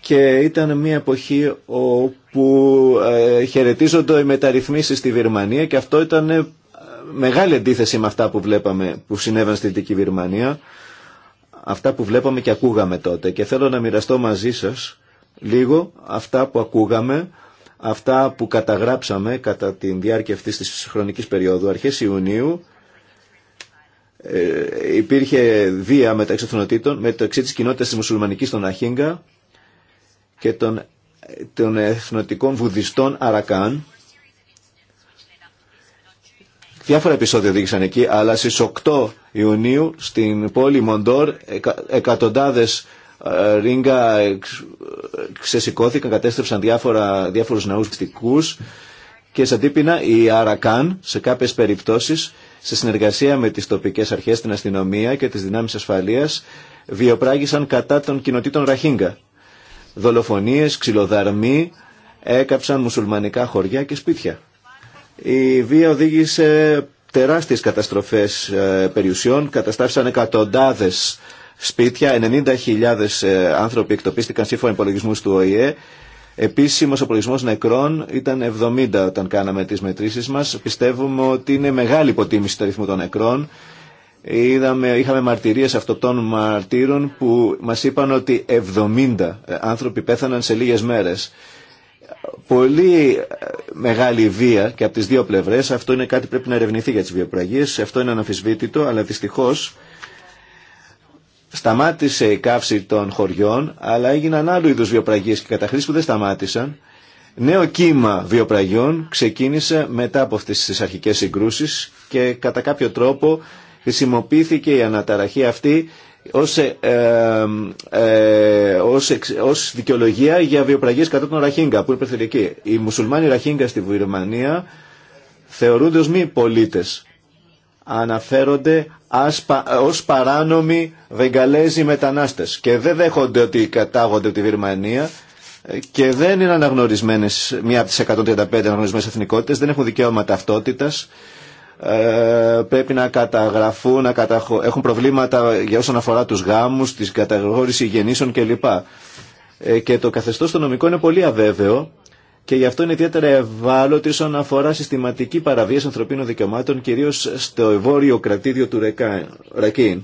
Και ήταν μια εποχή όπου ε, χαιρετίζονται οι μεταρρυθμίσει στη Βυρμανία και αυτό ήταν ε, μεγάλη αντίθεση με αυτά που βλέπαμε που συνέβαν στην Δυτική Βυρμανία αυτά που βλέπαμε και ακούγαμε τότε και θέλω να μοιραστώ μαζί σας λίγο αυτά που ακούγαμε αυτά που καταγράψαμε κατά τη διάρκεια αυτής της χρονικής περίοδου αρχές Ιουνίου ε, υπήρχε βία μεταξύ εθνοτήτων μεταξύ της κοινότητας της μουσουλμανικής των Αχίγκα και των, των εθνοτικών βουδιστών Αρακάν Διάφορα επεισόδια οδήγησαν εκεί, αλλά στις 8 Ιουνίου στην πόλη Μοντόρ εκα, εκατοντάδες ε, ρίγκα ξεσηκώθηκαν, κατέστρεψαν διάφορα, διάφορους ναούς και σαν τύπηνα η Αρακάν σε κάποιες περιπτώσεις σε συνεργασία με τις τοπικές αρχές, την αστυνομία και τις δυνάμεις ασφαλείας βιοπράγησαν κατά των κοινοτήτων Ραχίνγκα. Δολοφονίες, ξυλοδαρμοί έκαψαν μουσουλμανικά χωριά και σπίτια. Η βία οδήγησε τεράστιες καταστροφές ε, περιουσιών, καταστάφησαν εκατοντάδες σπίτια. 90.000 ε, άνθρωποι εκτοπίστηκαν σύμφωνα υπολογισμού του ΟΗΕ. Επίσημο ο νεκρών ήταν 70 όταν κάναμε τι μετρήσει μα. Πιστεύουμε ότι είναι μεγάλη υποτίμηση του αριθμού των νεκρών. Είδαμε, είχαμε μαρτυρίες αυτοπτών μαρτύρων που μας είπαν ότι 70 ε, άνθρωποι πέθαναν σε λίγες μέρες. Πολύ ε, μεγάλη βία και από τις δύο πλευρές, αυτό είναι κάτι που πρέπει να ερευνηθεί για τις βιοπραγίες, αυτό είναι αναμφισβήτητο, αλλά δυστυχώ σταμάτησε η καύση των χωριών, αλλά έγιναν άλλου είδους βιοπραγίες και καταχρήσεις που δεν σταμάτησαν. Νέο κύμα βιοπραγιών ξεκίνησε μετά από αυτές τις αρχικές συγκρούσεις και κατά κάποιο τρόπο χρησιμοποιήθηκε η αναταραχή αυτή ως, ε, ε, ε, ως, ως δικαιολογία για βιοπραγίες κατά τον Ραχίνγκα που είναι περιφερειακή. Οι μουσουλμάνοι Ραχίνγκα στη Βουρμανία θεωρούνται ως μη πολίτες. Αναφέρονται ως παράνομοι βεγγαλέζοι μετανάστες και δεν δέχονται ότι κατάγονται από τη Βερμανία ε, και δεν είναι αναγνωρισμένες μία από τις 135 αναγνωρισμένες εθνικότητες, δεν έχουν δικαίωμα ταυτότητας ε, πρέπει να καταγραφούν, να καταχω... έχουν προβλήματα για όσον αφορά τους γάμους, τις καταγνώριση γεννήσεων κλπ. Ε, και το καθεστώς το νομικό είναι πολύ αβέβαιο και γι' αυτό είναι ιδιαίτερα ευάλωτη όσον αφορά συστηματική παραβίαση ανθρωπίνων δικαιωμάτων, κυρίω στο βόρειο κρατήδιο του Ρακέιν.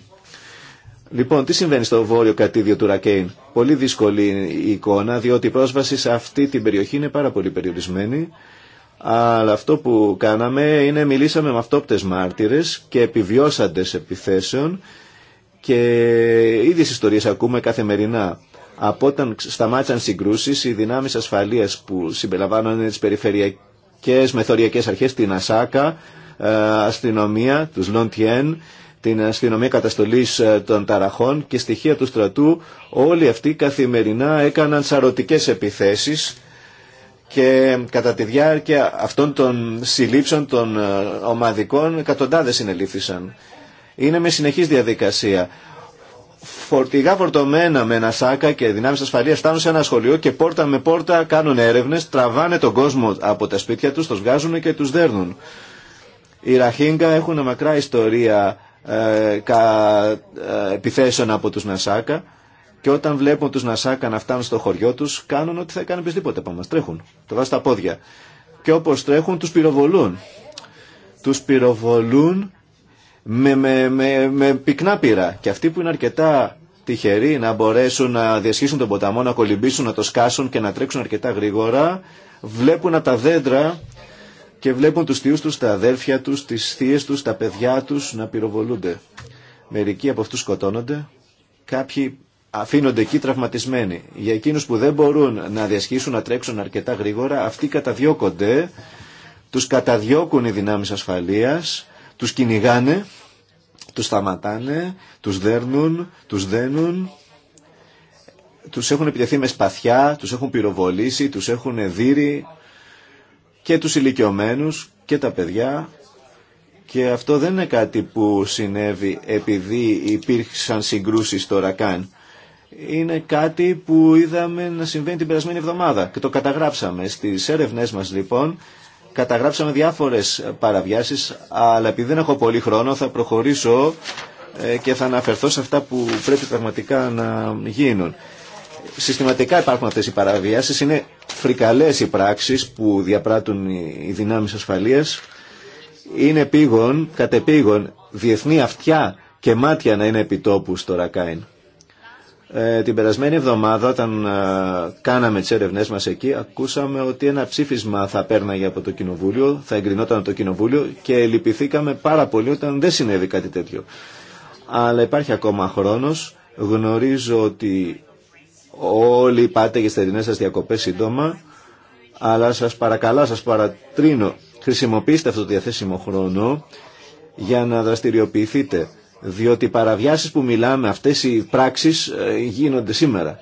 Λοιπόν, τι συμβαίνει στο βόρειο κρατήδιο του Ρακέιν. Πολύ δύσκολη η εικόνα, διότι η πρόσβαση σε αυτή την περιοχή είναι πάρα πολύ περιορισμένη. Αλλά αυτό που κάναμε είναι μιλήσαμε με αυτόπτες μάρτυρες και επιβιώσαντες επιθέσεων και ίδιες ιστορίες ακούμε καθημερινά. Από όταν σταμάτησαν συγκρούσεις, οι δυνάμεις ασφαλείας που συμπεριλαμβάνονται τις περιφερειακές μεθοριακές αρχές, την ΑΣΑΚΑ, ε, αστυνομία, τους ΛΟΝΤΙΕΝ, την αστυνομία καταστολής ε, των ταραχών και στοιχεία του στρατού, όλοι αυτοί καθημερινά έκαναν σαρωτικές επιθέσεις και κατά τη διάρκεια αυτών των συλλήψεων των ε, ομαδικών εκατοντάδες συνελήφθησαν. Είναι με συνεχής διαδικασία φορτηγά φορτωμένα με νασάκα σάκα και δυνάμεις ασφαλείας φτάνουν σε ένα σχολείο και πόρτα με πόρτα κάνουν έρευνες, τραβάνε τον κόσμο από τα σπίτια τους, τους βγάζουν και τους δέρνουν. Οι Ραχίνγκα έχουν μακρά ιστορία ε, κα, ε, επιθέσεων από τους Νασάκα και όταν βλέπουν τους Νασάκα να φτάνουν στο χωριό τους κάνουν ό,τι θα έκανε οπισδήποτε από μας. Τρέχουν, το βάζουν στα πόδια. Και όπως τρέχουν τους πυροβολούν. Τους πυροβολούν με, με, με, πυκνά πύρα. Και αυτοί που είναι αρκετά τυχεροί να μπορέσουν να διασχίσουν τον ποταμό, να κολυμπήσουν, να το σκάσουν και να τρέξουν αρκετά γρήγορα, βλέπουν τα δέντρα και βλέπουν τους θείους τους, τα αδέρφια τους, τις θείες τους, τα παιδιά τους να πυροβολούνται. Μερικοί από αυτούς σκοτώνονται, κάποιοι αφήνονται εκεί τραυματισμένοι. Για εκείνους που δεν μπορούν να διασχίσουν, να τρέξουν αρκετά γρήγορα, αυτοί καταδιώκονται, τους καταδιώκουν οι δυνάμεις ασφαλείας, τους κυνηγάνε, τους σταματάνε, τους δέρνουν, τους δένουν, τους έχουν επιτεθεί με σπαθιά, τους έχουν πυροβολήσει, τους έχουν δύρει και τους ηλικιωμένου και τα παιδιά και αυτό δεν είναι κάτι που συνέβη επειδή υπήρξαν συγκρούσεις τώρα Ρακάν. Είναι κάτι που είδαμε να συμβαίνει την περασμένη εβδομάδα και το καταγράψαμε. Στις έρευνές μας λοιπόν Καταγράψαμε διάφορες παραβιάσεις, αλλά επειδή δεν έχω πολύ χρόνο θα προχωρήσω ε, και θα αναφερθώ σε αυτά που πρέπει πραγματικά να γίνουν. Συστηματικά υπάρχουν αυτές οι παραβιάσεις, είναι φρικαλές οι πράξεις που διαπράττουν οι δυνάμεις ασφαλείας. Είναι πήγον, κατεπήγον, διεθνή αυτιά και μάτια να είναι επιτόπου στο Ρακάιν. Ε, την περασμένη εβδομάδα όταν ε, κάναμε τις έρευνές μας εκεί ακούσαμε ότι ένα ψήφισμα θα πέρναγε από το Κοινοβούλιο, θα εγκρινόταν από το Κοινοβούλιο και λυπηθήκαμε πάρα πολύ όταν δεν συνέβη κάτι τέτοιο. Αλλά υπάρχει ακόμα χρόνος, γνωρίζω ότι όλοι πάτε για στερινές σας διακοπές σύντομα αλλά σας παρακαλώ, σας παρατρύνω, χρησιμοποιήστε αυτό το διαθέσιμο χρόνο για να δραστηριοποιηθείτε διότι οι παραβιάσεις που μιλάμε, αυτές οι πράξεις ε, γίνονται σήμερα.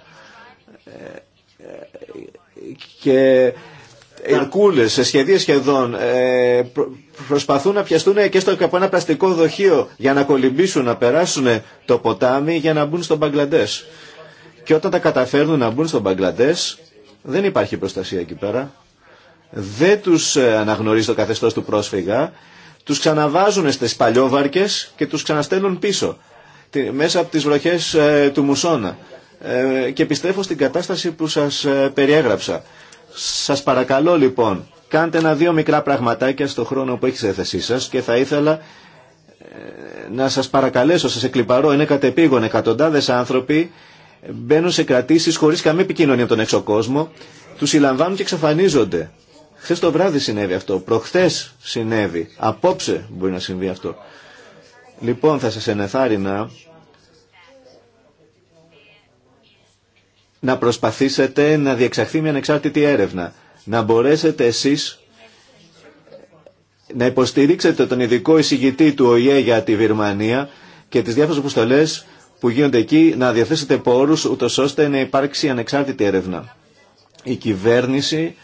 Και Ερκούλες, σε σχεδία σχεδόν, ε, προσπαθούν να πιαστούν και στο από ένα πλαστικό δοχείο για να κολυμπήσουν, να περάσουν το ποτάμι για να μπουν στον Μπαγκλαντές. Και όταν τα καταφέρνουν να μπουν στον Μπαγκλαντές, δεν υπάρχει προστασία εκεί πέρα. Δεν τους ε, αναγνωρίζει το καθεστώς του πρόσφυγα τους ξαναβάζουν στις παλιόβαρκες και τους ξαναστέλνουν πίσω μέσα από τις βροχές ε, του Μουσόνα ε, και πιστεύω στην κατάσταση που σας ε, περιέγραψα. Σας παρακαλώ λοιπόν, κάντε ένα-δύο μικρά πραγματάκια στο χρόνο που έχει σε θέση σας και θα ήθελα να σας παρακαλέσω, σας εκλυπαρώ, είναι κατεπήγον εκατοντάδες άνθρωποι μπαίνουν σε κρατήσεις χωρίς καμία επικοινωνία από τον έξω κόσμο, τους συλλαμβάνουν και εξαφανίζονται. Χθε το βράδυ συνέβη αυτό, προχθές συνέβη, απόψε μπορεί να συμβεί αυτό. Λοιπόν, θα σας ενεθάρρυνα να προσπαθήσετε να διεξαχθεί μια ανεξάρτητη έρευνα. Να μπορέσετε εσείς να υποστηρίξετε τον ειδικό εισηγητή του ΟΗΕ για τη Βυρμανία και τις διάφορες αποστολές που γίνονται εκεί να διαθέσετε πόρους ούτως ώστε να υπάρξει ανεξάρτητη έρευνα. Η κυβέρνηση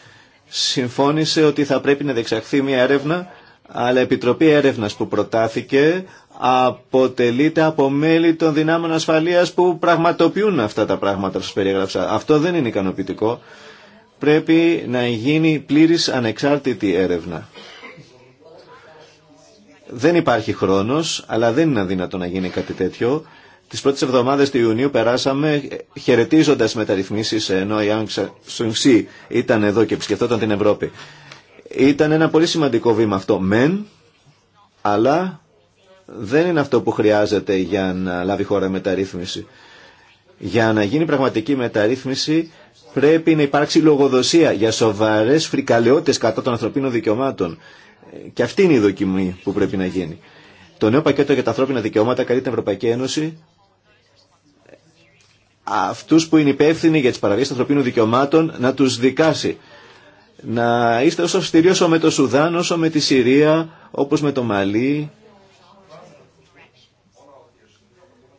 συμφώνησε ότι θα πρέπει να διεξαχθεί μια έρευνα, αλλά η Επιτροπή Έρευνας που προτάθηκε αποτελείται από μέλη των δυνάμεων ασφαλείας που πραγματοποιούν αυτά τα πράγματα που σας περιέγραψα. Αυτό δεν είναι ικανοποιητικό. Πρέπει να γίνει πλήρης ανεξάρτητη έρευνα. Δεν υπάρχει χρόνος, αλλά δεν είναι αδύνατο να γίνει κάτι τέτοιο. Τι πρώτε εβδομάδε του Ιουνίου περάσαμε χαιρετίζοντα μεταρρυθμίσει ενώ η Άγκ Σουνσί ήταν εδώ και επισκεφτόταν την Ευρώπη. Ήταν ένα πολύ σημαντικό βήμα αυτό, μεν, αλλά δεν είναι αυτό που χρειάζεται για να λάβει χώρα μεταρρύθμιση. Για να γίνει πραγματική μεταρρύθμιση πρέπει να υπάρξει λογοδοσία για σοβαρές φρικαλαιότητες κατά των ανθρωπίνων δικαιωμάτων. Και αυτή είναι η δοκιμή που πρέπει να γίνει. Το νέο πακέτο για τα ανθρώπινα δικαιώματα καλεί την Ευρωπαϊκή Ένωση αυτούς που είναι υπεύθυνοι για τις παραβίασεις των ανθρωπίνων δικαιωμάτων να τους δικάσει. Να είστε όσο αυστηροί όσο με το Σουδάν, όσο με τη Συρία, όπως με το Μαλί.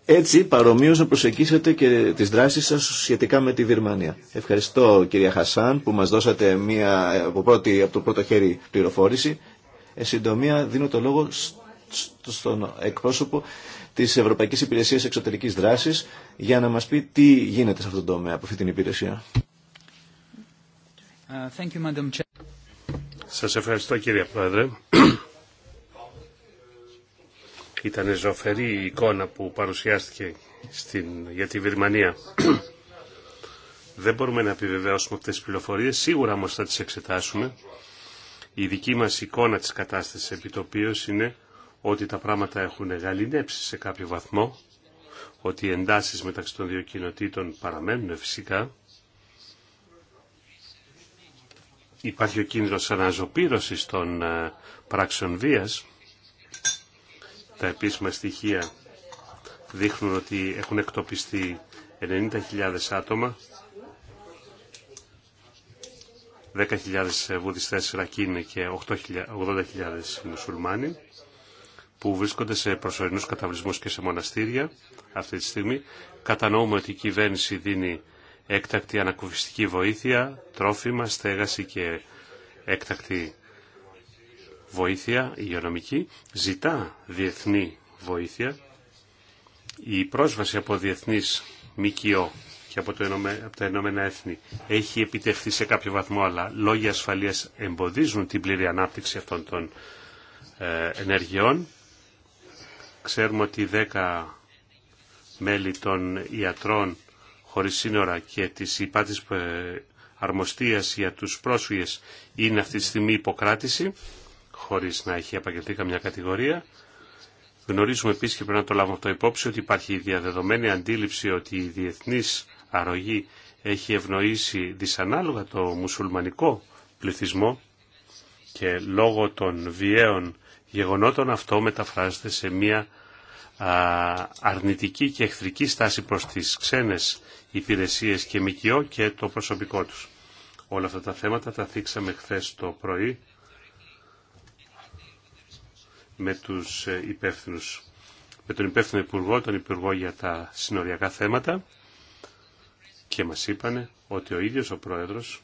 Έτσι παρομοίως να προσεγγίσετε και τις δράσεις σας σχετικά με τη Βυρμανία. Ευχαριστώ κυρία Χασάν που μας δώσατε μια, από, το πρώτο χέρι πληροφόρηση. συντομία δίνω το λόγο στον εκπρόσωπο Τη Ευρωπαϊκή Υπηρεσία Εξωτερικής Δράσης για να μας πει τι γίνεται σε αυτόν τον τομέα από αυτή την υπηρεσία. Ε, thank Σας ευχαριστώ κύριε Πρόεδρε. Ήταν ζωφερή η εικόνα που παρουσιάστηκε στην, για τη Βερμανία. Δεν μπορούμε να επιβεβαιώσουμε αυτές τις πληροφορίες, σίγουρα όμως θα τις εξετάσουμε. Η δική μας εικόνα της κατάστασης επιτοπίως είναι ότι τα πράγματα έχουν γαλινέψει σε κάποιο βαθμό, ότι οι εντάσεις μεταξύ των δύο κοινοτήτων παραμένουν φυσικά. Υπάρχει ο κίνδυνος αναζωπήρωσης των ε, πράξεων βίας. Τα επίσημα στοιχεία δείχνουν ότι έχουν εκτοπιστεί 90.000 άτομα, 10.000 βουδιστές Ρακίνοι και 80.000 μουσουλμάνοι που βρίσκονται σε προσωρινούς καταβλισμούς και σε μοναστήρια αυτή τη στιγμή. Κατανοούμε ότι η κυβέρνηση δίνει έκτακτη ανακουφιστική βοήθεια, τρόφιμα, στέγαση και έκτακτη βοήθεια υγειονομική. Ζητά διεθνή βοήθεια. Η πρόσβαση από διεθνείς ΜΚΟ και από, το, από τα Ηνωμένα Έθνη έχει επιτευχθεί σε κάποιο βαθμό, αλλά λόγια ασφαλείας εμποδίζουν την πλήρη ανάπτυξη αυτών των ε, ενεργειών Ξέρουμε ότι 10 μέλη των ιατρών χωρίς σύνορα και της υπάτης ε, αρμοστίας για τους πρόσφυγες είναι αυτή τη στιγμή υποκράτηση, χωρίς να έχει απαγγελθεί καμιά κατηγορία. Γνωρίζουμε επίσης και πρέπει να το λάβουμε το υπόψη ότι υπάρχει η διαδεδομένη αντίληψη ότι η διεθνής αρρωγή έχει ευνοήσει δυσανάλογα το μουσουλμανικό πληθυσμό και λόγω των βιαίων γεγονότων αυτό μεταφράζεται σε μια αρνητική και εχθρική στάση προς τις ξένες υπηρεσίες και μικιό και το προσωπικό τους. Όλα αυτά τα θέματα τα θίξαμε χθες το πρωί με τους ε, υπεύθυνους με τον υπεύθυνο υπουργό, τον υπουργό για τα συνοριακά θέματα και μας είπανε ότι ο ίδιος ο πρόεδρος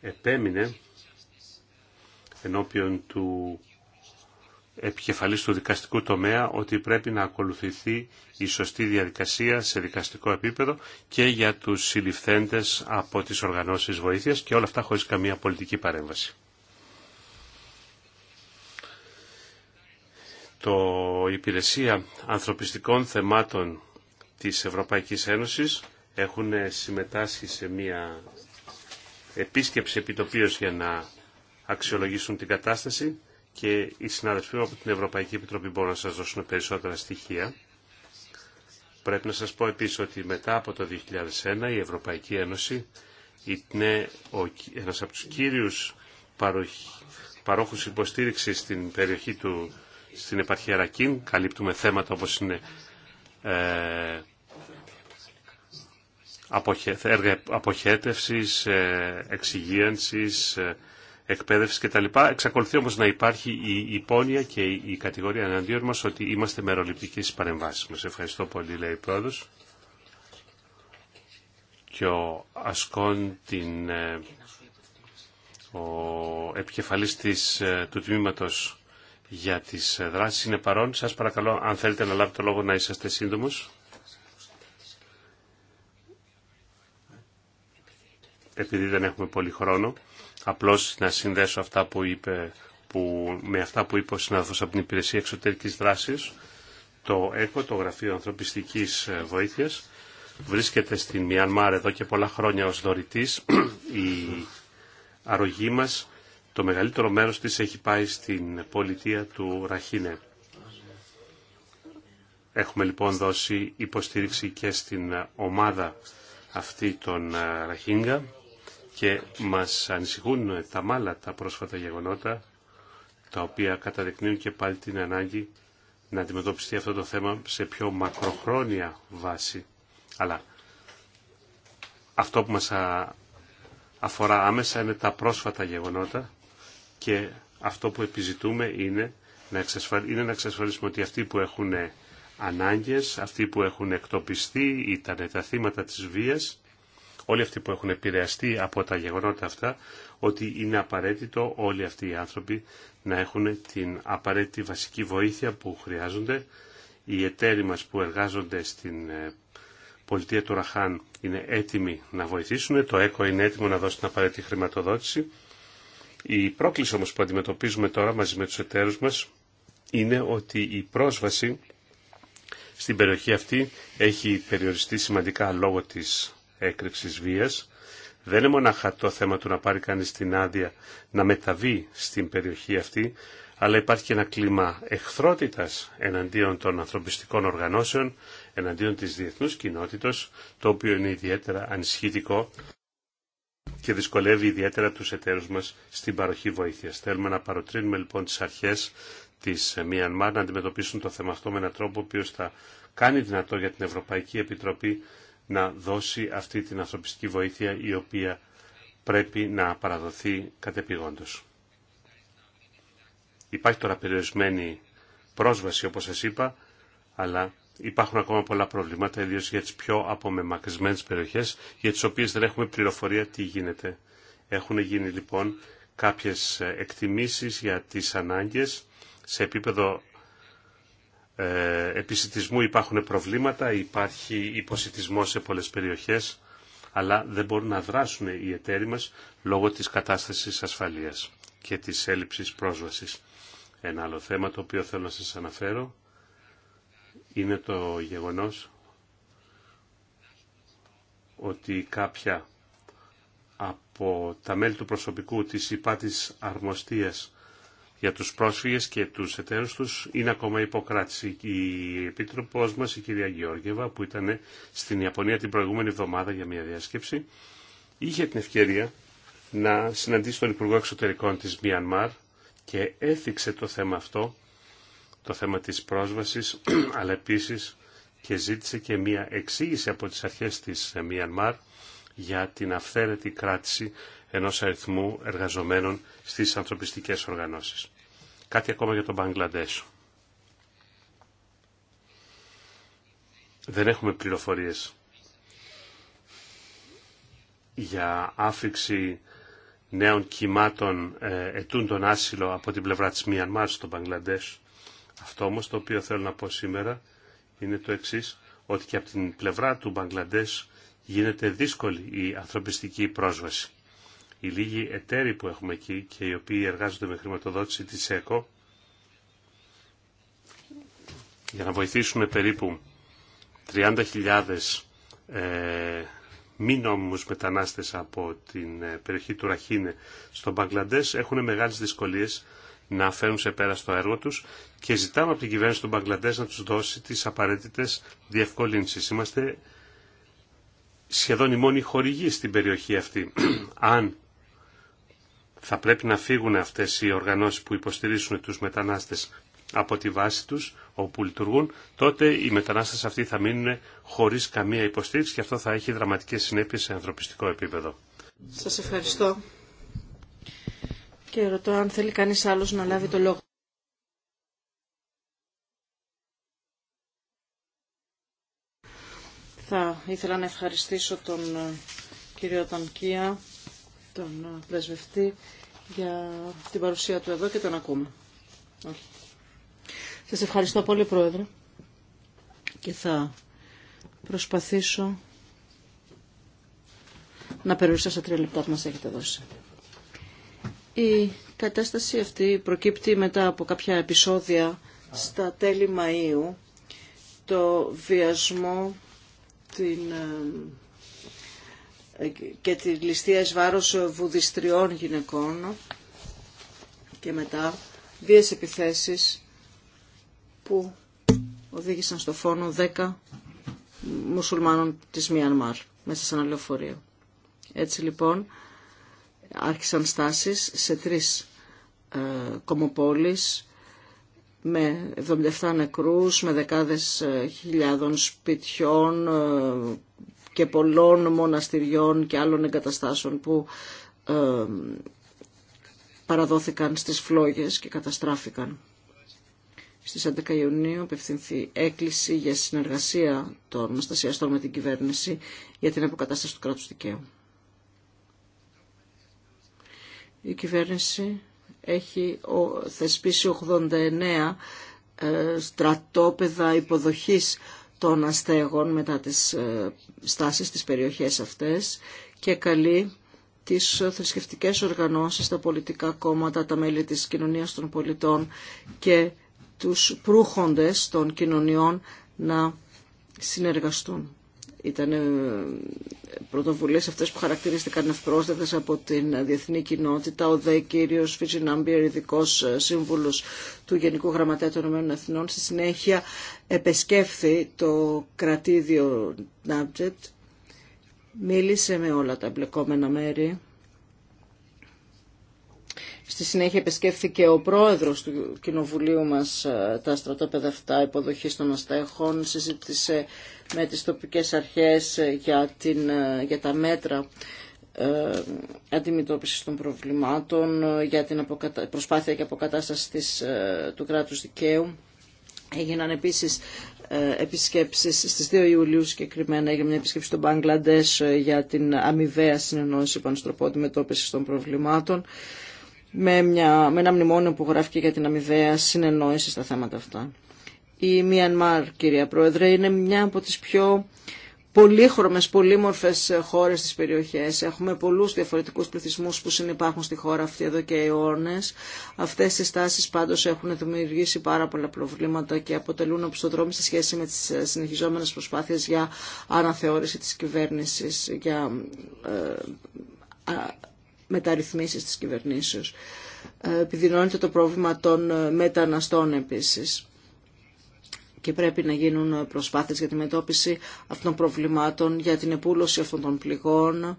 επέμεινε ενώπιον του επικεφαλής του δικαστικού τομέα ότι πρέπει να ακολουθηθεί η σωστή διαδικασία σε δικαστικό επίπεδο και για τους συλληφθέντες από τις οργανώσεις βοήθειας και όλα αυτά χωρίς καμία πολιτική παρέμβαση. Το Υπηρεσία Ανθρωπιστικών Θεμάτων της Ευρωπαϊκής Ένωσης έχουν συμμετάσχει σε μια επίσκεψη επιτοπίως για να αξιολογήσουν την κατάσταση και οι συνάδελφοί από την Ευρωπαϊκή Επιτροπή μπορούν να σας δώσουν περισσότερα στοιχεία. Πρέπει να σας πω επίσης ότι μετά από το 2001 η Ευρωπαϊκή Ένωση είναι ένας από τους κύριους παρόχους υποστήριξης στην περιοχή του, στην επαρχία Ρακίν. Καλύπτουμε θέματα όπως είναι ε, έργα αποχέτευσης, ε, εξυγίανσης, ε, εκπαίδευση κτλ. Εξακολουθεί όμω να υπάρχει η υπόνοια και η κατηγορία εναντίον μα ότι είμαστε μεροληπτικοί στι παρεμβάσει μα. Ευχαριστώ πολύ, λέει η πρόεδρος. Και ο Ασκόν, την, ε, ο επικεφαλής της, ε, του τμήματος για τις ε, δράσεις είναι παρόν. Σας παρακαλώ, αν θέλετε να λάβετε λόγο, να είσαστε σύντομος. επειδή δεν έχουμε πολύ χρόνο. Απλώς να συνδέσω αυτά που είπε, που, με αυτά που είπε ο συνάδελφος από την Υπηρεσία Εξωτερικής Δράσης. Το ΕΚΟ, το Γραφείο Ανθρωπιστικής ε, Βοήθειας, βρίσκεται στην Μιανμάρ εδώ και πολλά χρόνια ως δωρητής. Η αρρωγή μας, το μεγαλύτερο μέρος της έχει πάει στην πολιτεία του Ραχίνε. Έχουμε λοιπόν δώσει υποστήριξη και στην ομάδα αυτή των ε, Ραχίνγκα και μας ανησυχούν τα μάλα τα πρόσφατα γεγονότα τα οποία καταδεικνύουν και πάλι την ανάγκη να αντιμετωπιστεί αυτό το θέμα σε πιο μακροχρόνια βάση. Αλλά αυτό που μας αφορά άμεσα είναι τα πρόσφατα γεγονότα και αυτό που επιζητούμε είναι να, είναι να εξασφαλίσουμε ότι αυτοί που έχουν ανάγκες, αυτοί που έχουν εκτοπιστεί, ήταν τα θύματα της βίας, όλοι αυτοί που έχουν επηρεαστεί από τα γεγονότα αυτά, ότι είναι απαραίτητο όλοι αυτοί οι άνθρωποι να έχουν την απαραίτητη βασική βοήθεια που χρειάζονται. Οι εταίροι μας που εργάζονται στην ε, πολιτεία του Ραχάν είναι έτοιμοι να βοηθήσουν. Το ΕΚΟ είναι έτοιμο να δώσει την απαραίτητη χρηματοδότηση. Η πρόκληση όμως που αντιμετωπίζουμε τώρα μαζί με τους εταίρους μας είναι ότι η πρόσβαση στην περιοχή αυτή έχει περιοριστεί σημαντικά λόγω της έκρηξης βίας. Δεν είναι μονάχα το θέμα του να πάρει κανεί την άδεια να μεταβεί στην περιοχή αυτή, αλλά υπάρχει και ένα κλίμα εχθρότητας εναντίον των ανθρωπιστικών οργανώσεων, εναντίον της διεθνούς κοινότητος, το οποίο είναι ιδιαίτερα ανισχυτικό και δυσκολεύει ιδιαίτερα τους εταίρους μας στην παροχή βοήθειας. Θέλουμε να παροτρύνουμε λοιπόν τις αρχές της Μιανμάρ να αντιμετωπίσουν το θέμα αυτό με έναν τρόπο ο οποίος θα κάνει δυνατό για την Ευρωπαϊκή Επιτροπή να δώσει αυτή την ανθρωπιστική βοήθεια η οποία πρέπει να παραδοθεί κατεπηγόντως. Υπάρχει τώρα περιορισμένη πρόσβαση όπως σας είπα, αλλά υπάρχουν ακόμα πολλά προβλήματα, ιδίω για τις πιο απομεμακρυσμένες περιοχές, για τις οποίες δεν έχουμε πληροφορία τι γίνεται. Έχουν γίνει λοιπόν κάποιες εκτιμήσεις για τις ανάγκες σε επίπεδο ε, επισητισμού υπάρχουν προβλήματα, υπάρχει υποσιτισμός σε πολλές περιοχές, αλλά δεν μπορούν να δράσουν οι εταίροι μας λόγω της κατάστασης ασφαλείας και της έλλειψης πρόσβασης. Ένα άλλο θέμα το οποίο θέλω να σας αναφέρω είναι το γεγονός ότι κάποια από τα μέλη του προσωπικού της υπάτης αρμοστίας για τους πρόσφυγες και τους εταίρους τους είναι ακόμα υποκράτηση. Η Επίτροπος μας, η κυρία Γεώργεβα, που ήταν στην Ιαπωνία την προηγούμενη εβδομάδα για μια διάσκεψη, είχε την ευκαιρία να συναντήσει τον Υπουργό Εξωτερικών της Μιανμάρ και έθιξε το θέμα αυτό, το θέμα της πρόσβασης, (clears throat) αλλά επίση και ζήτησε και μια εξήγηση από τις αρχές της Μιανμάρ για την αυθαίρετη κράτηση ενός αριθμού εργαζομένων στις ανθρωπιστικές οργανώσεις. Κάτι ακόμα για τον Μπαγκλαντές. Δεν έχουμε πληροφορίες για άφηξη νέων κυμάτων ε, τον άσυλο από την πλευρά της Μιανμάρ στο Μπαγκλαντές. Αυτό όμως το οποίο θέλω να πω σήμερα είναι το εξής, ότι και από την πλευρά του Μπαγκλαντές γίνεται δύσκολη η ανθρωπιστική πρόσβαση οι λίγοι εταίροι που έχουμε εκεί και οι οποίοι εργάζονται με χρηματοδότηση της ΕΚΟ για να βοηθήσουν περίπου 30.000 ε, μη νόμιμους μετανάστες από την ε, περιοχή του Ραχίνε στον Μπαγκλαντές έχουν μεγάλες δυσκολίες να φέρουν σε πέρα στο έργο τους και ζητάμε από την κυβέρνηση του Μπαγκλαντές να τους δώσει τις απαραίτητες διευκολύνσεις. Είμαστε σχεδόν η μόνη χορηγή στην περιοχή αυτή. (clears throat) Αν θα πρέπει να φύγουν αυτές οι οργανώσεις που υποστηρίζουν τους μετανάστες από τη βάση τους όπου λειτουργούν, τότε οι μετανάστες αυτοί θα μείνουν χωρίς καμία υποστήριξη και αυτό θα έχει δραματικές συνέπειες σε ανθρωπιστικό επίπεδο. Σας ευχαριστώ. Και ρωτώ αν θέλει κανείς άλλος να λάβει το λόγο. Θα ήθελα να ευχαριστήσω τον ε, κύριο Τανκία τον ε, πρεσβευτή για την παρουσία του εδώ και τον ακούμε. Σα Σας ευχαριστώ πολύ Πρόεδρε και θα προσπαθήσω να περιορίσω στα τρία λεπτά που μας έχετε δώσει. Η κατάσταση αυτή προκύπτει μετά από κάποια επεισόδια στα τέλη Μαΐου το βιασμό την ε, και τη ληστεία εις βάρος βουδιστριών γυναικών και μετά βίες επιθέσεις που οδήγησαν στο φόνο 10 μουσουλμάνων της Μιανμάρ μέσα σε ένα λεωφορείο. Έτσι λοιπόν άρχισαν στάσεις σε τρεις ε, κομοπόλεις με 77 νεκρούς, με δεκάδες ε, χιλιάδων σπιτιών, ε, και πολλών μοναστηριών και άλλων εγκαταστάσεων που ε, παραδόθηκαν στις φλόγες και καταστράφηκαν. Στις 11 Ιουνίου απευθυνθεί έκκληση για συνεργασία των Αναστασιαστών με την κυβέρνηση για την αποκατάσταση του κράτους δικαίου. Η κυβέρνηση έχει θεσπίσει 89 ε, στρατόπεδα υποδοχής των αστέγων μετά τις ε, στάσεις, της περιοχές αυτές και καλεί τις θρησκευτικέ οργανώσεις, τα πολιτικά κόμματα, τα μέλη της κοινωνίας των πολιτών και τους προύχοντες των κοινωνιών να συνεργαστούν. Ήταν ε, πρωτοβουλίε αυτέ που χαρακτηρίστηκαν ευπρόσδεκτε από την διεθνή κοινότητα. Ο δε κύριο Φιτζινάμπιερ, ειδικό ε, σύμβουλο του Γενικού Γραμματέα των Ηνωμένων Εθνών, στη συνέχεια επεσκέφθη το κρατήδιο Νάμπτζετ, μίλησε με όλα τα εμπλεκόμενα μέρη Στη συνέχεια επισκέφθηκε ο πρόεδρος του κοινοβουλίου μας ε, τα στρατόπεδα αυτά υποδοχή των αστέχων, συζήτησε με τις τοπικές αρχές ε, για, την, ε, για τα μέτρα ε, αντιμετώπισης των προβλημάτων, για την αποκατα... προσπάθεια και αποκατάσταση του κράτους δικαίου. Έγιναν επίσης επισκέψεις στις 2 Ιουλίου συγκεκριμένα έγινε μια επισκέψη στο Μπαγκλαντές για την αμοιβαία συνεννόηση πανστροπό αντιμετώπισης των προβλημάτων με, με ένα μνημόνιο που γράφηκε για την αμοιβαία συνεννόηση στα θέματα αυτά. Η Μιανμάρ, κυρία Πρόεδρε, είναι μια από τις πιο πολύχρωμες, πολύμορφες χώρες της περιοχής. Έχουμε πολλούς διαφορετικούς πληθυσμούς που συνεπάρχουν στη χώρα αυτή εδώ και αιώνες. Αυτές οι στάσεις πάντως έχουν δημιουργήσει πάρα πολλά προβλήματα και αποτελούν οπισθοδρόμοι σε σχέση με τις συνεχιζόμενες προσπάθειες για αναθεώρηση της κυβέρνησης, για ε, μεταρρυθμίσεις της κυβερνήσεως. Ε, επιδεινώνεται το πρόβλημα των ε, μεταναστών επίσης και πρέπει να γίνουν ε, προσπάθειες για τη μετώπιση αυτών των προβλημάτων, για την επούλωση αυτών των πληγών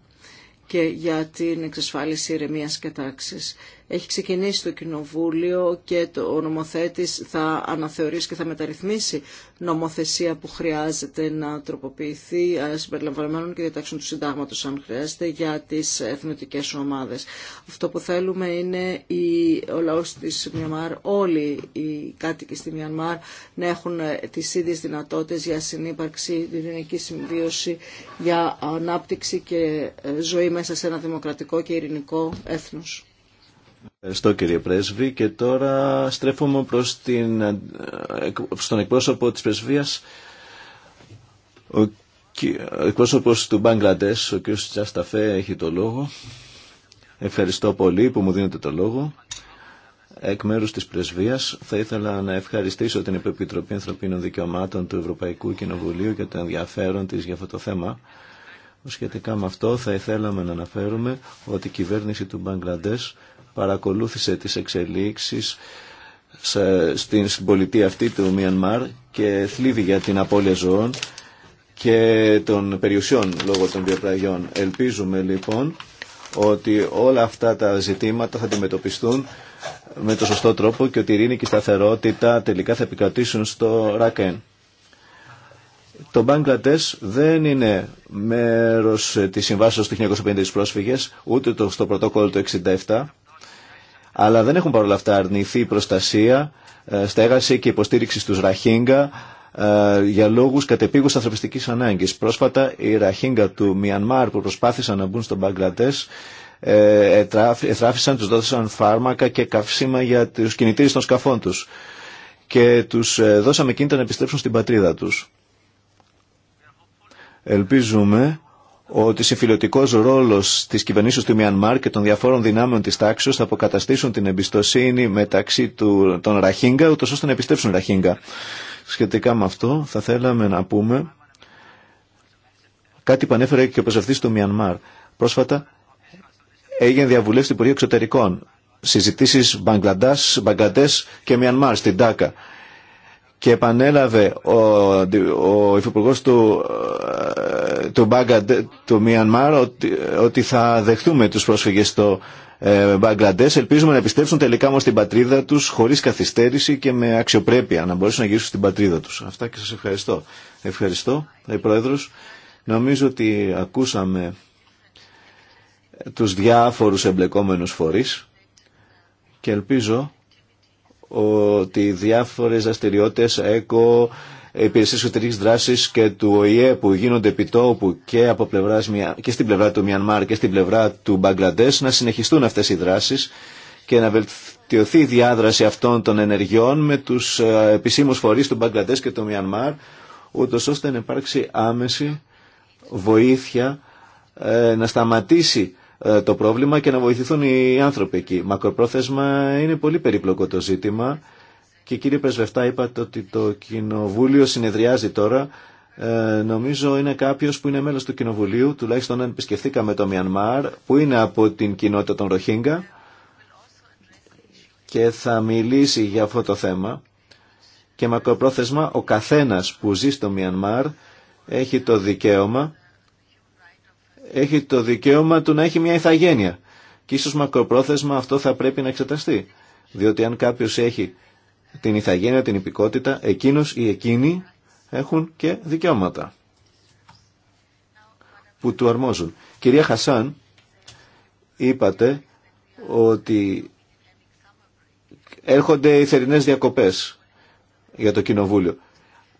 και για την εξασφάλιση ηρεμίας και τάξης έχει ξεκινήσει το Κοινοβούλιο και το, ο νομοθέτης θα αναθεωρήσει και θα μεταρρυθμίσει νομοθεσία που χρειάζεται να τροποποιηθεί ε, συμπεριλαμβανομένων και διατάξεων του συντάγματος αν χρειάζεται για τις εθνωτικές ομάδες. Αυτό που θέλουμε είναι η, ο λαός της Μιαμάρ, όλοι οι κάτοικοι στη Μιαμάρ να έχουν ε, τις ίδιες δυνατότητες για συνύπαρξη, δυναμική συμβίωση, για ανάπτυξη και ε, ζωή μέσα σε ένα δημοκρατικό και ειρηνικό έθνος. Ευχαριστώ κύριε Πρέσβη και τώρα στρέφομαι προς, την, προς τον εκπρόσωπο της Πρεσβείας, ο, ο εκπρόσωπος του Μπαγκλαντές, ο κ. Τσασταφέ έχει το λόγο. Ευχαριστώ πολύ που μου δίνετε το λόγο. Εκ μέρους της Πρεσβείας θα ήθελα να ευχαριστήσω την Επιτροπή Ανθρωπίνων Δικαιωμάτων του Ευρωπαϊκού Κοινοβουλίου για το ενδιαφέρον της για αυτό το θέμα. Σχετικά με αυτό θα ήθελαμε να αναφέρουμε ότι η κυβέρνηση του Μπαγκλαντές παρακολούθησε τις εξελίξεις στην πολιτεία αυτή του Μιανμάρ και θλίβει για την απώλεια ζωών και των περιουσιών λόγω των βιοπραγιών. Ελπίζουμε λοιπόν ότι όλα αυτά τα ζητήματα θα αντιμετωπιστούν με το σωστό τρόπο και ότι η ειρήνη και η σταθερότητα τελικά θα επικρατήσουν στο ΡΑΚΕΝ. Το Μπαγκλατές δεν είναι μέρος της συμβάσεως του 1950 της πρόσφυγες, ούτε στο πρωτόκολλο του 67 αλλά δεν έχουν παρόλα αυτά αρνηθεί προστασία, ε, στέγαση και υποστήριξη στους Ραχίνγκα ε, για λόγους κατεπήγους ανθρωπιστικής ανάγκης. Πρόσφατα οι Ραχίνγκα του Μιανμάρ που προσπάθησαν να μπουν στον Μπαγκλατές εθράφησαν, τους δώσαν φάρμακα και καυσίμα για τους κινητήρες των σκαφών τους και τους ε, δώσαμε κίνητα να επιστρέψουν στην πατρίδα τους. Ελπίζουμε ότι συμφιλωτικό ρόλο τη κυβερνήσεω του Μιανμάρ και των διαφόρων δυνάμεων τη τάξη θα αποκαταστήσουν την εμπιστοσύνη μεταξύ του, των Ραχίνγκα, ούτω ώστε να επιστρέψουν Ραχίνγκα. Σχετικά με αυτό, θα θέλαμε να πούμε κάτι που ανέφερε και ο προσευχή του Μιανμάρ. Πρόσφατα έγινε διαβουλεύση του Υπουργείου Εξωτερικών. Συζητήσει Μπαγκλαντέ και Μιανμάρ στην Τάκα και επανέλαβε ο, ο υφυπουργό του, ε, του Μιανμάρ ότι, θα δεχτούμε τους πρόσφυγες στο ε, Ελπίζουμε να επιστρέψουν τελικά όμως στην πατρίδα τους χωρίς καθυστέρηση και με αξιοπρέπεια να μπορέσουν να γυρίσουν στην πατρίδα τους. Αυτά και σας ευχαριστώ. Ευχαριστώ, λέει Πρόεδρος. Νομίζω ότι ακούσαμε τους διάφορους εμπλεκόμενους φορείς και ελπίζω ότι διάφορες δραστηριότητες ΕΚΟ, υπηρεσίες εσωτερικής δράσης και του ΟΗΕ που γίνονται επιτόπου και, από και στην πλευρά του Μιανμάρ και στην πλευρά του Μπαγκλαντές να συνεχιστούν αυτές οι δράσεις και να βελτιωθεί η διάδραση αυτών των ενεργειών με τους ε, επισήμους φορείς του Μπαγκλαντές και του Μιανμάρ ούτως ώστε να υπάρξει άμεση βοήθεια ε, να σταματήσει ε, το πρόβλημα και να βοηθηθούν οι άνθρωποι εκεί. Μακροπρόθεσμα είναι πολύ περίπλοκο το ζήτημα και κύριε Πεσβευτά είπατε ότι το Κοινοβούλιο συνεδριάζει τώρα. Ε, νομίζω είναι κάποιο που είναι μέλος του Κοινοβουλίου, τουλάχιστον αν επισκεφθήκαμε το Μιανμάρ, που είναι από την κοινότητα των Ροχίνγκα και θα μιλήσει για αυτό το θέμα. Και μακροπρόθεσμα ο καθένας που ζει στο Μιανμάρ έχει το δικαίωμα έχει το δικαίωμα του να έχει μια ηθαγένεια. Και ίσως μακροπρόθεσμα αυτό θα πρέπει να εξεταστεί. Διότι αν κάποιος έχει την ηθαγένεια, την υπηκότητα, εκείνος ή εκείνοι έχουν και δικαιώματα που του αρμόζουν. Κυρία Χασάν, είπατε ότι έρχονται οι θερινές διακοπές για το Κοινοβούλιο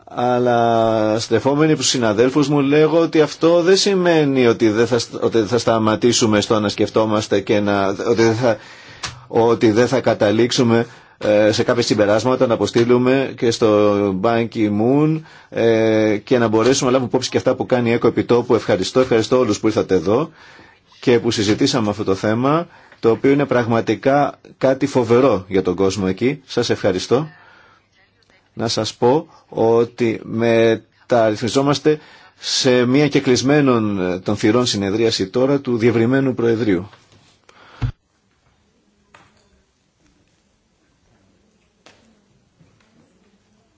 αλλά στεφόμενοι που συναδέλφους μου λέγω ότι αυτό δεν σημαίνει ότι δεν θα, ότι θα σταματήσουμε στο να σκεφτόμαστε και να, ότι, δεν θα, ότι δεν θα καταλήξουμε ε, σε κάποια συμπεράσματα να αποστείλουμε και στο Ban moon ε, και να μπορέσουμε να λάβουμε υπόψη και αυτά που κάνει η ΕΚΟ Επιτόπου. Ευχαριστώ, ευχαριστώ όλους που ήρθατε εδώ και που συζητήσαμε αυτό το θέμα, το οποίο είναι πραγματικά κάτι φοβερό για τον κόσμο εκεί. Σας ευχαριστώ να σας πω ότι μεταρρυθμιζόμαστε σε μια κεκλεισμένων ε, των θυρών συνεδρίαση τώρα του διευρυμένου Προεδρίου.